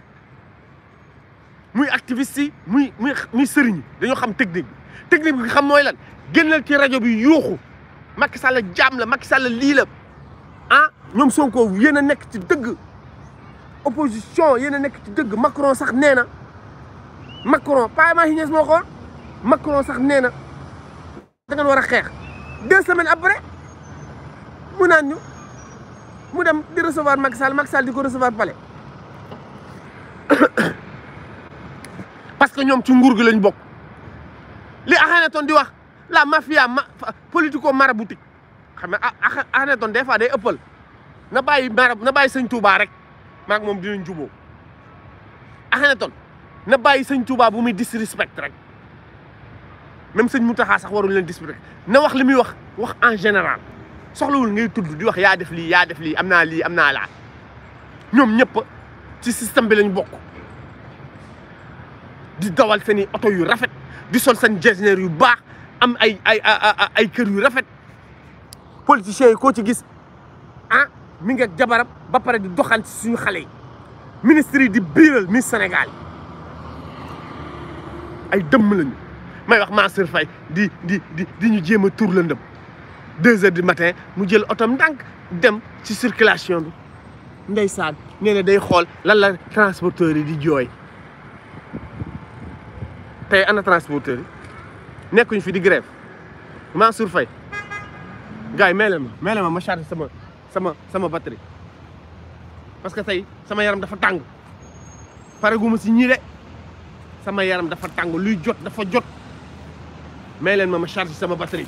muy activiste yi muy muy muy sëriñ dañoo xam technique bi technique bi xam mooy lan génnal ci rajo bi yuuxu Macky Sall jaam la Macky Sall lii la ah ñoom Sonko yéen a nekk ci dëgg opposition yéen a nekk ci dëgg makron sax nee na Macron pas maa ñees moo xool Macron sax nee na da war a xeex deux semaines après mu naan ñu mu dem di recevoir Macky Sall Macky Sall di ko recevoir palais [coughs] parce que ñom ci nguur gi lañ bok li ton di wax la mafia ma politico maraboutique xam nga ah, ton des fois day eppal na bayyi marab na bayyi Seigne Touba rek maag moom dinañ juboo ton na bayyi Seigne Touba bu mi disrespect rek même Seigne Mountakha sax warul leen disrespect na wax limi wax wax en général soxlawul ngay tudd di wax yaa def lii yaa def lii am naa lii am naa laa ñoom ñëpp ci système bi lañ bokk di dawal seen i oto yu rafet di sol seen gestionnaire yu baax am ay ay ay kër yu rafet politiciens yi koo ci gis ah mi ngi ak jabaram ba pare di doxal ci suñu xale yi ministres yi di biiral mi Sénégal ay dëmm lañu may wax Mansour Faye di di di di ñu jéem a tuur la deux heures du matin mu jël otom ndànk dem ci circulation bi ndeysaan nee day xool lan la transporteurs yi di jooy tey ana transporteurs yi nekkuñ fi di grève Mansour Faye gars yi meele ma meele ma ma chargé sama sama sama batterie parce que tey sama yaram dafa tàng pareguma si ñi de sama yaram dafa tàng luy jot dafa jot may leen ma ma chargé sama batterie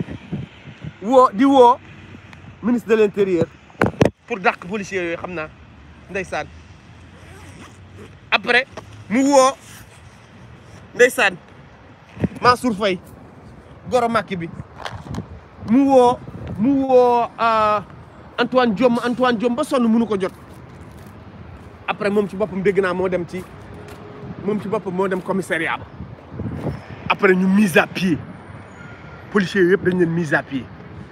woo di woo ministre de l'intérieur pour dàq policiers yooyu xam naa ndeysaan après mu woo ndeysaan Mansour Faye goro Macky bi mu woo mu woo euh, Antoine Diome Antoine Diome ba sonn mënu ko jot après moom ci boppam dégg naa moo dem ci moom ci boppa moo dem commissariat ba après ñu mise à pied yëpp dañ leen mise à pied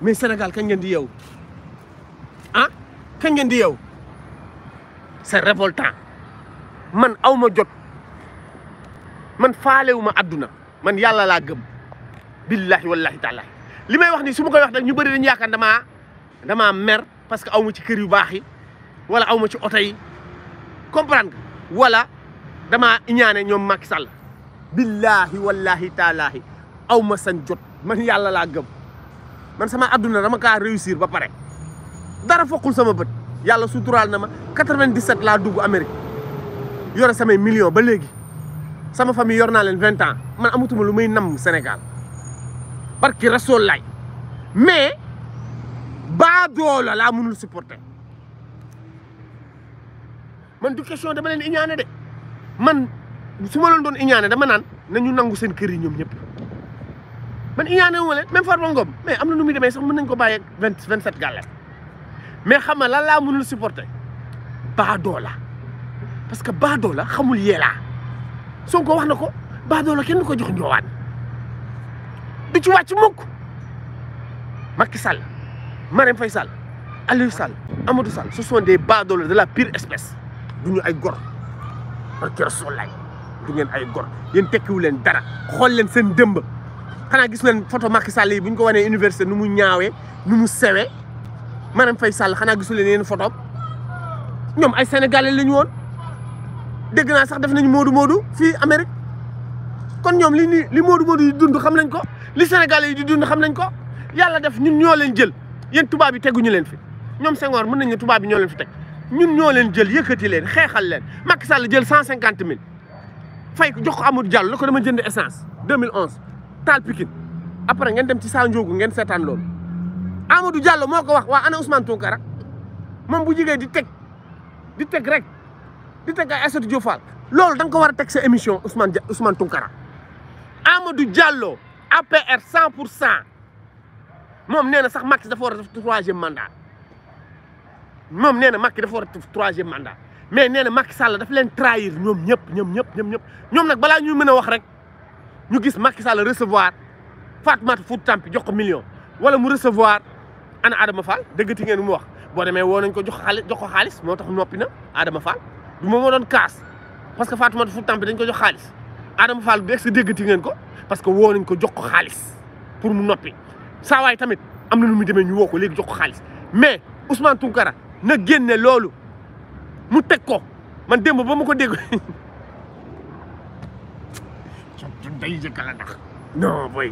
mais Sénégal kañ ngeen di yow ah kañ ngeen di yow c'est révoltant man aw ma jot man faalewu ma àdduna man yàlla laa gëm billahi wallahi taalahi li may wax ni su ma koy wax ñu bëri dañu damaa damaa mer parce que aw ma ci kër yu baax yi wala aw ma ci oto yi comprendre nga wala damaa iñaane ñoom Macky Sall billahi wallahi taalahi aw ma jot man yàlla laa gëm man sama àdduna dama kaa réussir ba pare dara foqul sama bët yàlla suturaal na ma 97 laa dugg Amérique yore samay million ba léegi sama famille yor naa leen 20 ans man amatuma lu may namm Sénégal barki rasool laay mais baa doola laa mënul supporter man du question dama leen iñaane de man su ma leen doon iñaane dama naan nañu nangu seen kër yi ñoom ñëpp man iñaane wu ma leen même Farba Ngom mais am na nu muy demee sax mën nañ ko bàyyi ak vingt vingt sept gàllam mais xam nga lan laa mënul supporter baadoola parce que baadoola xamul yeelaa Sonko wax na ko baadoola kenn du ko jox ñëwaat du ci wàcc mukk Macky Sall Marème Faye sal Aliou Sall Amadou Sall ce sont des baadoola de la pire espèce du ñu ay gor parce que du ngeen ay gor yéen tekkiwu leen dara xool leen seen dëmb. xanaa gis nañ photo Macky Sall yi bu ñu ko wanee université nu mu ñaawee nu mu sewee Marème fay Sall xanaa gisuleen yeen photo ñoom ay sénégalais la ñu woon dégg naa sax def nañu moodu moodu fii Amérique kon ñoom li ni li moodu moodu yi dund xam nañ ko li sénégalais yi di dund xam nañ ko yàlla def ñun ñoo leen jël yéen tubaab yi teguñu leen fi ñoom Senghor mën nañ ne tubaab yi ñoo leen fi teg ñun ñoo leen jël yëkkati leen xeexal leen Macky Sall jël cent cinquante mille fay jox ko Amadou la ko dama jënd essence 2011 tal Pikine après ngeen dem ci Sall Ndiogu ngeen seetaan lool Amadou Diallo moko wax wa ana Ousmane tonkara mom bu jige di tek di tek rek di tek ay Aïssatou Diop lool dang ko wara tek teg sa émission Ousmane Ousmane tonkara Amadou Diallo APR 100 mom cent sax max dafa wara a def troisième mandat mom nee na dafa wara a def troisième mandat mais nee na Sall daf len trahir ñom ñep ñom ñep ñom ñep ñom nak bala ñu mëna wax rek. ñu gis Macky Sall recevoir Fatoumata Fouta Tampi jox ko million wala mu recevoir ana Adama Fall dëggati ngeen mu wax boo demee woo nañ ko jox xaalis jox ko xaalis moo tax noppi na Adama Fall du ma moo doon kaas parce que Fatoumata Fouta Tampi dañ ko jox xaalis Adama Fall bu egsi dëggati ngeen ko parce que woo nañ ko jox ko xaalis pour mu noppi saa waay tamit am na nu muy demee ñu woo ko léegi jox xaalis mais Ousmane Tounkara na génne loolu mu teg ko man démb ba mu ko dégg [laughs] day jëkk la ndax boy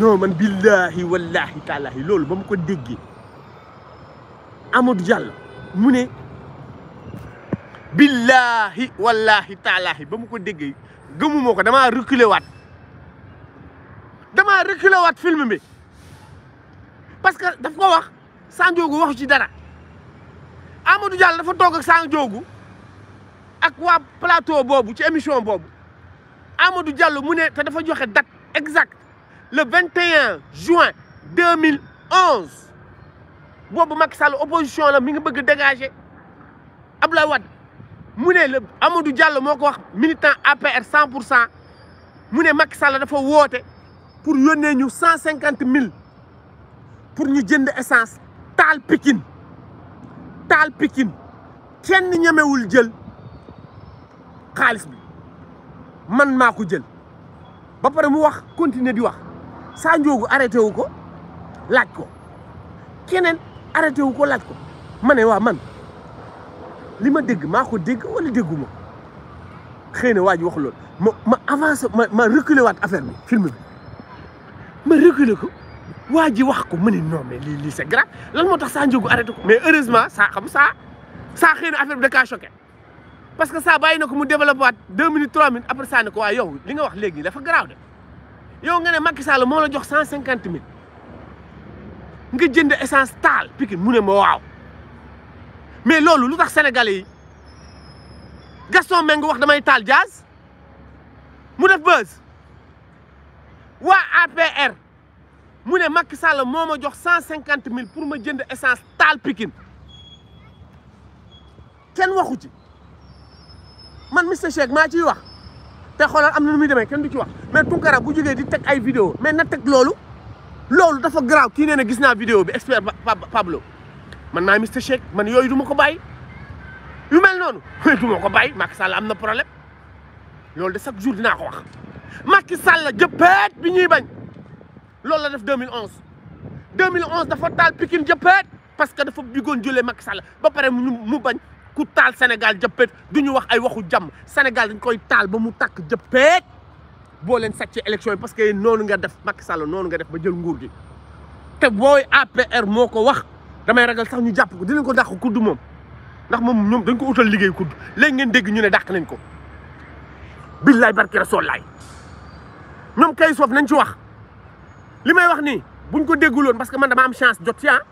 non man billahi wallahi taalahi loolu ba mu ko déggee Amadou Diallo mu ne billahi wallahi taalahi ba mu ko déggee gëmuma ko damaa reculer wat damaa reculer waat film bi parce que daf ko wax Sanjoogu wax ci dara amadu jàll dafa toog ak Sanjoogu ak waa plateau boobu ci émission boobu Amadou Diallo mune te dafa joxe date exacte le 21 juin 2011 bobu Macky Sall opposition la mi nga bëgg dégager Abdoulaye Wade mune le Amadou Diallo moko wax militant APR 100 mune Macky Sall dafa pour yónnee ñu 150 000 pour ñu jënd essence tal Pikine tal Pikine kenn ñëméwul jël xaalis bi. man maa ko jël ba pare mu wax continuer di wax saa njoogu arrêté wu ko laaj ko keneen arrêté wu ko laaj ko ma ne waa man li ma dégg maa ko dégg wala dégguma xëy na waa ji wax loolu ma ma avancé ma ma reculé waat affaire bi film ma reculé ko waa ji wax ko ma ne non mais lii lii lan moo tax saa njoogu arrêté ko mais heureusement saa xam saa saa xëy na affaire bi da kaa parce que ça bayina ko mu développé wat 2 minutes 3 minutes après ça ne ko yow li nga wax léegi dafa garaaw de yow nga ne Macky Sall mo la jox 150000 nga jënd essence tal piki mu ma waw mais lolu lutax sénégalais yi Gaston meng wax damay tal jazz mu def buzz wa APR mu ne Macky Sall moma jox 150000 pour ma jënd essence tal Pikine ken waxu ci man Mister Shake ma ci wax te xolal am na lu muy kenn du ci wax mais Tounkara bu jógee di tu ay vidéo mais na tek fait dafa ki gis vidéo bi expert Pablo man maa monsieur Shake man yoy duma ko bàyyi yu mel [laughs] ko de chaque jour dina ko wax Macky Sall jëppeet bi ñuy bañ loolu la def 2011 2011 dafa tal Pikine jeppet parce que dafa bigone Jule Macky ba mu ku taal Sénégal jëppeet du ñu wax ay waxu jàmm Sénégal dañ koy taal ba mu takk jëppeet boo leen sàccee élection yi parce que noonu nga def Macky Sall noonu nga def ba jël nguur gi te booy APR moo ko wax damay ragal sax ñu jàpp ko dinañ ko dàq kudd moom ndax moom ñoom dañ ko utal liggéey kudd léegi ngeen dégg ñu ne dàq nañ ko billaay barki rasool laay ñoom kay soof nañ ci wax li may wax nii buñ ko dégguloon parce que man dama am chance jot si ah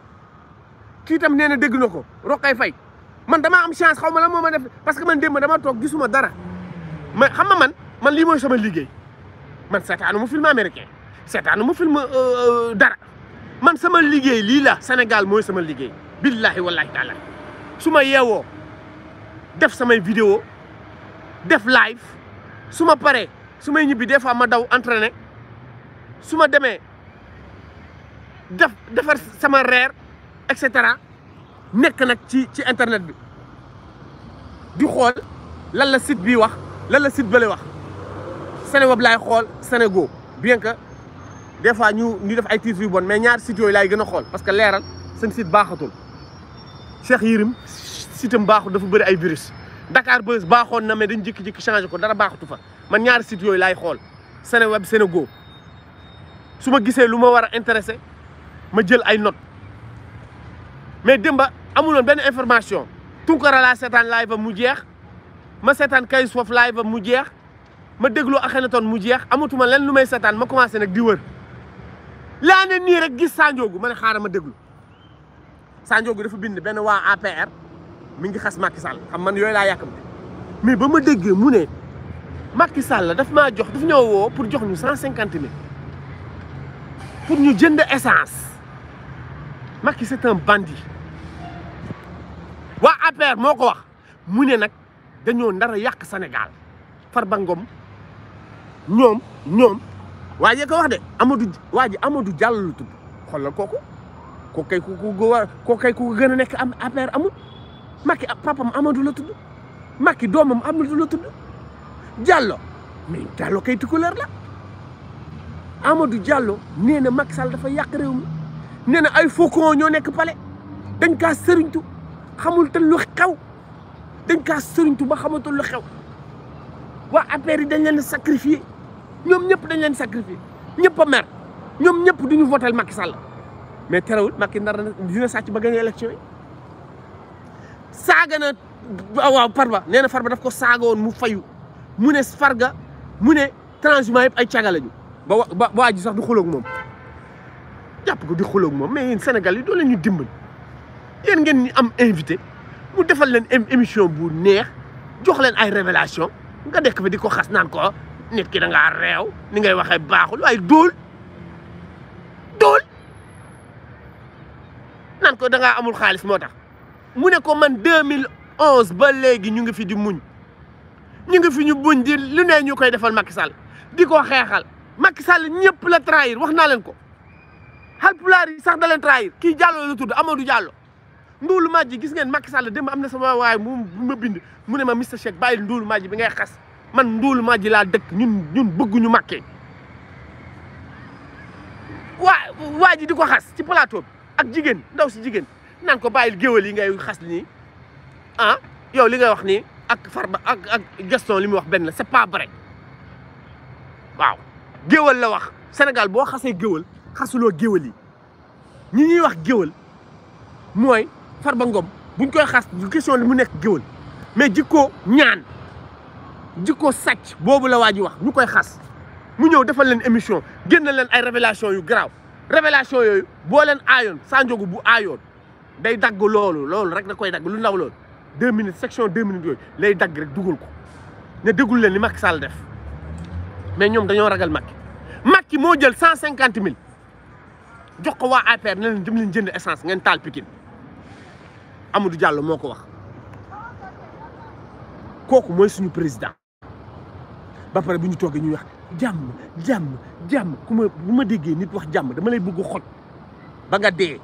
kii tam nee na dégg na ko Rokhaya Faye man damaa am chance xaw ma la moo ma def parce que man démb dama toog gisuma dara mais xam nga man man lii mooy sama liggéey man seetaanu mu film américain seetaanu mu film euh, euh, dara man sama liggéey lii la Sénégal mooy sama liggéey billahi wallahi taala su ma yeewoo def samay vidéo def live su ma paree su may ñibbi des fois ma daw entraîner su ma demee def defar sama reer et cetera nek nak ci ci internet bi di xol lan la site bi wax lan la site balé wax Seneweb laay xool Senego bien que des fois ñu ñu def ay titres yu bon mais ñaar site yoy lay gëna xol parce que léral seen site baxatul Cheikh yirim site am baaxul dafa bëri ay virus Dakar Buzz baxon na mais dañu jik jik changer ko dara baxatu fa man ñaar site yoy lay xol Seneweb Senego su ma gisee lu ma war intéressé ma jël ay note mais Demba amuloon ben information Tunkara la seetaan live mu jeex ma live Je suis en ma de Akhenaton mu live, Je len en may ma commencé live, di suis en ne rek gis Sanjoogu je suis en ma Je Sanjoogu dafa bind je suis APR mi Macky xam mais ma daf ma jox daf ñoo pour jox ñu essence c'est un bandit waa APR moo ko wax mu ne nag dañoo nar a yàq Sénégal Farba Ngom ñoom ñoom waa yee wax de Amadou waa ji Amadou Diallo la tudd xoolal kooku ko kay ku gën a nekk am APR amul Macky papam Amadou la tudd Macky doomam Amadou la tudd Diallo mais Diallo kay tukkuleer la Amadou Diallo nee na Macky Sall dafa yàq réew mi nee na ay faucons ñoo nekk pale dañ kaa sëriñtu xamul te lu xew dañ ka serigne touba xamatu lu xew wa affaire yi dañ leen sacrifier ñom ñep dañ leen sacrifier ñep mer ñom ñep duñu votel Macky Sall mais terawul Macky nar na dina sacc ba gagne election yi saga na wa Farba neena Farba daf ko saga won mu fayu mu ne Farga mu ne transhumant yep ay tiaga lañu ba waa ji sax du xuloog mom japp ko di xuloog mom mais yéen Sénégal yi do leen ñu dimbali yeen ngeen ñu am invité mu defal leen émission bu neex jox leen ay révélation nga dekk fa di ko xas naan ko nit ki da nga réew ni ngay waxee baaxul waaye dóol dóol naan ko da ngaa amul xaalis moo tax mu ne ko man 2011 ba léegi ñu ngi fi di muñ ñu ngi fi ñu buñ di lu ne ñu koy defal Macky Sall di ko xeexal Macky Sall ñëpp la trahir wax naa leen ko Haalpulaar yi sax da leen trahir kii Diallo la tudd Amadou Diallo dul maji gis ngeen Macky Sall dem amna sama way mu ma bind mu ne ma Mister Cheikh bàyyil nduulu maji bi ngay xas man nduulu maji la dekk ñun ñun bëgguñu Macky waa waa ji di ci plateau bi ak jigen ndaw ci jigen nan ko bàyyil geewal yi ngay xas ni ah yow li ngay wax ni ak Farba ak ak Gaston limi wax ben la c'est pas vrai waaw geewal la wax senegal bo xasse geewal xassulo geewal yi ñi ñi wax geewal moy Farba Ngom buñ koy xas question li mu nekk géwël mais jikko ñaan jikko sàcc boobu la waa ji wax ñu koy xas mu ñëw defal leen émission génn leen ay révélation yu garaaw révélation yooyu boo leen aayoon Sanjogu bu ayoon day dagg loolu loolu rek da koy dagg lu naw loolu deux minutes section deux minutes yooyu lay dagg rek dugal ko ne déglu leen li Macky Sall def mais ñoom dañoo ragal Macky Macky moo jël cent cinquante mille jox ko waa APR ne leen dem leen jënd essence ngeen taal Amadou Diallo moo ko wax kooku mooy suñu président ba pare bu ñu toogee ñuy wax jàmm jàmm jàmm ku ma bu ma déggee nit wax jàmm dama lay bëgg xoj ba nga dee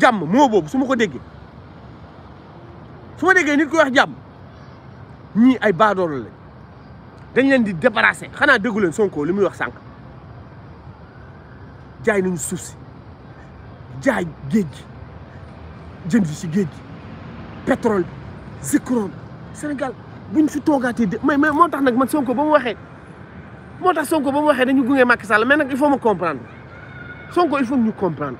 jàmm moo boobu su ma ko déggee su ma déggee nit ku wax jàmm ñii ay baadoolo la dañ leen di débarrassé xanaa déggu leen Sonko li muy wax sànq jaay nañu suuf si jaay géej gi jën si pétrole zikron, Sénégal buñ fi togaté de mais mais moo tax man Sonko bamu waxé motax Sonko bamu waxé dañu gunge Macky Sall mais nak il faut me comprendre Sonko il faut ñu comprendre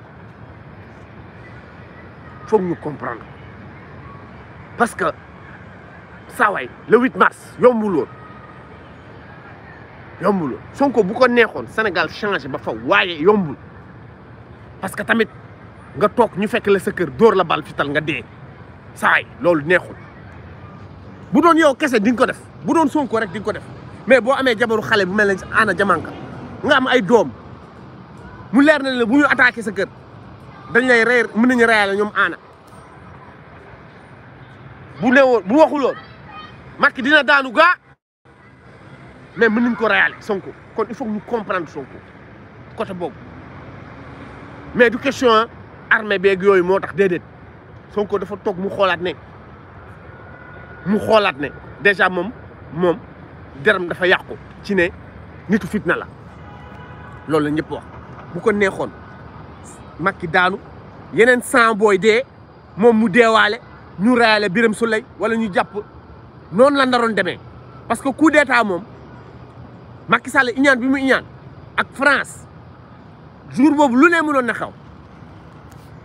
foog ñu comprendre parce que saawaay le 8 mars yombul won yombul Sonko bu ko neexoon Sénégal changé ba fa waaye yombul parce que tamit. nga toog ñu fekk la sa kër dóor la bal fital nga dee saay loolu neexul bu doon yow kese ding ko def bu doon Sonko rek di nga ko def mais boo amee jabaru xale bu mel ne Anna Diamanka nga am ay doom mu leer na la bu ñu attaqué sa kër dañ lay rey mën nañu reyaale ñoom Anna bu newoon bu waxuloon Macky dina daanu gaa mais mën nañ ko reyaale Sonko kon il faut ñu comprendre Sonko côté boobu mais du question armée beeg yooyu moo tax déedéet Sonko dafa tok mu xoolaat ne mu xoolaat ne déjà mom mom deram dafa yakku ci ne nitu fitna la lolou la ñepp wax bu ko neexon Macky daanu yenen 100 boy dee mom mu deewaale ñu reyale Birame Souleye wala ñu japp non la naroon démé parce que coup d'état mom Macky Sall iñaan bi mu iñaan ak France jour boobu lu né mënoon na xaw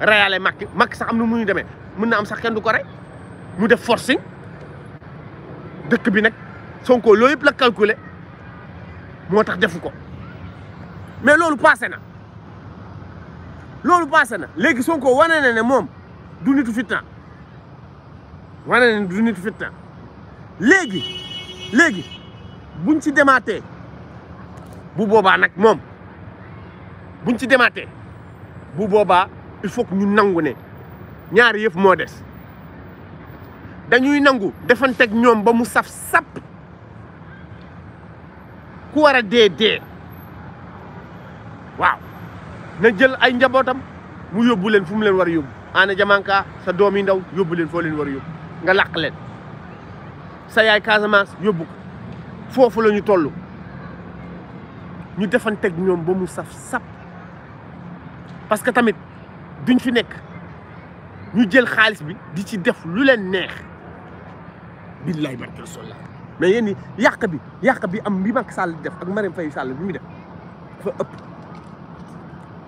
reyaale Macky Macky sax am muy démé De am sax kenn du ko de forcing bi Sonko mais lolu passé na lolu passé na légui Sonko wané né est du nitu fitna wané né du nitu fitna légui légui buñ ci dématé bu buñ ci bu il faut que ñu nangu ne ñaari yëf moo des dañuy nangu defanteeg ñoom ba mu saf sàpp ku war a dee dee waaw na jël ay njabootam mu yóbbu leen fu mu leen war a yóbbu ana jamanka sa doom yi ndaw yóbbu leen foo leen war a yóbbu nga làq leen sa yaay Casamance yóbbu foofu la ñu toll ñu defanteeg ñoom ba mu saf sàpp parce que tamit duñ fi nekk ñu jël xaalis bi di ci def lu leen neex billaay barke Rasulullah mais yéen yàq bi yàq bi am bi Macky Sall def ak Marème Faye Sall bi mu def dafa ëpp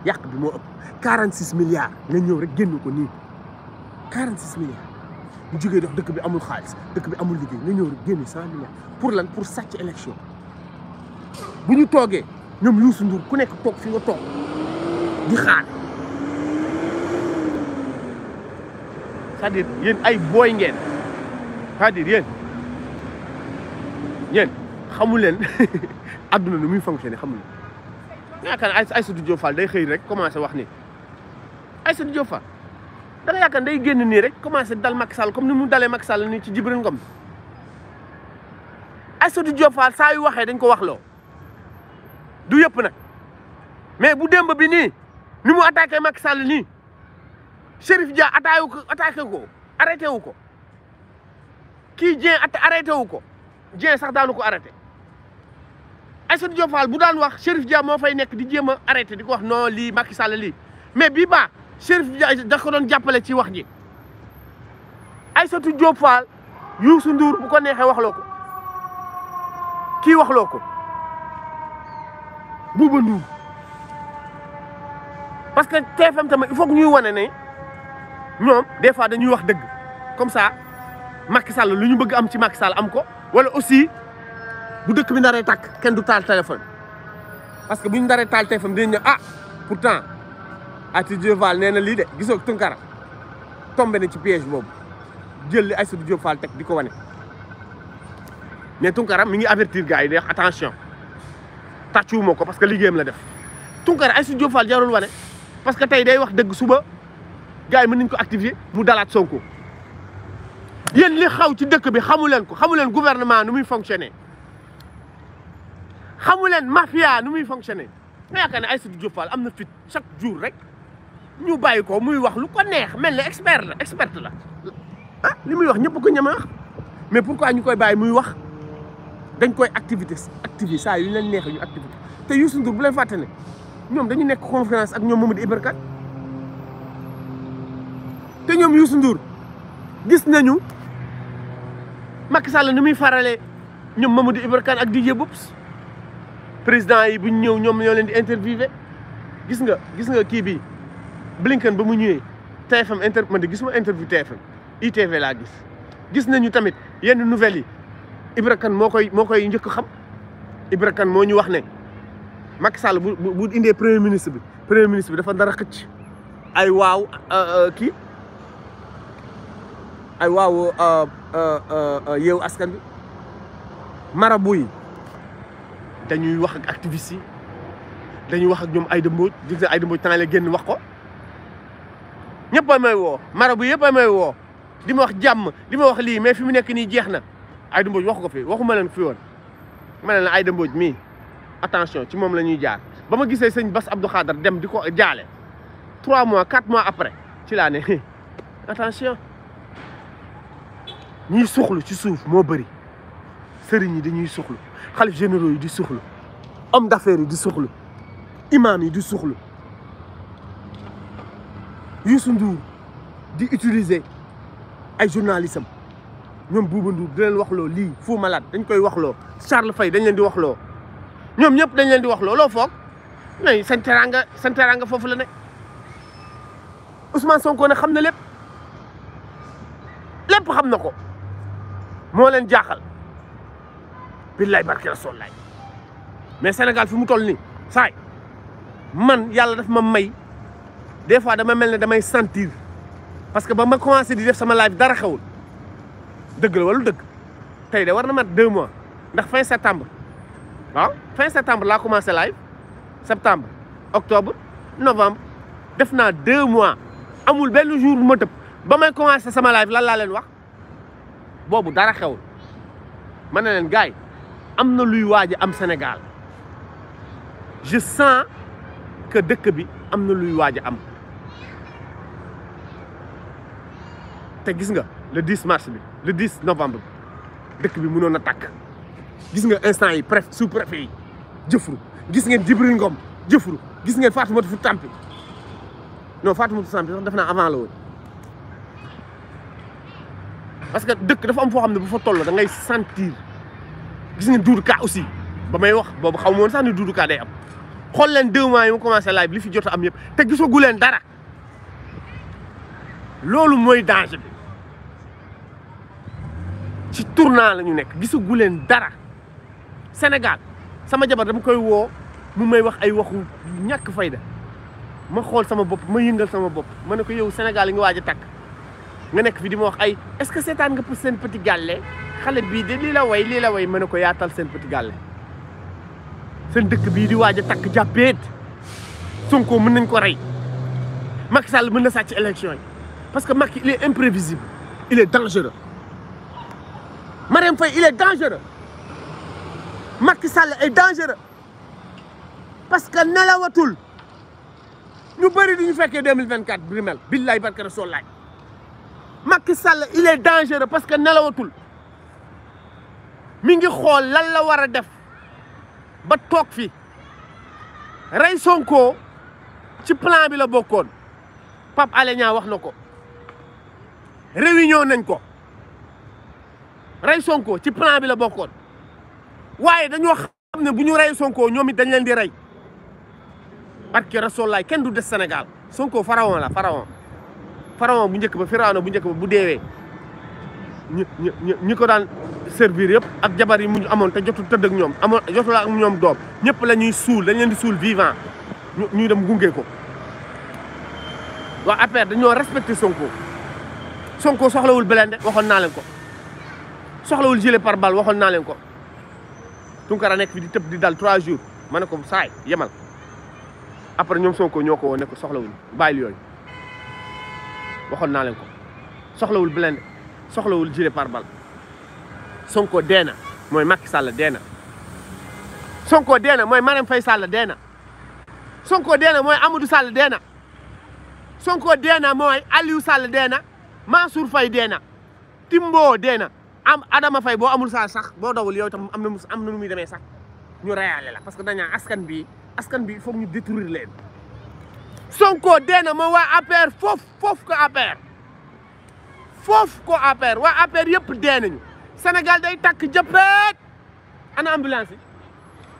yàq bi moo ëpp 46 milliards nga ñëw rek génn ko nii 46 milliards mu jógee dox dëkk bi amul xaalis dëkk bi amul liggéey nga ñëw rek génn 100 milliards pour lan pour sàcc élection bu ñu toogee ñoom Ndour ku nekk toog fi nga toog di xaar. cest yen, ay boy ngeen cest yen yen, xamul len aduna leen [laughs] nu muy fonctionner xamul leen ay ne Aïssatou Diop Fall day xey rek commencé wax ni ay Diop Fall da nga yakane day genn ni rek commencé dal Macky Sall comme ni mu dalé Macky Sall nii ci jibril Ngom ay Diop Fall sa yu waxe dañ ko wax lo du yep nak mais bu démb bi ni ni mu attaquer Macky Sall Chérif Dia ataayu ko attaqué ko arrêté wu ko kii Dieng arrêté wu ko Dieng sax daanu ko arrêté Aïssatou Diop Fall bu daan wax Chérif Dia moo fay nekk di jéem a arrêté di ko wax noo lii Macky Sall lii mais bii baa Chérif Dia da ko doon jàppale ci wax ji Aïssatou Diop Fall Youssou Ndour bu ko neexee waxloo ko kii waxloo ko Bouba Ndour parce que TFM tamit il faut que ñuy wane ne. ñoom des fois dañuy wax deug comme ça Macky Sall lu bëgg am ci Macky Sall am ko wala aussi bu dëkk bi naree tak kenn du tal téléphone parce que buñu ñu naree taal téléphone dañu ne ah pourtant Aty Diop Fall nee na lii de Tunkara tombé na ci piège boobu jël li Aïssatou Diop Fall teg di ko wane mais Tunkara mi ngi avertir gaay yi attention tàccuwuma moko parce que liggéeyam la def Tunkara Aïssatou Diop Fall jarul wane parce que tay day wax deug suba. gars yi mën nañu ko activer mu dalaat Sonko yéen li xaw ci dëkk bi xamu leen ko xamuleen leen gouvernement nu muy fonctionner xamu leen mafia nu muy fonctionner nga yaakaar ne Aïssatou Diop Fall am na fit chaque jour rek ñu bàyyi ko muy wax lu ko neex mel ne expert la expert la ah li muy wax ñëpp ko ñeme wax mais pourquoi ñu koy bàyyi muy wax dañ koy activité activé saa yu leen neexee ñu activité te Youssou Ndour bu leen fàtte ñoom dañu nekk conférence ak ñoom Mamadou Ibra Kane té ñom Youssou Ndour gis nañu Macky Sall ni muy farale ñom Mamadou Ibra ak Didier Boubs président yi bu ñew ñom ñoo leen di interviewé gis nga gis nga ki bi Blinken ba mu ñewé TFM inter man gis gisuma interview TFM ITV la gis gis nañu tamit yenn nouvelle yi Ibra mo koy mo koy ñëk xam Ibra mo ñu wax né Macky Sall bu bu indé premier ministre bi premier ministre bi dafa dara xëc ay euh, euh ki ay waaw euh, euh, euh, yeewu askan mara buy yi dañuy wax ak activistes dañuy wax ak ñoom Aïda Mbodj di ay Aïda Mbodj temps la génn wax ko ñëpp a may woo marabu yëpp a may woo di ma wax jàmm di ma wax lii mais fi mu nekk nii jeex na Aïda Mbodj wax ko fi waxuma leen fi woon ma ne la Aïda Mbodj mii attention ci moom la ñuy jaar ba ma gisee sëñ Bass Abdou Khadre dem di ko jaale trois mois quatre mois après ci laa ne [laughs] attention ñuy suxlu ci suuf moo bëri sëriñ yi dañuy suxlu xalif généraux yi di suxlu homme d'affaires yi di suxlu imam yi di suxlu Youssou Ndour di utiliser ay journalisme ñoom Bouba Ndour di leen waxloo lii Fou Malade dañ koy waxloo Charles Faye dañ leen di waxloo ñoom ñëpp dañ leen di waxloo loo foog mais seen teraanga seen teraanga foofu la ne Ousmane Sonko ne xam na lépp lépp xam na ko moo leen jaaxal billaay barke rasool laay mais Sénégal fi mu toll nii saay man yàlla daf ma may des fois dama mel ne damay santir parce que ba ma commencé di def sama live dara xewul dëgg la wala dëgg tey de war na mat deux mois ndax fin septembre waaw ah, fin septembre laa commencé live septembre octobre novembre def naa deux mois amul benn jour lu ma tëb ba may commencé sama live lan laa leen wax. boobu dara xewul ma ne leen gars yi am na luy waaj am Sénégal je sens que dëkk bi am na luy waaj am te gis nga le 10 mars bi le 10 novembre bi dëkk bi mënoon na takk gis nga instant yi préf sous préfet yi jëfru gis ngeen Djibril Ngom jëfru gis ngeen Fatoumata Fu Tampi non Fatoumata Fu Tampi sax def naa avant la woon parce que dëkk dafa am foo xam ne bu fa toll da ngay sentir gis nga Doudou Ka aussi ba may wax boobu xaw ma sax ne Doudou Ka day am xool leen deux mois yi mu commencé live li fi jot am yëpp te gisagu leen dara loolu mooy danger bi ci tournant la ñu nekk gisagu leen dara Sénégal sama jabar dama koy woo mu may wax ay waxu ñàkk fayda ma xool sama bopp ma yëngal sama bopp ma ne ko yow Sénégal yi nga waaj a takk nga nekk fi di ma wax ay est-ce que setan nga pour sen petit galé xalé bi de lii la way lii la way mën ko yaatal sen petit galé sen dëkk bi di waaj tak jappet son ko mën nañ ko ray Macky Sall mën na sacc élection parce que Macky il est imprévisible il est dangereux Marème Faye il est dangereux Macky Sall est dangereux parce que nelawatul ñu bari duñu ñu 2024 bi mel billaay barka rasool il est dangereux parce que nelawatul mi ngi xol lan la wara def ba tok fi ray Sonko ci plan bi la Pape Alenya waxnako réunion nañ ko ray Sonko ci plan bi la Sonko parce que Rasoul Sénégal Sonko pharaon la pharaon. pharaon bu njëkk ba pharaon bu njëkk ba bu deewee ñu ñu ñu ko daan servir yëpp ak jabar yi mu amoon te jotul tëdd ak ñoom amoon jotul ak ñoom doom ñëpp la ñuy suul dañ leen di suul vivant ñu ñu dem gunge ko waa APR dañoo respecté Sonko Sonko soxlawul blindé waxoon naa leen ko soxlawul gilet pare-balle waxoon naa leen ko Tunkara nekk bi di tëb di dal trois jours ma ne ko saay yemal après ñoom Sonko ñoo ko woo ne ko soxlawul bàyyil yooyu waxoon naa leen ko soxlawul blindé soxlawul gilet par balle Sonko dee na mooy Macky Sall dee na Sonko dee na mooy Marème Faye Sall dee na Sonko dee na mooy Amadou Sall dee na Sonko dee na mooy Aliou Sall dee na Mansour Faye dee na Timbo dee na am Adama Faye boo amul Sall sax boo dowul yow tam am na mu am na nu muy demee sax ñu reyaale la parce que dañaa askan bi askan bi foog ñu détruire leen. Sonko dee na ma waa APR foofu foofu ko APR foofu ko APR waa APR yëpp dee nañu Sénégal day takk jëppeet ana ambulance yi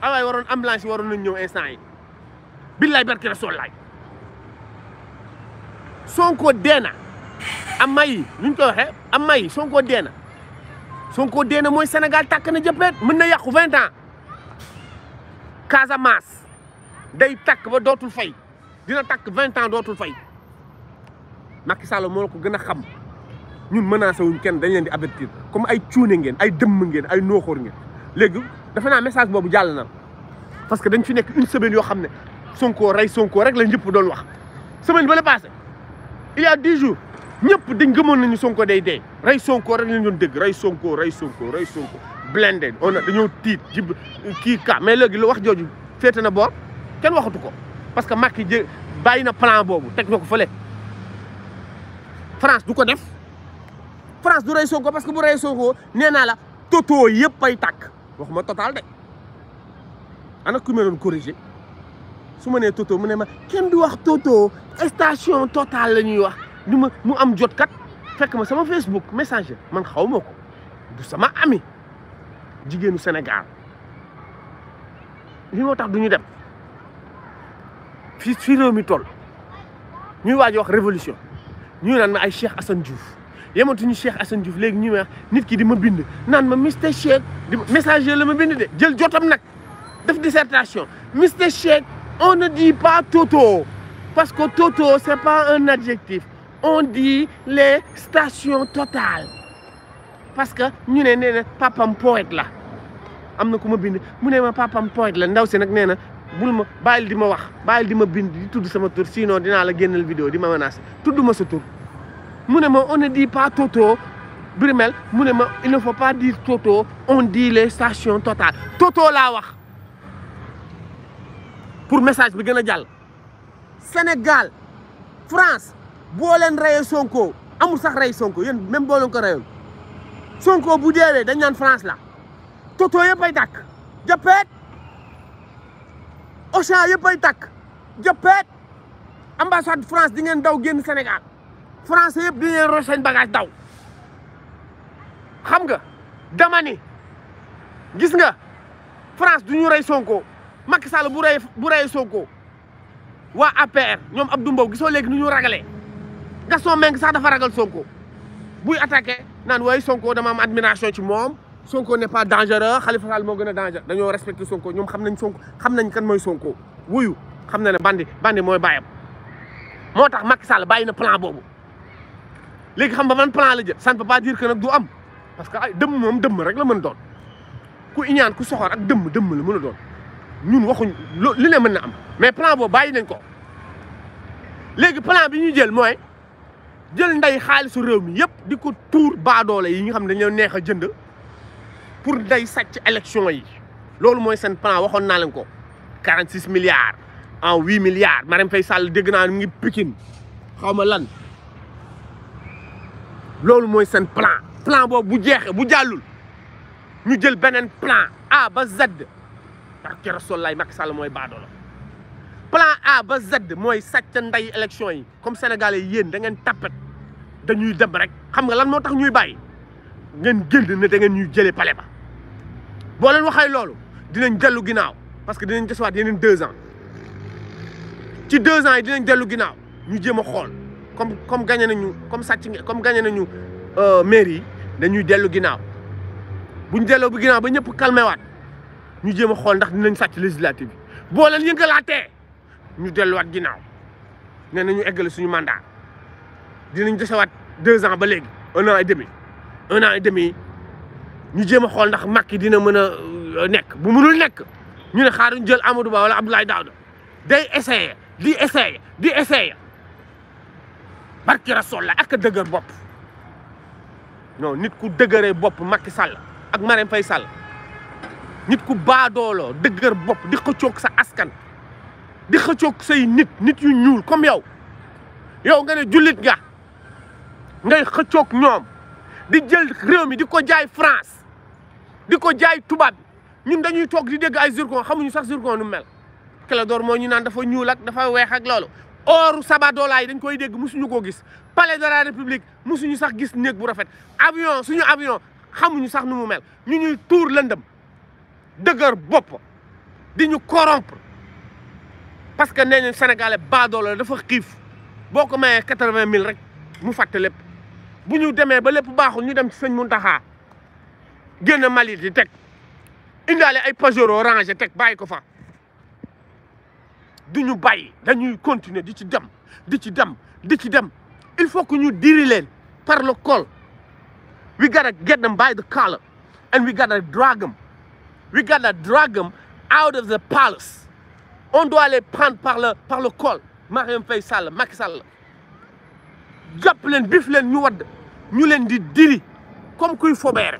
ah waroon ambulance yi waroon nañu ñëw instant yi billaay barki rasool laay Sonko dee na amma yi lu ko waxee amma yi Sonko dee na Sonko dee na mooy Sénégal takk na jëppeet mën na yàqu vingt ans Casamance day takk ba dootul fay dina tak 20 ans dootul fay Macky Sall ko xam ñun nous wuñ kenn dañ leen di avertir comme ay ciune ngeen ay dëmm ngeen ay noxor ngeen légui dafa message bobu jall na parce que dañ fi une semaine yo xamne Sonko ray Sonko rek la ñëpp doon wax semaine pas passé il y a 10 jours ñëpp di gëmoon nañu Sonko day dee ray Sonko rek lañ doon dégg ray Sonko ray Sonko ray Sonko Blended. on a mais légui lu wax Qui na bor kenn waxatu parce que Macky jë bàyyi na plan boobu teg na ko fële France du ko def France du rey ko parce que bu rey Sonko nee naa la toto yëpp ay tàkk waxuma total de ana ku ma doon corrigé su ma nee toto mu ne ma kenn du wax toto station total la ñuy wax du ma mu am jot kat fekk ma sama Facebook messenger man xaw ma ko du sama ami jigéenu Sénégal li moo tax du ñu dem. fii fii toll ñuy waaj wax révolution ñu nan ma ay Cheikh Assane Diouf ñu Cheikh Assane Diouf légui ñu wax nit ki di ma bind nan ma mr Cheikh di messager le ma bind de jël jotam nak def dissertation Mr Cheikh on ne dit pas Toto parce que Toto c'est pas un adjectif on dit les stations Total parce que ñu né né na poète la amna kuma bind mu ne ma papam poète la ndaw si nak nee na bul ma bàyyil di wax bàyyil dima bind di tudd sama tour sinon dina la gennal vidéo dima menace menacer ma sa tour mu on ne dit pas Toto Brimel mu il ne faut pas dire Toto on dit les stations Total Toto la wax pour message bi gëna jall Sénégal France bo len reyee Sonko amul sax rey Sonko yeen même bo len ko reyoon Sonko bu deewee dañ naan France la Toto yeppay ay jappet Auchan yëpp ay takk jëppeet ambassade France di ngeen daw génn Sénégal france yëpp di ngeen roc bagage daw xam nga dama ni gis nga France du ñu rey Sonko Macky Sall bu ray bu ray Sonko wa APR ñom Abdou Mbow gisoo légui nu ñu ragalee Gaston Mbengue sax dafa ragal Sonko buy attaquer nan way Sonko dama am admiration ci mom Sonko n'est pas dangereux Khalifa Sall moo gën a dangereux dañoo respecté Sonko ñoom xam nañ Sonko xam nañ kan mooy Sonko wuyu xam na ne bandi bandi mooy bàyyam moo tax Macky Sall bàyyi na plan boobu léegi xam ba man plan la jël ça ne peut pas am parce que ay dëmm moom dëmm rek la mën doon ku iñaan ku soxor ak dëmm dëmm la mën a doon ñun waxuñ li ne mën na am mais plan boobu bàyyi nañ ko léegi plan bi ñuy jël mooy jël nday xaalisu réew mi yëpp di ko tuur baadoole yi ñu xam ne dañoo neex a jënd pour day sàcc élection yi loolu mooy seen plan waxoon naa leen ko 46 milliards en 8 milliards Marème Faye Sall dégg naa mu ngi Pikine xaw ma loolu mooy seen plan plan boobu bu jeexee bu jàllul ñu jël beneen plan A ba Z parce que lay Macky Sall mooy baadoola plan A ba Z mooy sàcc nday élection yi comme sénégalais yéen da ngeen tappet ñuy dem rek xam nga lan moo tax ñuy bàyyi ngeen génn ne da ngeen ñuy jëlee pale ba boo leen waxee loolu dinañ dellu ginnaaw parce que dinañ desewaat yeneen deux ans ci deux ans yi dinañ dellu ginnaaw ñu jéem a xool comme comme gagné nañu comme sàcc nga comme gagné nañu euh, mairie yi dañuy dellu ginnaaw bu ñu delloo bu ginnaaw ba ñëpp calmé waat ñu jéem a xool ndax dinañ sàcc législative bi boo leen yëngalaatee ñu delluwaat ginnaaw nee nañu eggale suñu mandat dinañ desewaat deux ans ba léegi un an et demi ñu jéem a xool ndax Macky dina mën a euh, nekk bu mënul nekk ñu ne xaaruñ jël Amadou Ba wala Abdoulaye da day essayé di essayé di essayé barki Rasool la ak dëgër bopp non nit ku dëgëree bopp Macky Sall ak Marème fay Sall nit ku baadooloo dëgër bopp di xëccoog sa askan di xëccoog say nit nit yu ñuul comme yow yow nga ne jullit nga ngay xëccoog ñoom di jël réew mi di ko jaay France di ko jaay tubaab ñun dañuy toog di dégg ay zircon xamuñu sax zircon nu mel. Clédor moo ñu naan dafa ñuul ak dafa weex ak loolu ooru sabadoolaa yi dañ koy dégg musuñu ko gis palais de la république musuñu sax gis néeg bu rafet avion suñu avion xamuñu sax nu mu mel ñu ñuy tuur lëndëm dëgër bopp di ñu corrompre parce que nee nañ sénégalais baadoola dafa xiif boo ko mayee quatre-vingt mille rek mu fàtte lépp bu ñu demee ba lépp baaxul ñu dem ci sëñ Muntaxa génn mali di teg In ay Pajero rangé teg bàyyi ko fa du ñu bàyyi dañuy continuer di ci dem di ci dem di ci dem il faut que ñu you. leen par le col we gotta get them by the collar and we gotta drag them we gotta drag them out of the palace on doit les prendre par le par le col Mariam Faye Sall Macky Sall jàpp leen bif leen ñu wadd ñu leen di diri comme kuy fobeere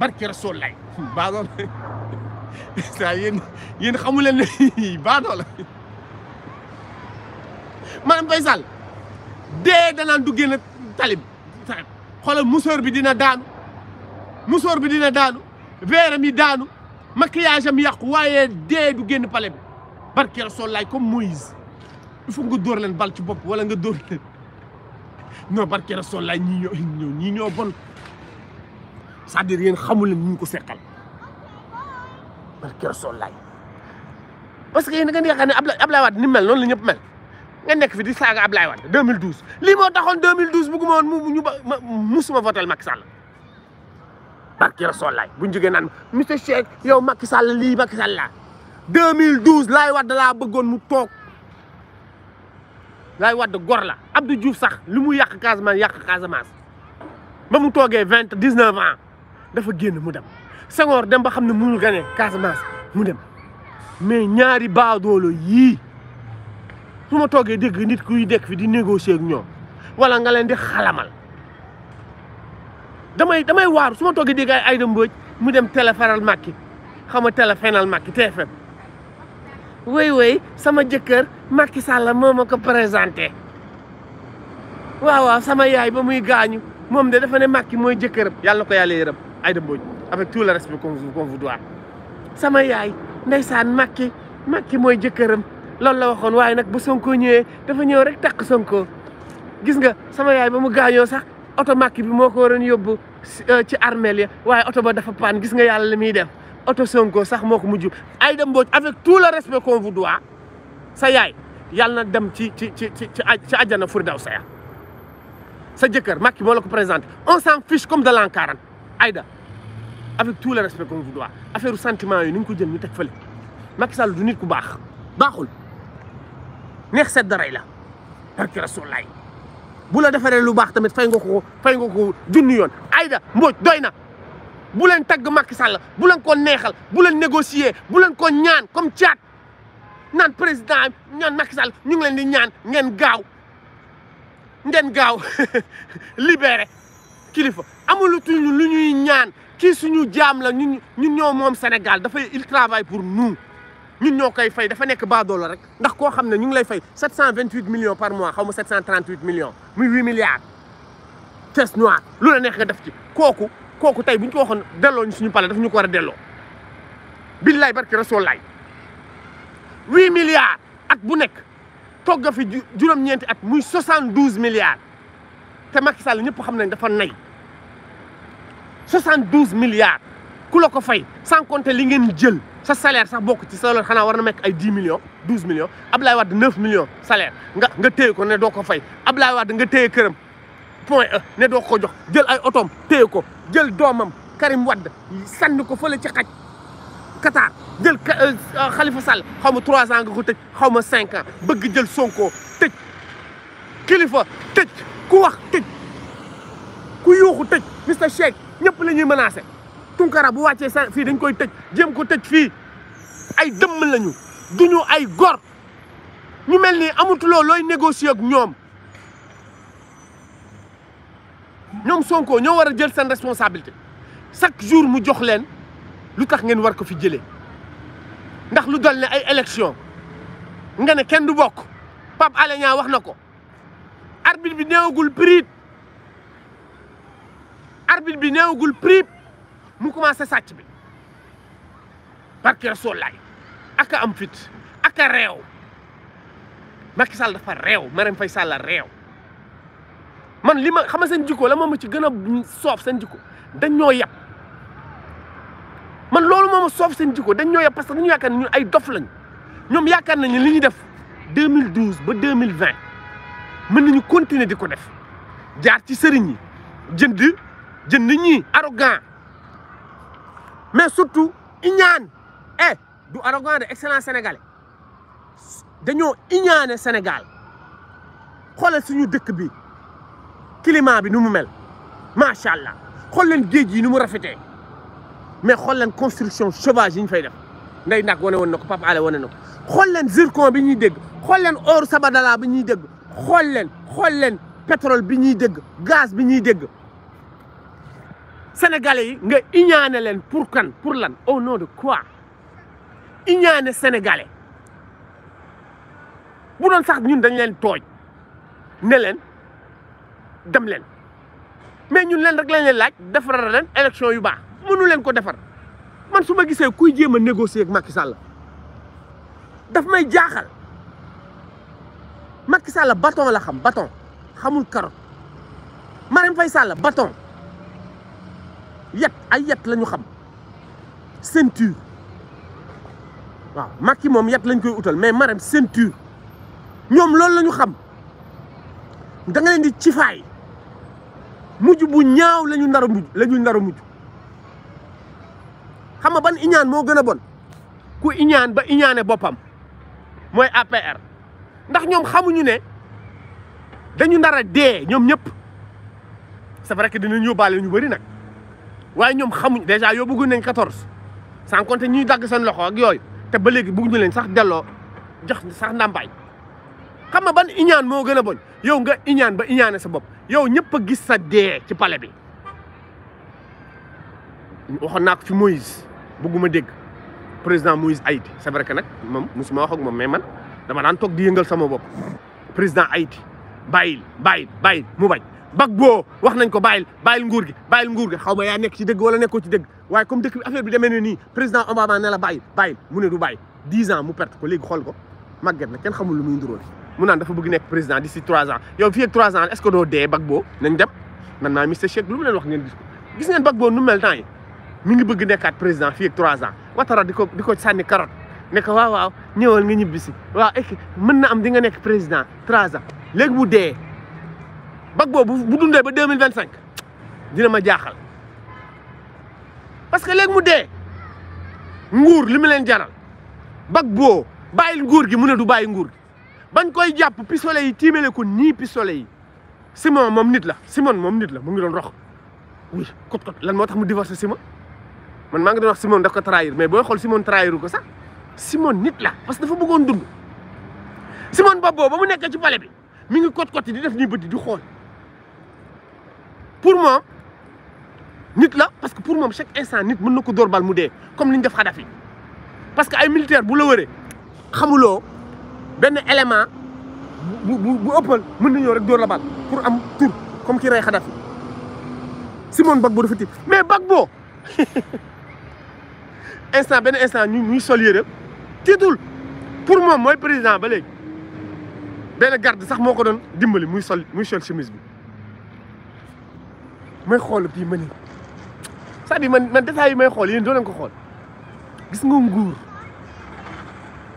barke rasul lay [laughs] saa yéen yéen xamu leen ne [laughs] baadoo la maanaam Faye Sall dee danaan du génn talib talib xoolal musóor bi dina daanu musóor bi dina daanu veeram yi daanu maquillage am yàqu waaye dee du génn pale bi barke rasul lay comme Moïse il nga dóor leen bal ci bopp wala nga dóor leen non barke rasul lay ñii ñoo ñii ñoo bon c'est-à-dire yéen xamul leen ñu ngi ko seqal barke Rasulullaay parce que yéen da ngeen yaakaar ne Ablaye Ablaye Wade ni mel noonu la ñëpp nga nekk fi di saaga Ablaye Wade 2012. lii moo taxoon 2012 bëgguma woon mu ñu ba ma musuma votel Macky Sall sol Rasulullaay bu ñu jógee naan monsieur Cheikh yow Macky Sall lii Macky Sall laa 2012 Laay Wade laa bëggoon mu toog Laay Wade gor la Abdou Diouf sax li mu yàq Casamance yàq Casamance ba mu toogee vingt dix neuf ans. dafa génn mu dem Senghor dem ba xam ne mënul gagné Casamance mu dem mais ñaari baadoolo yii su ma toogee dégg nit kuy dekk fi di négocier ak ñoom wala nga leen di xalamal damay damay waaru su ma toogee dégg ay Aïda Mbodj mu dem téléféral Macky xam nga téléféral Macky TFM wéy wéy sama jëkkër makki Sall moo ma ko présenté waaw waaw sama yaay ba muy gaañu moom de dafa ne Macky mooy jëkkëram yàlla na ko yàlla yërëm Aïda Mbodj avec tout le respect qu'on vous qu'on vous doit sama yaay ndeysaan Macky Macky mooy jëkkëram loolu la waxoon waaye nak bu Sonko ñewé dafa ñew rek tak Sonko gis nga sama yaay ba mu gaañoo sax auto Macky bi moko ko yobbu euh, ci armel ya waaye auto ba dafa paan gis nga yalla limi muy def oto Sonko sax moko muju. mujj Aïda Mbodj avec tout le respect qu'on vous doit sa yaay yalla na dem ci ci ci ci ci àjjana Firdawsi sa jëkkër Macky moo la ko présenter. on s'en fiche comme de l'an 40 ayda avec tout le respect qu'on vous doit affaire sentiment yi ni ñu ko jël ñu teg fële Macky Sall du nit ku baax baaxul neex set daray la parce que rasulaay bu la defaree lu baax tamit fay nga ko fay nga ko junni yoon Aïda mboot doy na bu leen tagg Macky Sall bu leen ko neexal bu leen négocier bu leen ko ñaan comme caat naan président ñaan Macky Sall ni ngi di ñaan ngeen gaaw ngeen gaaw [laughs] libéré kilifa amulatuñu lu ñuy ñaan kii suñu jaam la ñun ñun ñoo moom Sénégal dafay il travaille pour nous ñun ñoo koy fay dafa nekk baadoolo rek ndax koo xam ñu ngi lay fay 728 millions par mois xaw 738 millions muy 8 milliards caisse noire lu la neex nga def ci kooku kooku tey bu ñu ko waxoon delloo ñu suñu pale daf ñu ko war a delloo billaay barki rasool 8 milliards at bu nekk togga fi juróom-ñeenti at muy 72 milliards te Macky Sall ñëpp xam nañ dafa nay 72 milliards ku la ko fay sans compter li ngeen jël sa salaire sax bokk ci salaire xanaa war na nekk ay 10 millions 12 millions Ablaye Wade 9 millions salaire nga nga téye ko ne doo ko fay Ablaye Wade nga téye këram point e ne doo ko jox jël ay otoom téye ko jël doomam Karim Wade sànni ko fële ci xaj Qatar jël euh, euh, Khalifa Sall xaw ma 3 ans nga ko tëj xaw ma 5 ans bëgg jël Sonko tëj kilifa tëj ku wax tëj ku yuuxu tëj Mister Shake ñëpp lañuy ñuy menacé Tunkara bu wàccee sa fii dañ koy tëj jéem ko tëj fii ay dëmm lañu duñu ay gor ñu mel ni amutuloo looy négocier ak ñoom ñoom Sonko ñoo war a jël seen responsabilité chaque jour mu jox leen lu tax ngeen war ko fi jëlee ndax lu dol ne ay élection nga ne kenn du bokk Pape Alé Niang wax na ko arbitre bi neewagul priit arbitre bi neewagul prip mu commencé sàcc bi barke Rasulaay ak a am fit ak a réew Macky Sall dafa réew Marème Faye Sall réew man li ma xam seen jikko la moom ma ci gën a soof seen jikko dañ ñoo yab man loolu moom ma soof seen jikko dañ ñoo yab parce que dañu yaakaar ne ay dof lañ ñoom yaakaar nañ ne li ñu def 2012 ba 2020 mën nañu continuer di ko def jaar ci sëriñ yi jënd. jën nit ñi arrogant mais surtout iñaan eh du arrogant de excellent sénégalais dañoo iñaane Sénégal xoolal suñu dëkk bi climat bi nu mu mel macha allah xool leen géej yi nu mu rafetee mais xool leen construction sauvage yi ñu fay def nday nag wane woon na ko Pape Alé wane na ko xool leen zircon bi ñuy dégg xool leen or sabadala bi ñuy dégg xool leen xool leen pétrole bi ñuy dégg gaz bi ñuy dégg sénégalais yi nga iñaane leen pour kan pour lan au nom de quoi iñaane sénégalais bu doon sax ñun dañ leen tooj ne leen dem leen mais ñun leen rek lañ leen laaj defaral leen élection yu baax nu leen ko defar man su ma gisee kuy jéem a négocier ak Macky Sall daf may jaaxal Macky Sall bâton la xam bâton xamul carotte Marème fay Sall bâton yet ay yet lañu xam ceinture waaw Macky moom yet lañ koy utal mais Marème ceinture ñoom loolu la ñu xam da nga leen di cifaay mujj bu ñaaw lañu ñu nar a mujj la mujj xam nga ban iñaan moo gën a bon ku iñaan ba iñaane boppam mooy APR ndax ñoom xamuñu ne dañu nar a dee ñoom ñëpp c'est vrai que dinañ yóbbaale ñu bëri nag. waaye ñoom xamuñ dèjà yow bëggoon nañ quatorze sans compter ñuy dagg seen loxo ak yooyu te ba léegi bëgguñu leen sax delloo jox sax ndàmbaay xam nga ban iñaan moo gën a bon yow nga iñaan ba iñaane sa bopp yow ñëpp a gis sa dee ci palais bi waxoon naa ko fi Moïse bëgguma dégg président Moïse Haïti c'est vrai que nag moom musuma wax ak moom mais man dama daan toog di yëngal sama bopp président Haïti bàyyil bàyyil bàyyil mu bañ Gbagbo wax nañ ko bàyyil bàyyil nguur gi bàyyil nguur gi xaw ma yaa nekk ci dëgg wala nekkoo ci dëgg waaye comme dëkk bi affaire bi demee na nii président Obama ne la bàyyil bàyyil mu ne du bàyyi dix ans mu perte ko léegi xool ko màgget na kenn xamul lu muy nduróol mu naan dafa bëgg nekk président d'ici trois ans yow fii ak trois ans est-ce que doo dee Gbagbo nañ dem man maa Mister Shake lu mu leen wax ngeen gis gis ngeen Gbagbo nu mel temps yi ngi bëgg nekkaat président fii trois ans ko di ko sànni carotte ne ko waaw waaw ñëwal nga ñibbisi waaw ek mën na am di nga nekk président trois ans léegi mu dee bac bobu bu dundé ba 2025 dina ma jaxal parce que léegi mu dé nguur limi len jaral bac bo bayil nguur gi mune du bayil nguur bagn koy japp pistolet yi timélé ko ni pistolet yi Simon mom nit la Simon mom nit la mo ngi don rox oui kot kot lan motax mu divorcer Simon man maa ngi wax Simon daf ko trahir mais boy xol Simon trahiru ko sax Simon nit la parce que dafa bëggon dund Simon bobo ba mu nekk ci palais bi mi ngi kot kot di def ni bët di xol pour moi, nit la parce que pour moi, chaque instant nit mën na ko mu dee comme li ñu def Kadhafi parce que ay militaires, bu la wëree xamuloo benn élément bu bu bu ëppal mën na ñëw rek dóor la bal pour am tur comme ki rey Kadhafi Simone Gbagbo dafa tiit mais Gbagbo [laughs] instant ben instant ñu ñuy sol yére tiitul pour moi moy président ba léegi benn garde sax moko don dimbali muy sol muy sol chemise bi. may xool bii ma ni c'est-à-dire man man détails yi may xool yéen doo leen ko xool gis nga nguur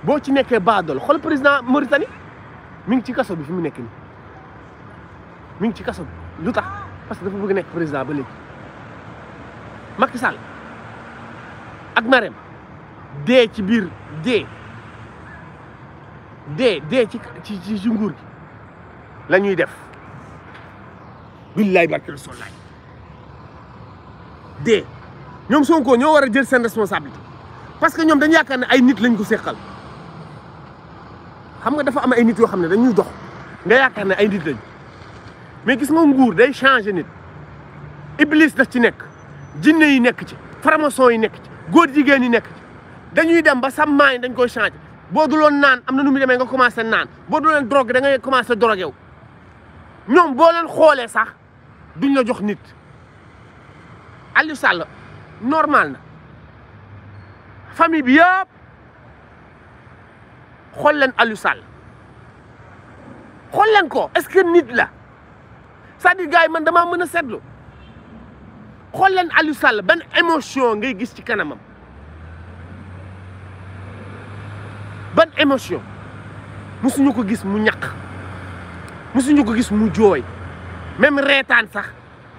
boo ci nekkee baadool xool président Mauritanie mi ngi ci kaso bi fi mu nekk nii mi ngi ci kaso bi lu tax parce que dafa bëgg nekk président ba léegi Macky Sall ak Marème dee ci biir dee dee dee ci ci nguur gi la ñuy def billaay barke Rasulaay de ñoom Sonko ñoo war a jël seen responsabilité parce que ñoom dañu yaakaar ne ay nit lañ ko seqal xam nga dafa am ay nit yoo xam ne dañuy dox nga yaakaar na ay nit lañ mais gis nga nguur day changer nit iblis daf ci nekk jinne yi nekk ci franc-maçon yi nekk ci góor jigéen yi nekk dañuy dem ba sa maay dañ koy changer boo duloon naan am na nu mu demee nga commencé naan boo duloon drogue da ngay commencé drogué wu ñoom boo leen xoolee sax duñ la jox nit Aliou Sall normal na famille bi yëpp xool leen Aliou Sall xool leen ko est-ce que nit la cest à yi man damaa mën a seetlu xool leen Aliou Sall benn émotion ngay gis ci kanamam ban émotion musuñu ko gis mu ñaq musuñu ko gis mu jooy même reetaan sax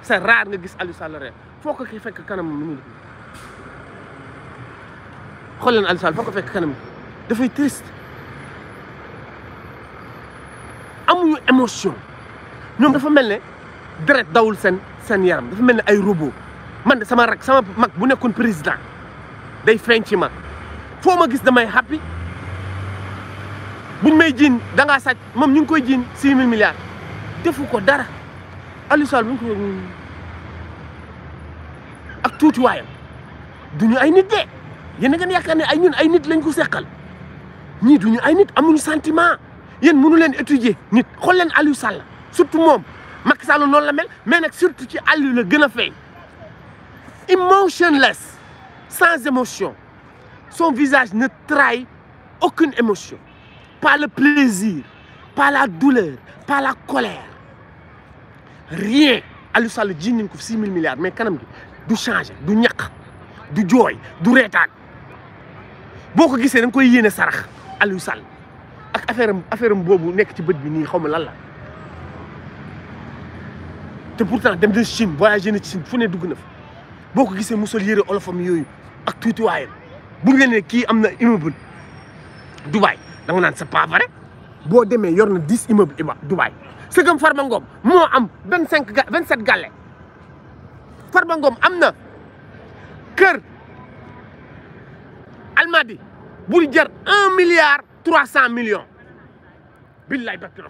c'est rare nga gis Aliou Sall فوق كيفك كان مني خلينا نسال فوق كيفك كان دفي تريست امو ايموشن نيوم دا فملني دريت داول سن سن يارم دا فملني اي روبو من سما راك سما ماك بو نيكون بريزيدان داي فرينشي ماك فوما غيس داماي هابي بو ماي جين داغا ساج مام نينكوي جين 6000 مليار دفوكو دارا علي سال بو نكوي Tout Il duñu ay nit de Vous a que ne ay ñun ay nit lañ ko seqal ñii duñu ay nit amuñu sentiment pas mënu leen étudier nit xool leen Sall surtout Il Macky Sall la mel mais surtout ci Aliou le emotionless sans émotion son visage ne trahit aucune émotion pas le plaisir pas la douleur pas la colère rien Aliou Sall a milliards mais kanam du changer du ñaq du jooy du reetaan boo ko gisee da nga koy yéene sarax Aliou Sall ak affaire affaire am boobu nekk ci bët bi nii xaw ma lan la te pourtant dem na Chine voyagé na Chine fu ne dugg na fa boo ko gisee mu sol yére olofam yooyu ak tuutiwaayam bu ngeen kii am na immeuble Dubaï da nga naan c'est pas boo demee yor na dix immeuble Iba Dubaï sëgam Farba Ngom moo am vingt cinq ga vingt sept gàlle Farba Ngom am na kër almadi bul jar un milliard trois cent millions billaay bakki a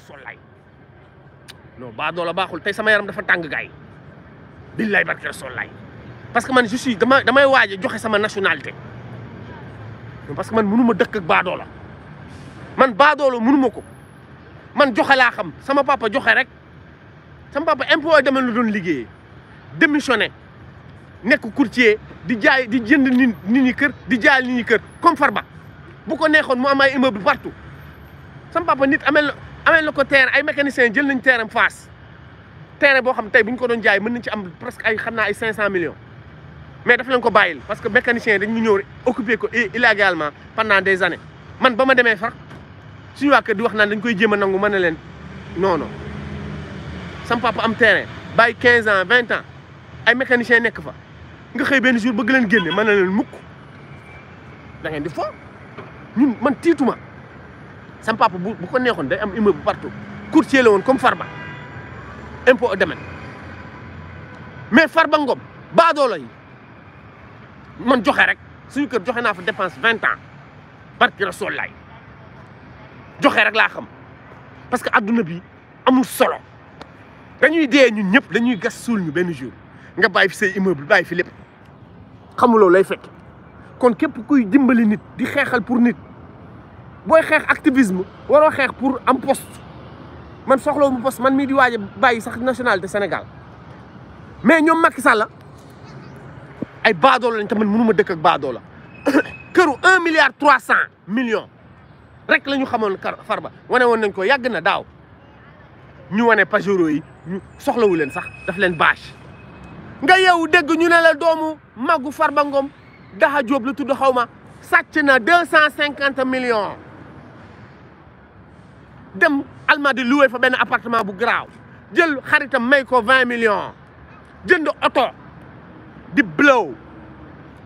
non baa doola baaxul tey sama yaram dafa tàng gaay billaay bakki rasulaay parce que man je dama damay waaj joxe sama nationalité parce que man mënu ma dëkk ak baadoola man baadoola mënu ko man joxe laa sama papa joxe rek sama papa impôt demel lu doon liggéeyee démissionné Nek courtier di jaay di jënd nit nit ñi kër di jaay nit ñi kër comme Farba bu ko neexoon mu am ay immeuble partout Sam papa nit amel amel ko terre ay mécanicien jël nañ terrain face Terre bo xam tay buñ ko doon jaay mën nañ ci am presque ay xam ay cinq millions mais daf lañ ko bayil parce que mécanicien dañu ñëw occuper ko illégalement pendant des années man bama démé demee fax suñu wa kër di wax naan dañ koy jëma a nangu mën na leen non non Sam papa am terre bàyyi 15 ans 20 ans ay mécanicien nek fa nga xëy ben jour bëgg leen génne man na leen mukk da ngeen di fo ñun man tituma sam papa bu bu ko neexon day am immeuble partout courtier la won comme Farba impo au domaine mais Farba Ngom baadoola yi man joxe rek suñu kër joxe na fa dépense 20 ans barki rasoul lay joxe rek la xam parce que aduna bi amul solo dañuy dé ñun ñëpp dañuy gas sul ñu ben jour nga bay fi say immeuble bay fi lépp xamul lo lay fekk kon kep kuy dimbali nit di xexal pour nit boy xex activisme waro xex pour am poste man soxlo mu poste man mi di waji bay bàyyi sax nationalité Sénégal mais ñom Macky Sall ay baadoola lañ te man mënu ma dëkk ak la keuru 1 milliard 300 millions rek lañu xamone kar farba woné won nañ ko yag na daw ñu woné pajoro yi ñu soxlawu len sax daf len bâche nga yeewu dégg ñu ne la doomu magu Farba Ngom Daha Diop la tudd xawma ma sàcc na cent cinquante millions dem Almadi loué fa benn appartement bu garaaw jël xaritam may ko vingt millions jënd oto di blow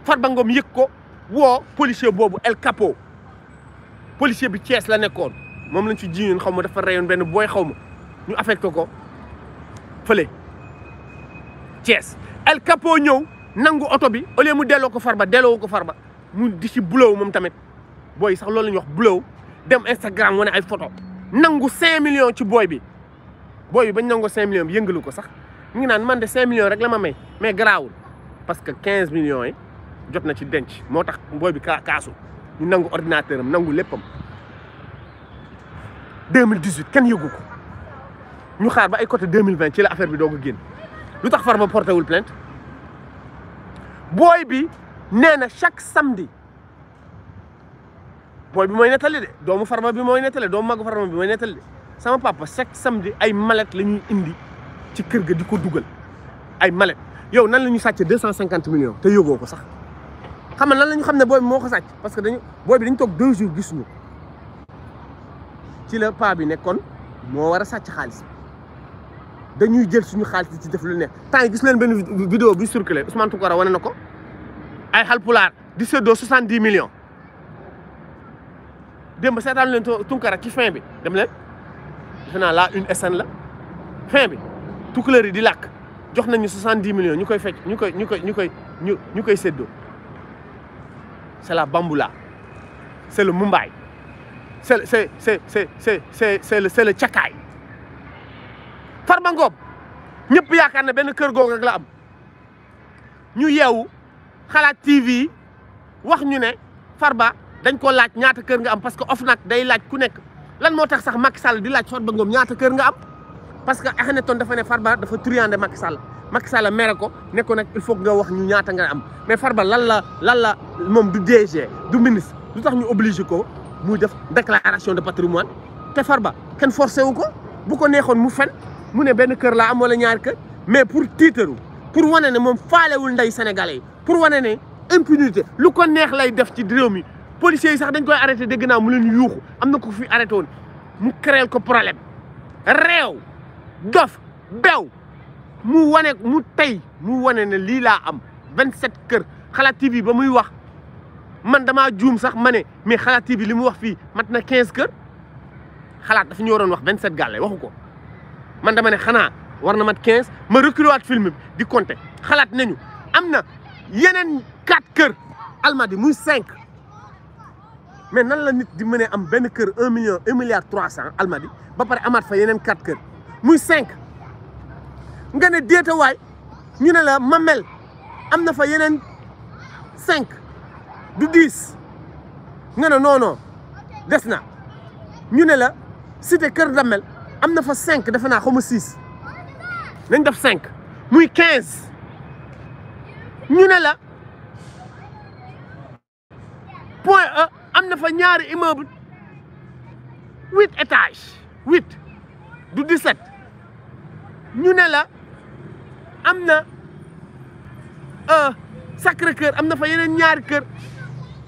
Farba Ngom yëg ko woo policier boobu El Capo policier bi Thiès la nekkoon moom lañ ci jiñoon xaw ma dafa reyoon benn booy xaw ma ñu affecté ko fële Thiès El Capo ñëw nangu oto bi au mu delloo ko far ba delloo ko ba mu di ci bulow moom tamit booy sax loolu la ñuy wax bulow dem Instagram wane ay photo nangu 5 million ci booy bi booy bi bañ nangu 5 millions bi yëngalu ko sax ñu ngi naan man de 5 millions rek la may mais garaawul parce que 15 millions yi jot na ci denc moo tax booy bi kaa kaasu ñu nangu ordinateur am nangu léppam 2018 kenn yëgu ko ñu xaar ba ay côté 2020 ci la affaire bi doog a génn. lu tax Farba porté wul plainte booy bi nee na chaque samedi booy bi mooy nettali de doomu farama bi mooy nettali doomu màggu Farba bi mooy nettali de sama papa chaque samedi ay mallette la indi ci kër ga di ko dugal ay mallette yow nan la ñu sàcc deux cent cinquante millions te yogoo ko sax xam nga nan la ñu xam ne booy bi moo ko sàcc parce que dañu booy bi dañu toog deux jours gis ñu ci la paa bi nekkoon moo war a sàcc xaalis dañuy jël suñu xaalis ci def lu vidéo bu Ousmane wane ay millions Vous seetaan fin bi dem une SN la fin bi yi di jox millions ñu fecc la bamboula C'est le Mumbai. C'est le cakaay Farba Ngom ñëpp yaakaar ne benn kër googu rek la am ñu yeewu xalaat TV wax ñu ne Farba dañ ko laaj ñaata kër nga am parce que OFNAC day laaj ku nekk lan moo tax sax Macky Sall di laaj Farba Ngom ñaata kër nga am parce que Akhenaton dafa ne Farba dafa truandé Macky Sall Macky Sall mere ko ne nag il faut nga wax ñu ñaata nga am mais Farba lan la lan la moom du DG du ministre lu tax ñu obligé ko muy def déclaration de patrimoine te Farba kenn forcé wu ko bu ko neexoon mu fen mu ne benn kër laa am wala ñaar kër mais pour titre pour wone ne mom faalé wul nday sénégalais pour wone ne impunité lu ko neex lay def ci réew mi policier sax dañ koy arrêté dégg naa mu leen yuux am na ko fi arrêté woon mu créer ko problème réew dof bew mu wone mu tey mu wone ne lii laa am 27 kër xalaat TV ba muy wax man dama juum sax ma ne mais xalaat TV li mu wax fii mat na 15 kër xalaat dafa ñu waroon wax 27 gàlle waxu ko. man dama ne xanaa war na mat 15 ma reculé film di compter xalaat nañu am na yeneen 4 kër Almadi muy cinq mais nan la nit di mënee am benn kër 1 million 1 milliard 300 Almadi ba pare amaat fa yeneen 4 kër muy cinq nga ne déetawaay ñu ne la Mamel am na fa yeneen cinq du 10 nga ne noonoo non des na ñu ne la cité kër Damel. am na fa cinq defe naa ma six nañ def cinq muy quinze ñu ne la point E am na fa ñaari immeuble huit étages huit du dix-sept ñu ne la am na euh, Sacré-Cœur am na fa yeneen ñaari kër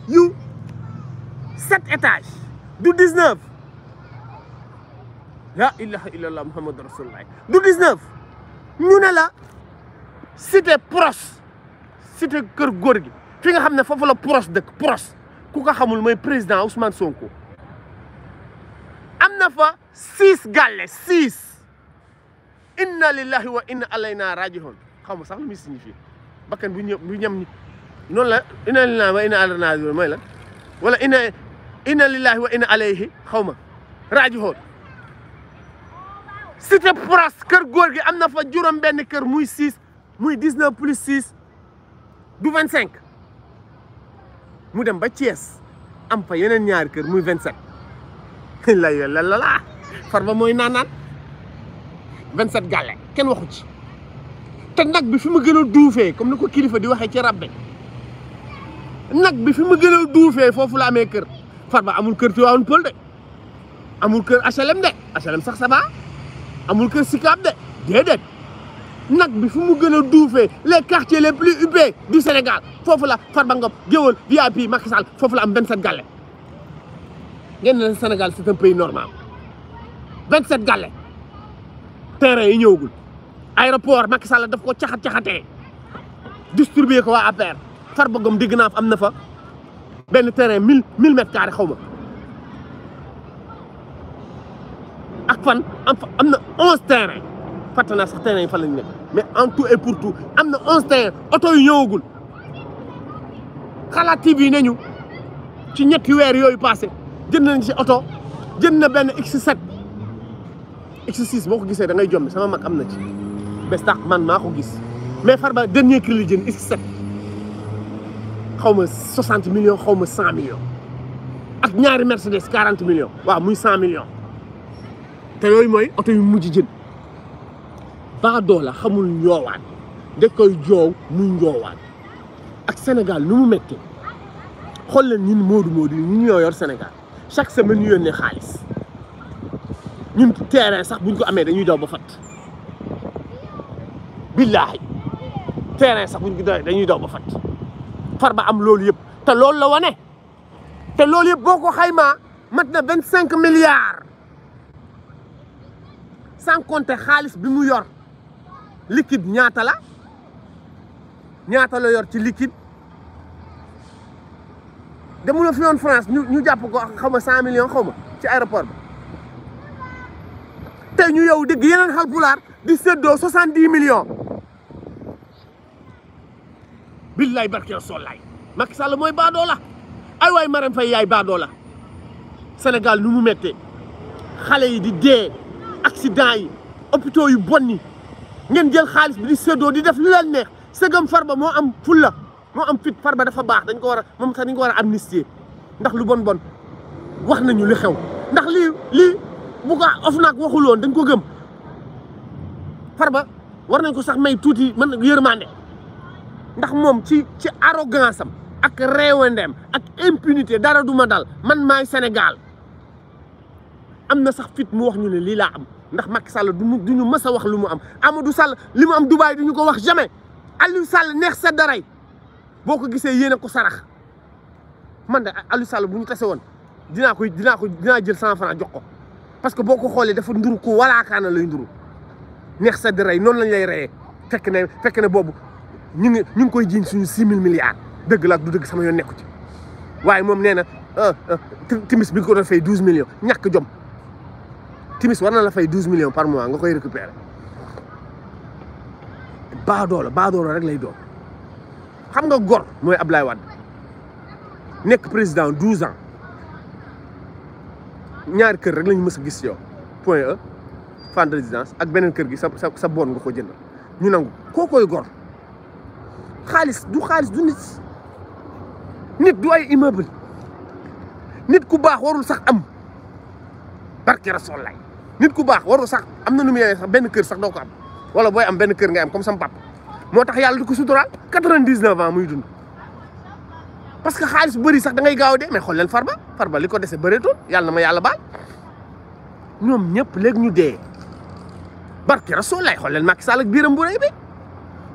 yu sept étages du dix لا إله إلا الله محمد رسول الله دو 19 نونا لا سيتي بروس سيتي كير غورغي فيغا خا مني فوفو لا بروس دك بروس كوكا خامول ماي بريزيدان عثمان سونكو امنا فا 6 غالي 6 ان لله وان الينا راجعون خامو صاح لومي سينيفي باكن بو نيام نون لا ان لله وان الينا راجعون ماي لا ولا ان ان لله وان عليه خاوما راجعون cité Pras kër góor gi am na fa juróom benn kër muy 6 muy 19 plus 6 du 25 mu dem ba Thiès am fa yeneen ñaari kër muy 27 [laughs] la la la la ba mooy naan naan 27 gale kenn waxu ci te nag bi fi mu gën duufee comme ni ko kilifa di waxee ci rabbe nag bi fi mu gën a duufee foofu la amee kër ba amul kër Tivaouane Peulh de amul kër HLM de a HLM sax ça amul que Sicap de déedéet nag bi fu mu gën les quartiers les plus huppés du Sénégal fofu la farbangop Ngom VIP Macky Sall fofu la am 27 gàlle ngeen ne Sénégal c'est un pays normal 27 gàlle terrain ñëwgul aéroport Macky Sall daf ko caxat caxatee distribuer ko wa APR Farba Ngom am na fa benn terrain 1000 1000 mètres carrés xawma ak fan a 11 mais en tout et pour tout am on a terrain On a TV nañu passé jënd nañ ci auto. jënd na ben X7 X6 boo gissé da ngay jom sama mak amna ci bés man mako giss. mais Farba dernier religion, li X7 Xawma 60 millions xawma 100 millions ak ñaari Mercedes 40 millions waaw muy 100 millions te yooyu mooy oto yu mujj jën baadoo la xamul ñoowaan da koy joow muy njoowaan ak Sénégal nu mu metti xool leen ñun moodu moodu yi ñun ñoo yor Sénégal chaque semaine ñu ne xaalis ñun terrain sax buñ ko amee dañuy daw ba fat billaahi terrain sax buñ ko dañuy daw ba fat far ba am loolu yëpp te loolu la wane te loolu yëpp boo ko xayma mat na vingt cinq milliards sans compter xaalis bi mu yor liquide ñaata la ñaata la yor ci liquide demuloo fi yoon France ñu jàpp ko xaw ma cent millions xaw ci aéroport te ñu yow dëgg yeneen Haalpulaar di séddoo soixante dix millions. billaay barkeel sollaay Macky Sall mooy baadoo la ay waay Marème Faye yaay baadoo la senegal nu mu méttee xale yi di dee. accident yi hôpitaux yu bon yi ngeen jël xaalis bi di séddoo di def lu leen neex sëgam farba moo am fulla moo am fit farba dafa baax dañ ko war a moom sax ni ko war a amnistier ndax lu bon bon wax nañu li xew ndax li lii bu ko OFNAC waxul woon dañ ko gëm farba war nañ ko sax may tuuti mën yërmande ndax moom ci ci arrogance ak réewandeem ak impunité dara du dal man maay Sénégal am na sax fit mu wax ñu ne lii laa am ndax Macky Sall du du ñu mës a wax lu mu am Amadou Sall li mu am Dubaay du ñu ko wax jamais Aliou Sall neex sa daray boo ko gisee yéene ko sarax man de Aliou Sall bu ñu tase woon dinaa koy dinaa ko dinaa jël cent franc jox ko parce que boo ko xoolee dafa nduru ko walaakaana lay nduru neex sa daray noonu lañ lay reyee fekk ne fekk ne boobu ñu ngi ñu ngi koy jiiñ suñu six mille milliards dëgg la ak du dëgg sama yoon nekku ci waaye moom nee na timis bi nga ko doon fay douze millions ñàkk jom timis warna la fay 12 millions par mois nga koy récupérer baadoola baadoola rek lay do xam nga gor moy Ablaye wad nek président 12 ans ñaar keur rek lañu mësa a gis yow point E fan de résidence ak benen keur gi sa sa nga ko jënd ñu nang ko koy gor khalis du khalis du nit nit du ay immeuble nit ku bax warul sax am barke Rasool nit ku baax waro sax amna numu lu sax ben keur sax doo ko am wala boy am ben keur nga am comme sam pap motax yalla du ko sutural 99 ans muy dund parce que beuri sax da ngay gaaw de mais farba farba liko ko dese yalla yàlla na ma yàlla baal ñoom ñëpp léegi ñu domje, barki rasulilah xool leen Macky Sall ak biram bu rëy bi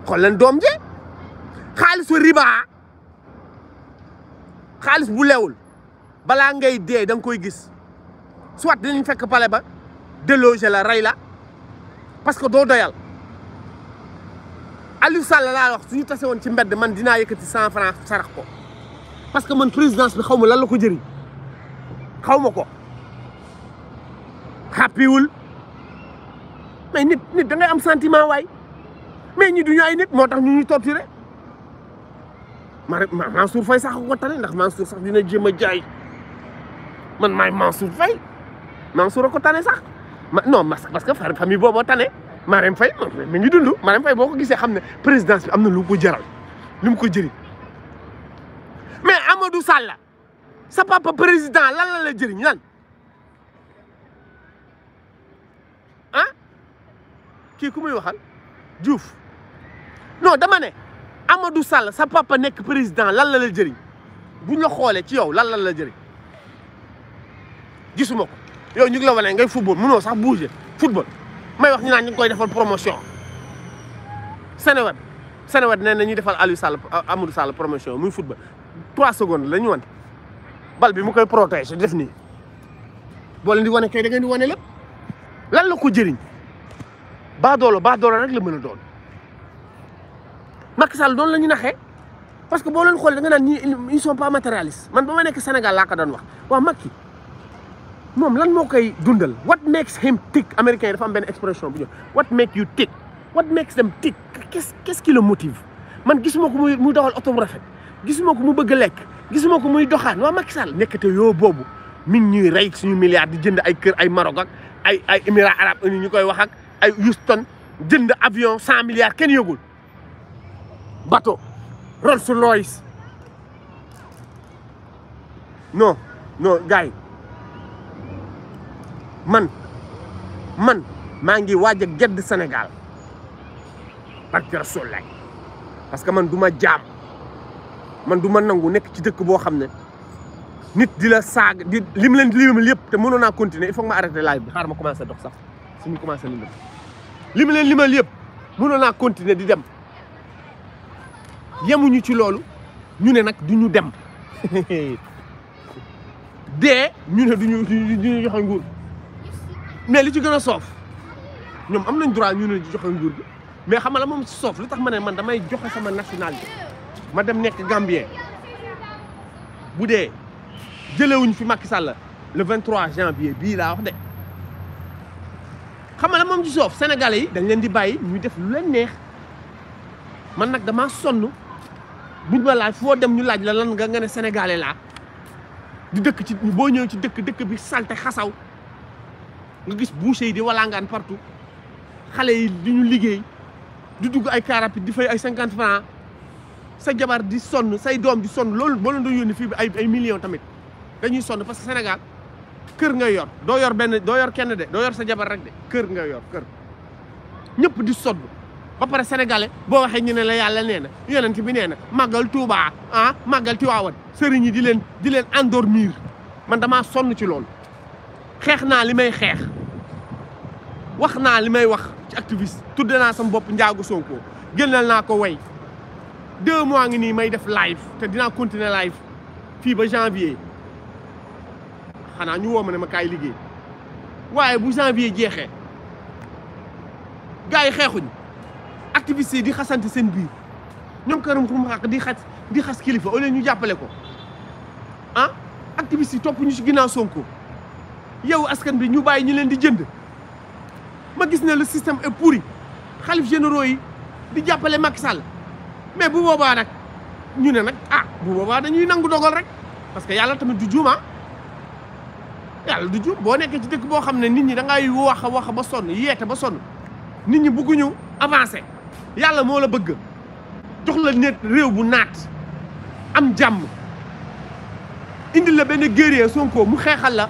xool dom je riba bu lewul bala ngay dang koy gis soit dañu fekk pale ba déloger la ray la parce que doo doyal Aliou Sall laa wax suñu tase woon ci mbedd man dinaa yëkkati cent franc sarax ko parce que man présidence bi xaw ma lan la ko jëriñ xaw ma ko xàppiwul mais nit nit da ngay am sentiment waay mais ñi duñu ay nit moo tax ñu ñuy torturer ma Mansour Faye sax ko tane ndax Mansour sax dina jéem a jaay man maay Mansour Faye Mansour a ko tane sax ma non parce que famille boobu moo tane Marème Faye mi ngi dund Marème Faye boo ko gisee xam ne président bi am na lu ko jaral lu mu ko jëriñ mais Amadou Sall sa papa président lan la la jëriñ lan ah kii ku muy waxal Diouf non dama ne Amadou Sall sa papa nekk président lan la la jëriñ buñ la xoolee ci yow lan lal la jëriñ gisuma ko. yow ñu ngi la wane ngay football mëno sax bouger football may wax ñu naan ñu koy defal promotion. Seneweb Seneweb nee ñu ñuy defal Aliou Sall Amadou Sall promotion muy football 3 secondes lañu won bal bi mu koy protéger def ni bo leen di wane kay da ngeen di wane lépp lan la ko jëriñ ba ba baadoolo rek la mëna doon. Macky Sall doon lañu naxé parce que bo leen xol da nga naan ils sont pas matérialistes man bama nek Sénégal la ka doon wax wa Macky. moom lan moo koy dundal what makes him tick américain yi dafa am benn expression bu ñu what make you tick what makes them tick qu'est-ce qu'est-ce qui le motive man gisuma ko muy muy dawal oto bu rafet gisuma ko mu bëgg a lekk gisuma ko muy doxaan waa Macky Sall nekkate yoo boobu min ñuy rey suñu milliards di jënd ay kër ay Maroc ak ay ay Émirats ñu koy wax ak ay Houston jënd avion cent milliards kenn yëgul bateau Rolls Royce non non man man maa ngi waaj a gedd Sénégal parce que Rasulullah parce que man du ma jaam man du ma nangu nekk ci dëkk boo xam ne nit di la saag di lim leen limal yëpp te mënoon naa continuer il faut que ma arrêté live bi xaar ma commencé dox sax suñu commencé limal lim leen limal yëpp mënoon naa continuer di dem yemuñu ci loolu ñu ne nag du ñu dem [laughs] dee ñu ne du ñu du ñu mais li ci gën a soof ñoom am nañ droit ñu ne joxe njur bi mais xam nga la moom soof lu tax ma ne man damay joxe sama nationalité ma dem nekk Gambien bu dee jëlewuñ fi Macky Sall le 23 janvier bii laa wax de xam nga la moom ci soof Sénégalais yi dañ leen di bàyyi ñu def lu leen neex man nag dama sonn buñ ma laaj foo dem ñu laaj la lan nga nga ne laa di dëkk ci boo ñëw ci dëkk dëkk bi salte xasaw nga gis boucher yi di walangaan partout xale yi di ñu liggéey du dugg ay car di fay ay cinquante franc sa jabar di sonn say doom di sonn loolu boo leen doon yónni fii ay ay millions tamit dañuy sonn parce que Sénégal kër ngay yor doo benn doo kenn de doo yor sa jabar kër nga yor kër ñëpp di sonn ba pare sénégalais boo waxee ñu ne la yàlla nee na yonent bi nee na màggal Tuubaa ah màggal Tiwaawan sëriñ yi di leen di leen endormir man damaa sonn ci loolu. xeex naa li may xeex wax naa li may wax ci activiste tudde naa sama bopp njaagu Sonko génnal naa ko way deux mois ngi nii may def live te dinaa continuer live fii ba janvier xanaa ñu woo ma ne ma kaay liggéey waaye bu janvier jeexee gars yi xeexuñ activistes yi di xasante seen biir ñoom këram xum xaq di xas di xas kilifa au lieu ñu jàppale ko ah activistes yi topp ñu ci ginnaaw Sonko yow askan bi ñu bàyyi ñu leen di jënd ma gis ne le système est pourri xalif généraux yi di jàppale Macky Sall mais bu boobaa nag ñu ne nag ah bu boobaa dañuy nangu dogal rek parce que yàlla tamit du juuma ah. yàlla du juum boo nekkee ci dëkk boo xam ne nit ñi da ngay wax a wax ba sonn yeete ba sonn nit ñi bëgguñu avancé yàlla moo la bëgg jox la net réew bu naat am jàmm indi la benn guerrier Sonko mu xeexal la.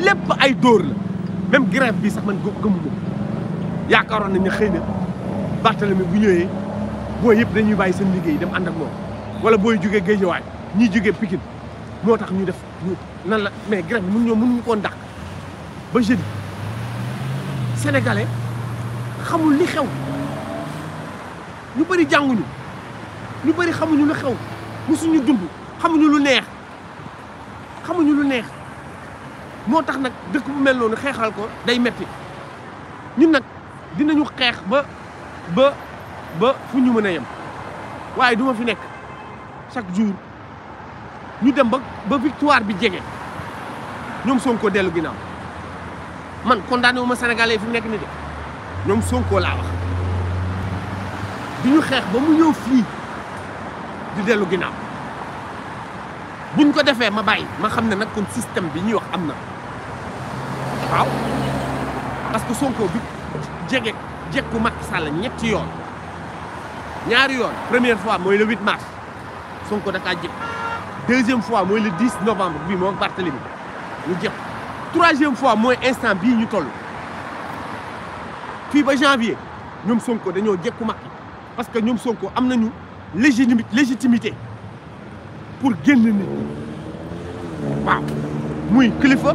lépp ay dóor la même grève bi sax man gëmu ko yaakaaroon nañ ne xëy na Barthélemy bu ñëwee booy yëpp dañuy bàyyi seen liggéey dem ànd ak moom wala booy jugee Géejawaay ñii jugee Pikine moo tax ñu def ñu nan la mais grève bi mun ñoo mënuñu koon dàq ba jeudi sénégalais xamul li xew ñu bëri jànguñu ñu bëri xamuñu lu xew suñu dund xamuñu lu neex moo tax nag dëkk bu mel noonu xeexal ko day metti ñun nag dinañu xeex ba ba ba fu ñu mën a yem waaye duma fi nekk chaque jour ñu dem ba ba victoire bi jege ñoom Sonko dellu ginnaaw man condamné wu ma sénégalais fi nekk ni de ñoom Sonko laa wax di ñu xeex ba mu ñëw fii di dellu ginnaaw buñ ko defee ma bàyyi ma xam ne nag kon système bi ñuy wax am na parce que Sonko bi jege jekku Macky Sall ñetti yoon ñaar yoon première fois moy le 8 mars Sonko ka jëpp deuxième fois moy le 10 novembre bii moo Barthélemy ñu jëpp troisième fois moy instant bi ñu toll puis ba janvier ñoom Sonko dañu jekku Macky parce que nous Sonko amnañu légitimité légitimité pour guen nit waaw muy kilifa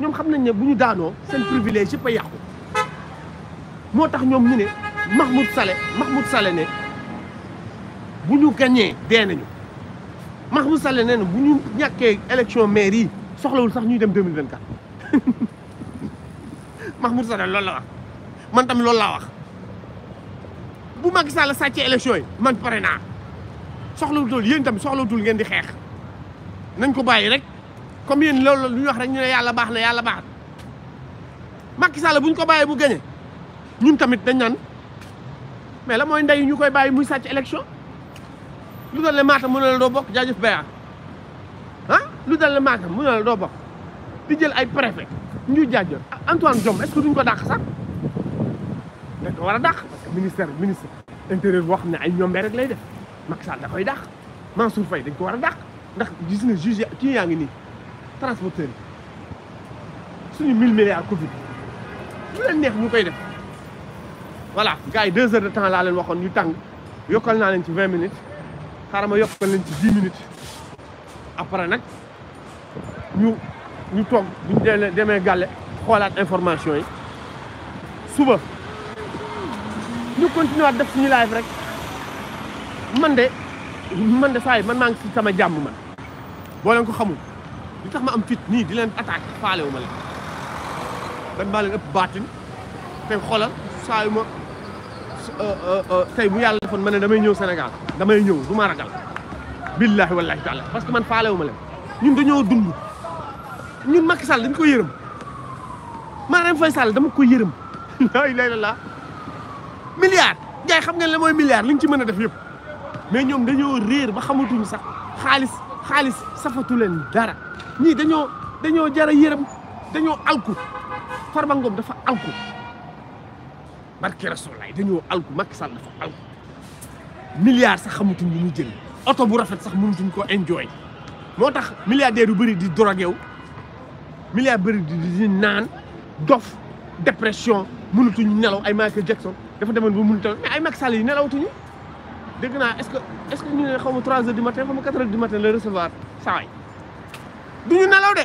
Nous xamnañ ne buñu daano privilège yëpp a yàqu moo ñom ñu ne Mahmoud Saleh Mahmoud Saleh ne bu ñu gañee dee nañu Mahmoud Saleh ne na bu ñu ñàkkee élection maire yi soxlawul sax ñuy dem 2024 [laughs] Mahmoud Saleh loolu la wax man tam loolu la wax bu Macky Sall élection yi man pare naa soxlawutul yéen tam soxlawutul ngeen di xeex nañ ko bàyyi rek. comme yéen loolu lu ñu wax ñu ne yàlla baax na yàlla baax na Macky Sall bu ñu ko bàyyee mu gañe ñun tamit dañ naan mais la mooy ndey ñu koy bàyyi muy sàcc élection lu dal la maatam mu ne la doo bokk jaajëf béya ah lu dale la mu ne la doo bokk di jël ay préfet ñu jaajëf Antoine Diome est-ce que duñ ko dàq sax dañ ko war a dàq parce que ministre intérieur boo xam ne ay ñombee rek lay def Macky Sall da koy dàq Mansour Faye dañ ko war a dàq ndax gis na juge kii yaa ngi nii transporteur yi suñu 1000 milliards Covid lu leen neex ñu koy def voilà gars yi deux heures de temps laa leen waxoon ñu tàng yokkal naa leen ci 20 minutes xaaral ma yokkal leen ci 10 minutes après nag ñu ñu toog bu demee gàlle xoolaat information yi suba ñu continuer def suñu live rek man de man de saa yi man maa ngi si sama jàmm man boo ko xamul. li tax ma am fit nii di leen attaque faale wu ma leen man maa leen ëpp baatin tey xoolal saa yu ma euh, euh, euh, bu yàlla defoon ma ne damay ñëw Sénégal damay ñëw du ma ragal billaahi wallaahi taala parce que man faale wu ma leen ñun dañoo dund ñun Macky Sall dañ ko yërëm Marème Faye Sall dama ko yërëm [laughs] la ilaha illallah milliard xam ngeen la mooy milliard li ñu ci mën a def yëpp mais ñoom dañoo réer ba xamatuñu sax xaalis xaalis safatu leen dara ñii dañoo dañoo jara yërëm dañoo alku Farba Ngom dafa alku barki rasulaay dañoo alku Macky Sall dafa alku milliards sax xamutuñ lu muy jël oto bu rafet sax mënutuñ ko enjoy moo tax milliardaires yu bëri di drogué wu milliards bëri di naan dof dépression mënutuñ nelaw ay Michael Jackson dafa demoon ba naa est-ce que est-ce que ñu ne xaw ma 3 matin xaw ma 4 heures du matin la recevoir duñu nelaw de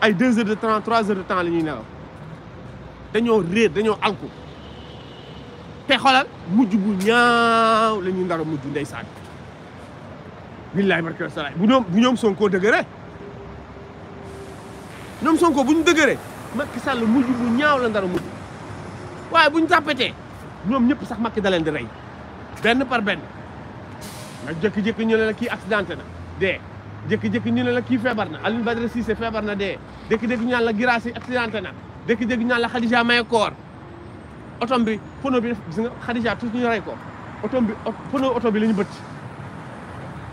ay deux heures de temps trois heures de temps la ñuy nelaw dañoo réer dañoo alku te xolal mujj bu ñaaw la ñuy ndara mujj ndeysaan billahi barke bu Sonko dëgëre ñoom Sonko bu ñu Macky bu ñaaw la ndara mujj waaye bu ñu ñoom sax Macky di rey benn par benn jékki-jékki ñu ne la kii feebar na Alioune Badara Cissé feebar na dee jékki-jékki ñan la Guirassy accidenté na jékki-jékki ñaan la Khadija maye koor otom bi pono bi ñu rey ko otom bi pono oto bi la ñu bëtt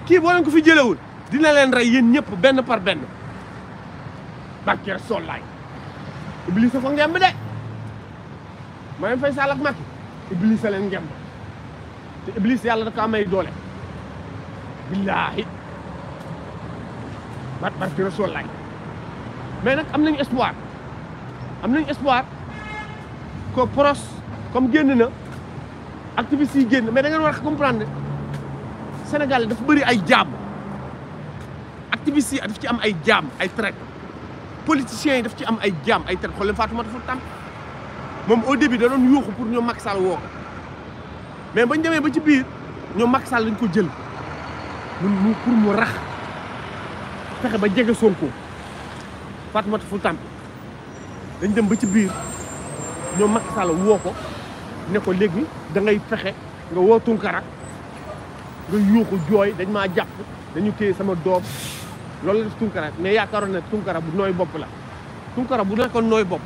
kii boo leen ko fi jëlewul dina leen rey yéen ñëpp benn par benn barke sollaay Iblisa fa ngemb de Marième Faye Sall ak Macky leen ngemb te Iblis yàlla da ko amay doole billaahi bat bat fi rasul rasulaay mais nak am nañu espoir am nañu espoir ko PROS comme génn na activistes yi genn mais da ngeen war comprendre Sénégal dafa bari ay jaam activiste yi daf ci am ay jaam ay traite politiciens yi daf ci am ay jaam ay traite xol fatou Fatoumata Sow Tamp au début da doon yuxu pour ñoom Macky Sall woo mais bañ démé ba ci biir ñoom Macky Sall dañ ko jël mu pour mu rax fexe ba jege Sonko Fatoumata Fouta Tampi dañ dem ba ci biir ñoo Macky Sall woo ko ne ko léegi dangay fexe nga woo Tunkara nga yuuxu jooy dañ maa jàpp dañu téye sama doom loolu la def Tunkara mais yaakaaroon na Tunkara bu nooy bopp la Tunkara bu nekkoon nooy bopp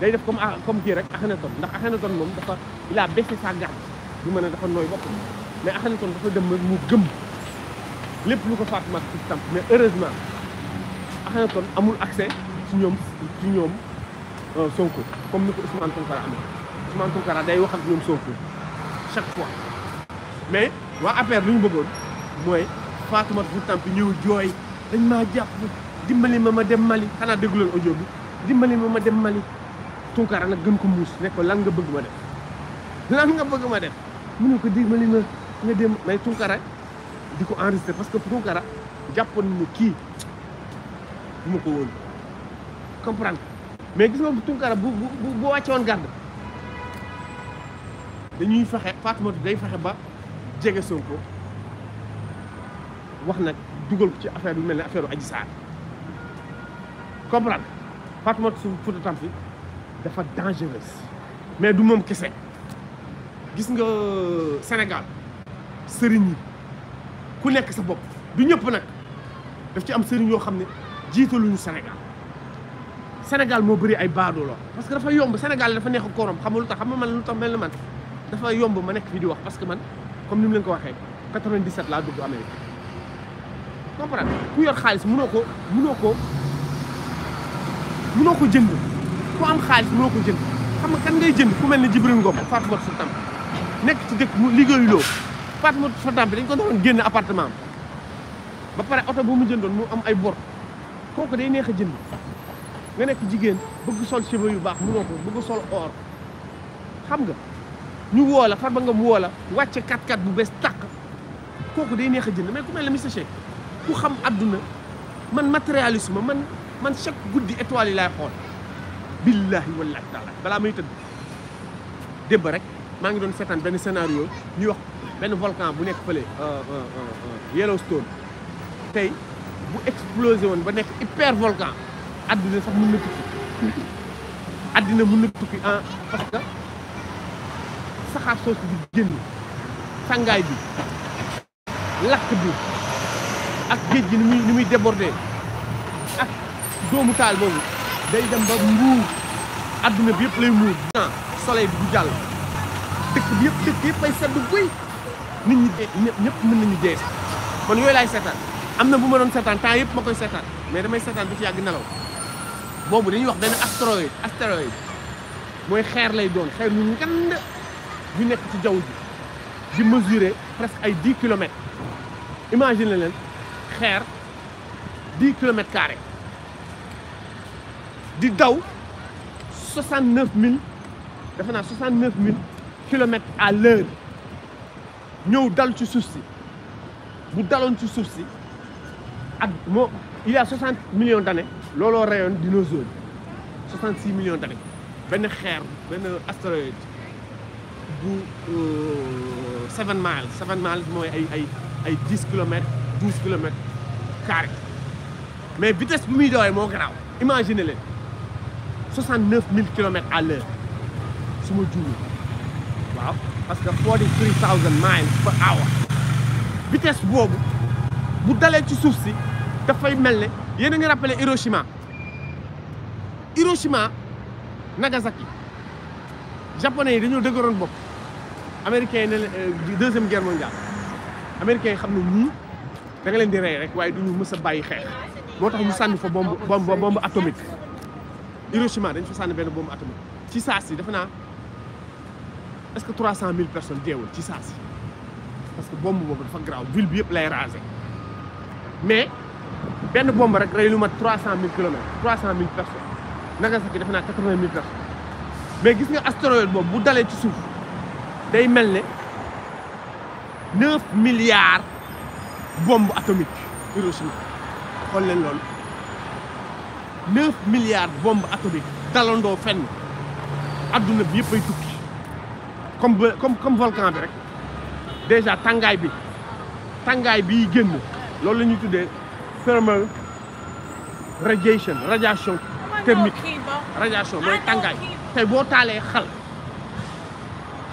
day def comme ah, comme kii rek Akhenaton ndax Akhenaton moom dafa il a baissé sa garde du mën a dafa nooy bopp mais Akhenaton dafa dem mu gëm lepp lu ko Fatou ci tamp mais heureusement xana Akhenaton amul accès ci ñoom ci euh Sonko comme niko Ousmane Tounkara amee Ousmane Tounkara day wax ak ñom Sonko chaque fois mais wa affaire luñu ñu bëggoon mooy Fatou Macky tampi ñëw joy dañ ma japp dimbali ma ma dem Mali xana xanaa dégguloon audio bi dimbali ma ma dem Mali Tounkara nak gën ko muus ne ko lan nga bëgg ma def lan nga bëgg ma def mu ne ko dimbali ma nga dem mais Tounkara di ko enregistré parce que Tounkara jàppoon ni kii du ma ko woon comprendre mais gis nga Tounkara bu bu bu wàcce woon dañuy fexe Fatoumata day fexe ba jege soo ko wax nag dugal ko ci affaire bi mel ne affaire Adji Sarr comprendre Fatoumata su Fouta Tampi dafa dangereuse mais du moom kese gis nga euh, Sénégal sëriñ yi ku nekk sa bopp du ñëpp nag daf ci am sëriñ yoo xam ne jiitaluñu Sénégal Sénégal moo bëri ay baadoolo parce que dafa yomb Sénégal dafa neex a xamul xam tax xam nga man lu mel na man dafa yomb ma nekk fi di wax parce que man comme ni leen ko waxee 97 laa dugg Amérique comprendre ku yor xaalis mënoo ko mënoo ko mënoo ko jënd ku am xaalis mënoo ko jënd xam nga kan ngay jënd ku mel ne Jibril Ngom Fatou Mbow Sultan nekk ci dëkk mu loo appartement Fadam bi dañ ko doon génn appartement ba pare oto bu mu jëndoon mu am ay bor kooku day neex a jënd nga nekk jigéen bëgg sol cheveux yu baax mënoo ko bëgg sol or xam nga ñu woo la far ba nga woola wàcce 4 x bu bees tàq kooku day neex a jënd mais ku mel ne Mister ku xam àdduna man matérialisme man man chaque guddi étoile yi laay xool billahi wallahi taala balaa may tëdd démb rek maa ngi doon seetaan benn scénario ñuy wax un volcan bu pas les Yellowstone tay bu explosé won ba hyper volcan adina sax tukki vous n'êtes ah, parce que saxar vous bi pas sangay bi bi ak gi ni débordé ak doomu tal bobu day dem ba pas aduna bi lay soleil bi du jàll dëkk bi dëkk ay sedd nit ñi dee ñëpp mën nañu dee man yooyu laay si am na un ma Nous temps mais damay seetaan ba ci yàgg nelaw je dañuy wax astéroïde astéroïde un astéroïde lay doon ñu ngand presque ay 10 km. imagine leen vous 10 km carré di daw à l'heure nous dal ci suuf bu ci il y a 60 millions d'années lolo un dinosaure 66 millions d'années ben astéroïde 7 euh, miles 7 miles moy ay ay 10 km, 12 km, carré mais vitesse bu mi doy mo imaginez le 69 000 km à l'heure c'est mon waaw parce que forty three thousand miles per hour boobu bu dalee ci suuf si dafay mel ne yéen a ngi rappelé Hiroshima Hiroshima Nagasaki japonais yi dañoo dëgëroon bopp américains yi ne euh, deuxième guerre mondiale américains yi xam ne ñii da nga leen di rey rek waaye du ñu mës a bàyyi xeex moo tax mu sànni fa bombe bombe bombe Hiroshima dañ fa sànni benn bombe atomique ci saa si dafa naa. est-ce que 000 personnes sont ci parce que bombe bombe dafa graw ville bi yëpp lay raser mais ben bomb rek rey lu mat 300000 300 000 personnes Nagasaki a 80 000 personnes mais gis nga astéroïde bobu bu dalé ci souf day 9 milliards de bombes Hiroshima 9 milliards bombe atomique dalando fenn aduna bi yëpp comme comme volcan bi déjà tangay bi tangay bi génn lolou la thermal radiation radiation thermique radiation moy ça. tu bo talé xal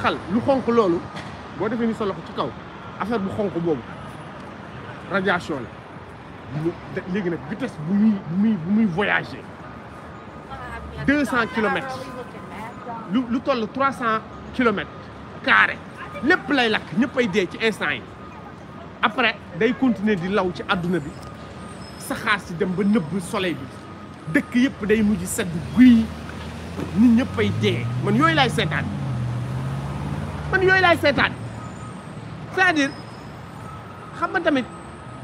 xal lu lolou bo défé ni solo ci kaw affaire bu radiation la vitesse bu voyager ah, deux ah, lu carré lépp lay lakk ñëppay dee ci instant yi après day continuer di law ci àdduna bi saxaar si dem ba nëbb soleil bi dëkk yëpp day mujj sedd guy nit ñëppay dee man yooyu lay seetaan man yooyu laay seetaan cest xam nga tamit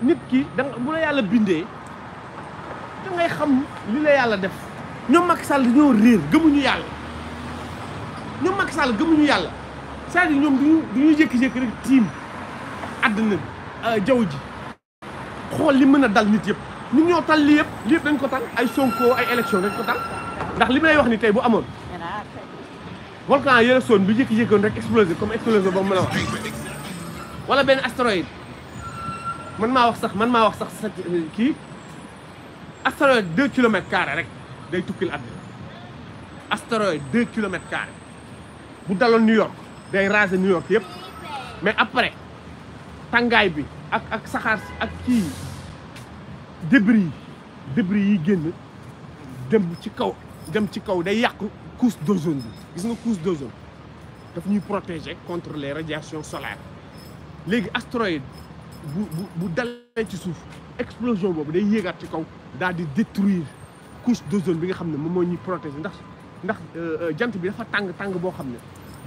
nit ki da bu la yàlla bindee da xam li la yàlla def ñoom Macky Sall dañoo réer gëmuñu yàlla ñoom Macky Sall gëmuñu yàlla c'est-à-dire ñoom duñu duñu jékki-jékki rek tiim àddina euh, jaww ji xool li mën a dal nit yëpp nit ñoo tal li yëpp yëpp dañ ko tal ay sonko ay élection dañ ko tal ndax li may wax ni tey bu amoon volcan yële son bi jékki-jékkoon rek explosé comme explosé boobu mën a wax wala benn astéroïde man maa wax sax man maa wax sax sa kii astéroïde deux kilomètres carré rek day tukkil àddina astéroïde deux kilomètres carré bu daloon New York day raser New York yëpp mais après tàngaay bi ak ak saxaar si ak kii débris yi débris yi génn dem ci kaw dem ci kaw day yàq couche d'ozone bi gis nga couche d'ozone daf ñuy protéger contre les radiations solaires léegi astéroïde bu bu bu dalee ci suuf explosion boobu day yéegaat ci kaw daal di détruire couche d'ozone bi nga xam ne moom mooy ñuy protéger ndax ndax euh, euh, jant bi dafa tàng tàng boo xam ne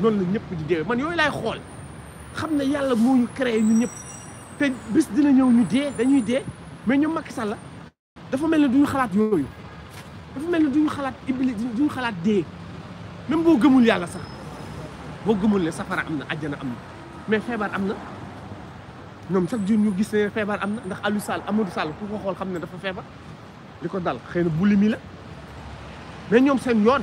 noonu la ñëpp di deewee man yooyu laay xool xam ne yàlla moo ñu créé ñu ñëpp te bis dina ñëw ñu dee dañuy dee mais ñu Macky Sall dafa mel ne duñu xalaat yooyu dafa mel ne duñu xalaat ibli duñu xalaat dee même boo gëmul yàlla sax boo gëmul ne safara am na àjjana am na mais feebar am na ñoom chaque jour ñu gis ne feebar am na ndax Aliou Sall Amadou Sall ku ko xool xam ne dafa feebar li ko dal xëy na bu limi la mais ñoom seen yoon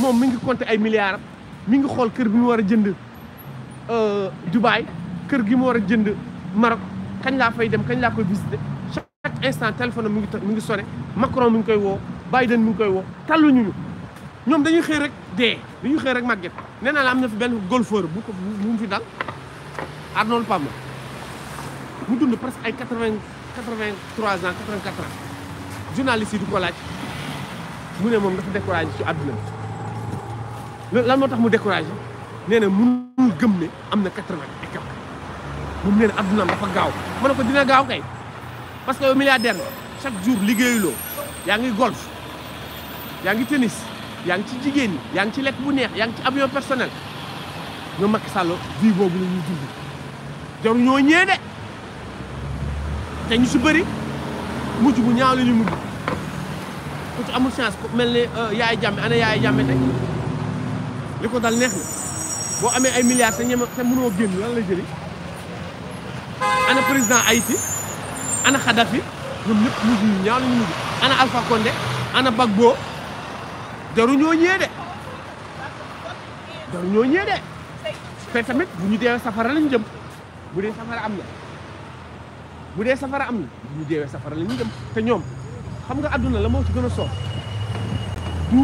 moom mi ngi compter ay milliards mi ngi xool kër bi mu war a jënd Dubaï kër gi mu war a jënd Maroc kañ laa fay dem kañ laa koy visiter chaque instant téléphone mi ngi mi ngi sonné Macron mi ngi koy woo Biden mi ngi koy woo talluñu ñu ñoom dañuy xëy rek dee dañuy xëy rek màgget nee naa la am na fi benn golfeur bu ko bu mu fi dal Arnold Palmer mu dund presque ay quatre vingt quatre vingt trois ans quatre vingt quatre ans journaliste yi du ko laaj mu ne moom dafa découragé ci àdduna bi lan moo tax mu découragé nee na mënul gëm ne am na quatre-vingt et quelque moom nee na addunaam gaaw ma ne ko dina gaaw kay parce que yow milliardaire chaque jour liggéeyuloo yaa ngi golf yaa ngi tennis yaa ngi ci jigéen ñi yaa ngi ci lekk bu neex yaa ngi ci avion personnel ñoom Macky Sall vie boobu la ñuy dund jaru ñoo ñee de te ñu si bëri mujj bu ñaaw la ñu ku ci amul chance ku mel ne euh, yaay jàmme ana yaay jàmme tey li ko dal neex na boo amee ay milliards te ñeme te mënoo génn lan la jëriñ ana président Haïti ana Kadhafi ñoom ñëpp mujj yu ñaaw lañu mujj ana Alpha Condé de jaruñoo tamit bu ñu deewee safara lañu jëm bu dee safara am na bu dee safara am na ñu deewee safara lañu jëm te ñoom xam nga àdduna la moo ci gën a soof du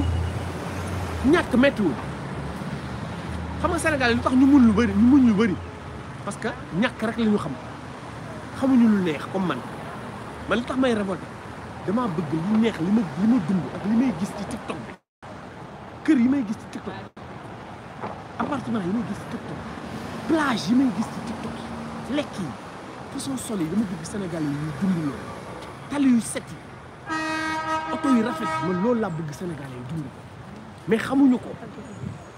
ñàkk méttiwul xam nga Sénégal lu tax ñu mun lu bëri ñu mun lu bëri parce que ñàkk rek la ñu xam xamuñu lu neex comme man man li tax may révolté damaa bëgg li neex li ma li ma dund ak li may gis ci TikTok bi kër yi may gis ci yi may gis ci TikTok plage yi may gis lekk yi façon sol yi dama bëgg Sénégal yi ñu yu set yi oto yu rafet man laa bëgg Sénégal yi dund ko mais xamuñu ko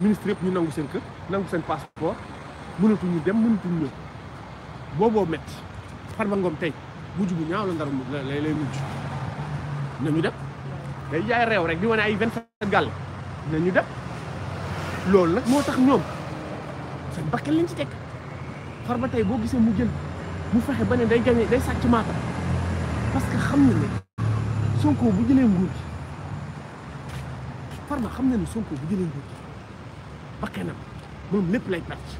ministre yëpp ñu nangu seen kër nangu seen passeport mënatuñu dem mënatuñu ñëw booboo métti Farba Ngom tey mujj bu ñaaw la ndar mu lay lay mujj nañu dem day jaay réew rek di wane ay vingt sept gàll nañu dem loolu nag moo tax ñoom seen bakkan lañ ci teg Farba tey boo gisee mu jël mu fexe ba ne day gañe day sàcc maata parce que xam na ne Sonko bu jëlee nguur gi Farba xam na ne Sonko bu jëlee nguur gi bakkanam moom lépp lay perte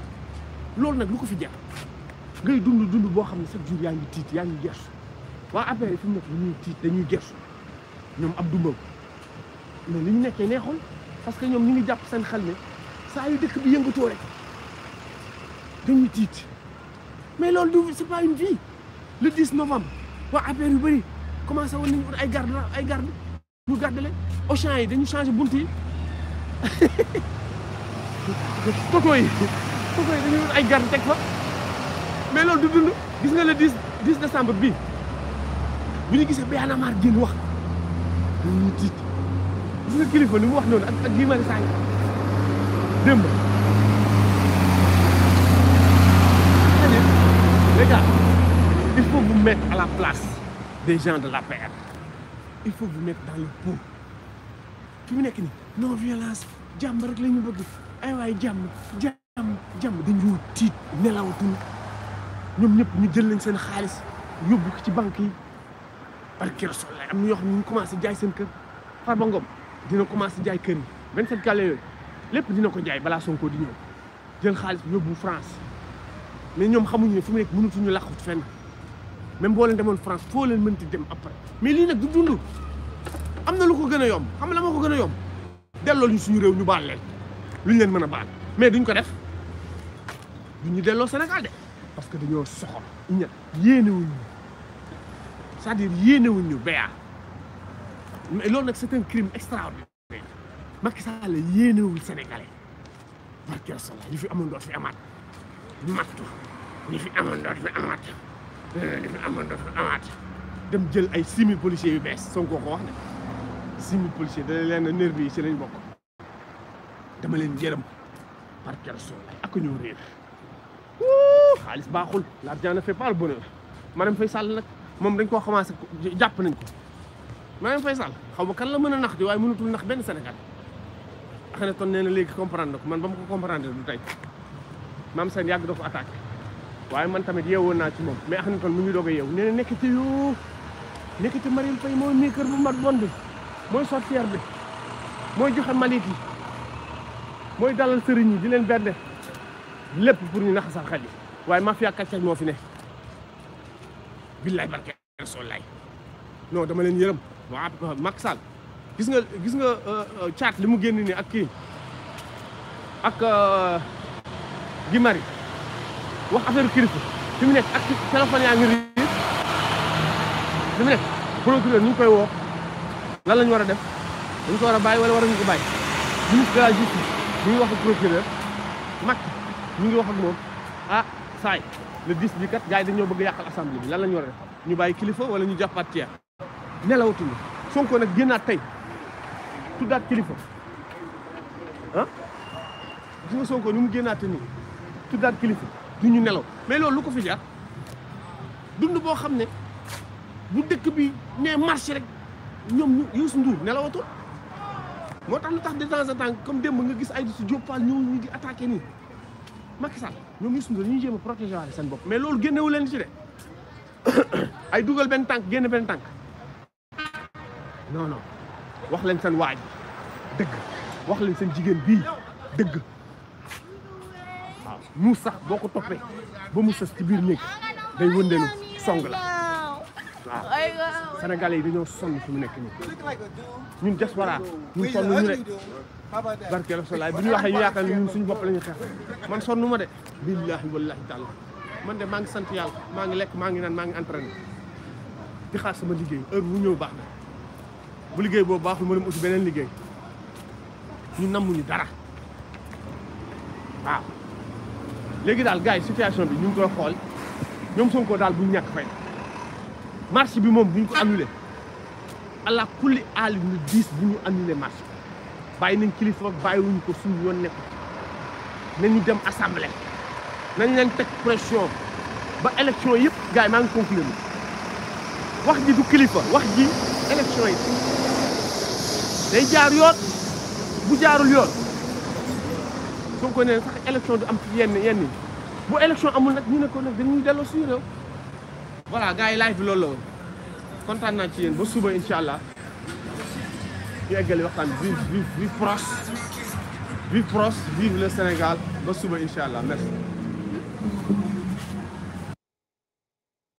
loolu nag lu ko fi jar ngay dund dund boo xam ne chaque jour yaa ngi tiit yaa ngi gersu waa affaire yi fi mu nekk dañuy tiit dañuy gersu ñoom ab dumbaw mais li ñu nekkee neexul parce que ñoom ñu ngi jàpp seen xel ne saa yu dëkk bi yëngatoo rek dañuy tiit mais loolu du c'est pas une vie le 10 novembre waa affaire yu bëri commencé woon nañu ut ay garde ay garde ñu garde leen Auchan yi dañu changé bunt yi [laughs] toko yi toko yi dañu wut ay garde tek fa mais lolou du dund gis nga le 10 10 décembre bi buñu ñu gisee Y'en a marre wax dañuy tiit gis nga kilifa li wax non ak ak mari sang Sagna démb les gars il faut vous mettre à la place des gens de la paix il faut vous mettre dans le pot fi mu nekk ni non violence jàmm rek la ñu bëgg ay waay jàmm jàmm jàmm dañoo tiit nelawatul ñoom ñëpp ñu jël nañ seen xaalis yóbbu ko ci banque yi par kirosol am na yoo xam ne ñu commencé jaay seen kër Farba dina commencé jaay kër yi vingt sept kale lépp dina ko jaay balaa Sonko di ñëw jël xaalis yóbbu France mais ñoom xamuñu ne fu mu nekk mënatuñu làqut fenn même boo leen demoon France foo leen mënti dem après mais lii nag du dund am na lu ko gën a yomb xam la moo ko gën a yom delloo ñu suñu réew ñu baal leen lu ñu leen mën a baal mais duñ ko def du ñu delloo Sénégal de parce que dañoo soxor ña yéenewuñ ñu c'est-à-dire yéenewuñ ñu béyaa mais loolu nag c'est un crime extraordinaire Macky Sall yéenewul sénégalais barke Rasulullah li fi amoon doo fi amaat mattu fi amoon doo fi amaat li jël ay six mille policiers yu bees Sonko ko wax ne six a policiers da nervi yi ci lañ bokk dama leen gërëm par personne ak ñoo réer xaalis baaxul l'argent ne fait pas le bonheur Marème Faye Sall nag moom dañ koo commencé jàpp nañ ko Marème Faye Sall xaw ma kan la mën a nax di waaye mënatul nax benn Sénégal axam ne toon nee na léegi comprendre na ko man ba ma ko comprendre du tey maam seen yàgg da ko attaque waaye man tamit yeewoon naa ci moom mais axam ne toon mu ngi doog a yeew nee na nekk ci yoo nekk ci Marème Faye mooy mii kër bu mat bon bi mooy sorcière bi mooy joxe maliit yi mooy dalal sëriñ yi di leen bernde lépp pour ñu naxasal xel yi waaye mafia kàccañ moo fi ne billaay barke sol lay dama leen yërëm waa Macky Sall gis nga gis nga euh, euh, caat li mu génn nii ak kii ak euh, gimari wax affaire kilifa fi nekk ak téléphone yaa ngi riir fi mu nekk ñu koy woo lan la war a def dañ ko war a bàyyi wala war a ñu ko bàyyi ministre de la justice ñuy wax ak procureur Macky ñu ngi wax ak moom ah saay le 10 bi kat gars yi dañoo bëgg yàqal assemblée bi nan la ñu war ñu bàyyi kilifa wala ñu jàppaat ceer nelawatuñu Sonko nag génnaat tey tuddaat kilifa ah gis nga Sonko ni mu génnaate nii tuddaat kilifa du ñu nelaw mais loolu lu ko fi jaar dund boo xam ne bu dëkk bi nee marché rek ñoom ñu Youssou Ndour nelawatul moo tax lu tax de temps tànk temps comme démb nga gis ay su Diop Fall ñëw ñu di attaqué nii Macky Sall ñoom Youssou Ndour dañuy jéem a protéger waale seen bopp mais loolu génnewu leen ci de [coughs] ay dugal benn tànk génn benn tànk non non wax leen seen waaj dëgg wax seen jigéen bii dëgg muus sax boo ko toppee ba mu sës ci biir néeg day wëndeelu song la waaw Sénégalais yi dañoo sonn fi mu nekk nii ñun diaspora ñun sonn ñu rek barke Rasulullah bu ñu waxee ñu yaakaar ñun suñu bopp la ñu xeex man sonn ma de billaahi wallaahi taala man de maa ngi sant yàlla maa ngi lekk maa ngi naan maa ngi entraîné di xaar sama liggéey heure bu ñëw baax na bu liggéey boobu baaxul ma dem uti beneen liggéey ñu nammuñu dara waaw léegi daal gaa yi situation bi ñu ngi xool ñoom Sonko daal bu ñàkk fay marche bi mom buñ ko annulé ala kulli aali lu 10 buñu annulé marché bàyyi nañ kilifa ko nañu dem assemblée nañ leen pression ba élection yépp gaay ma ngi wax ji du kilifa wax ji élection yi day jaar yoon bu jaarul yoon ko élection du am yenn yenn bu élection amul ñu ne ko dañuy ont suñu voilà gars yi live bi loolu kontaan naa ci yéen ba suba incha allah ñu eggali waxtaan vive vive vive vive le Sénégal ba suba incha allah merci.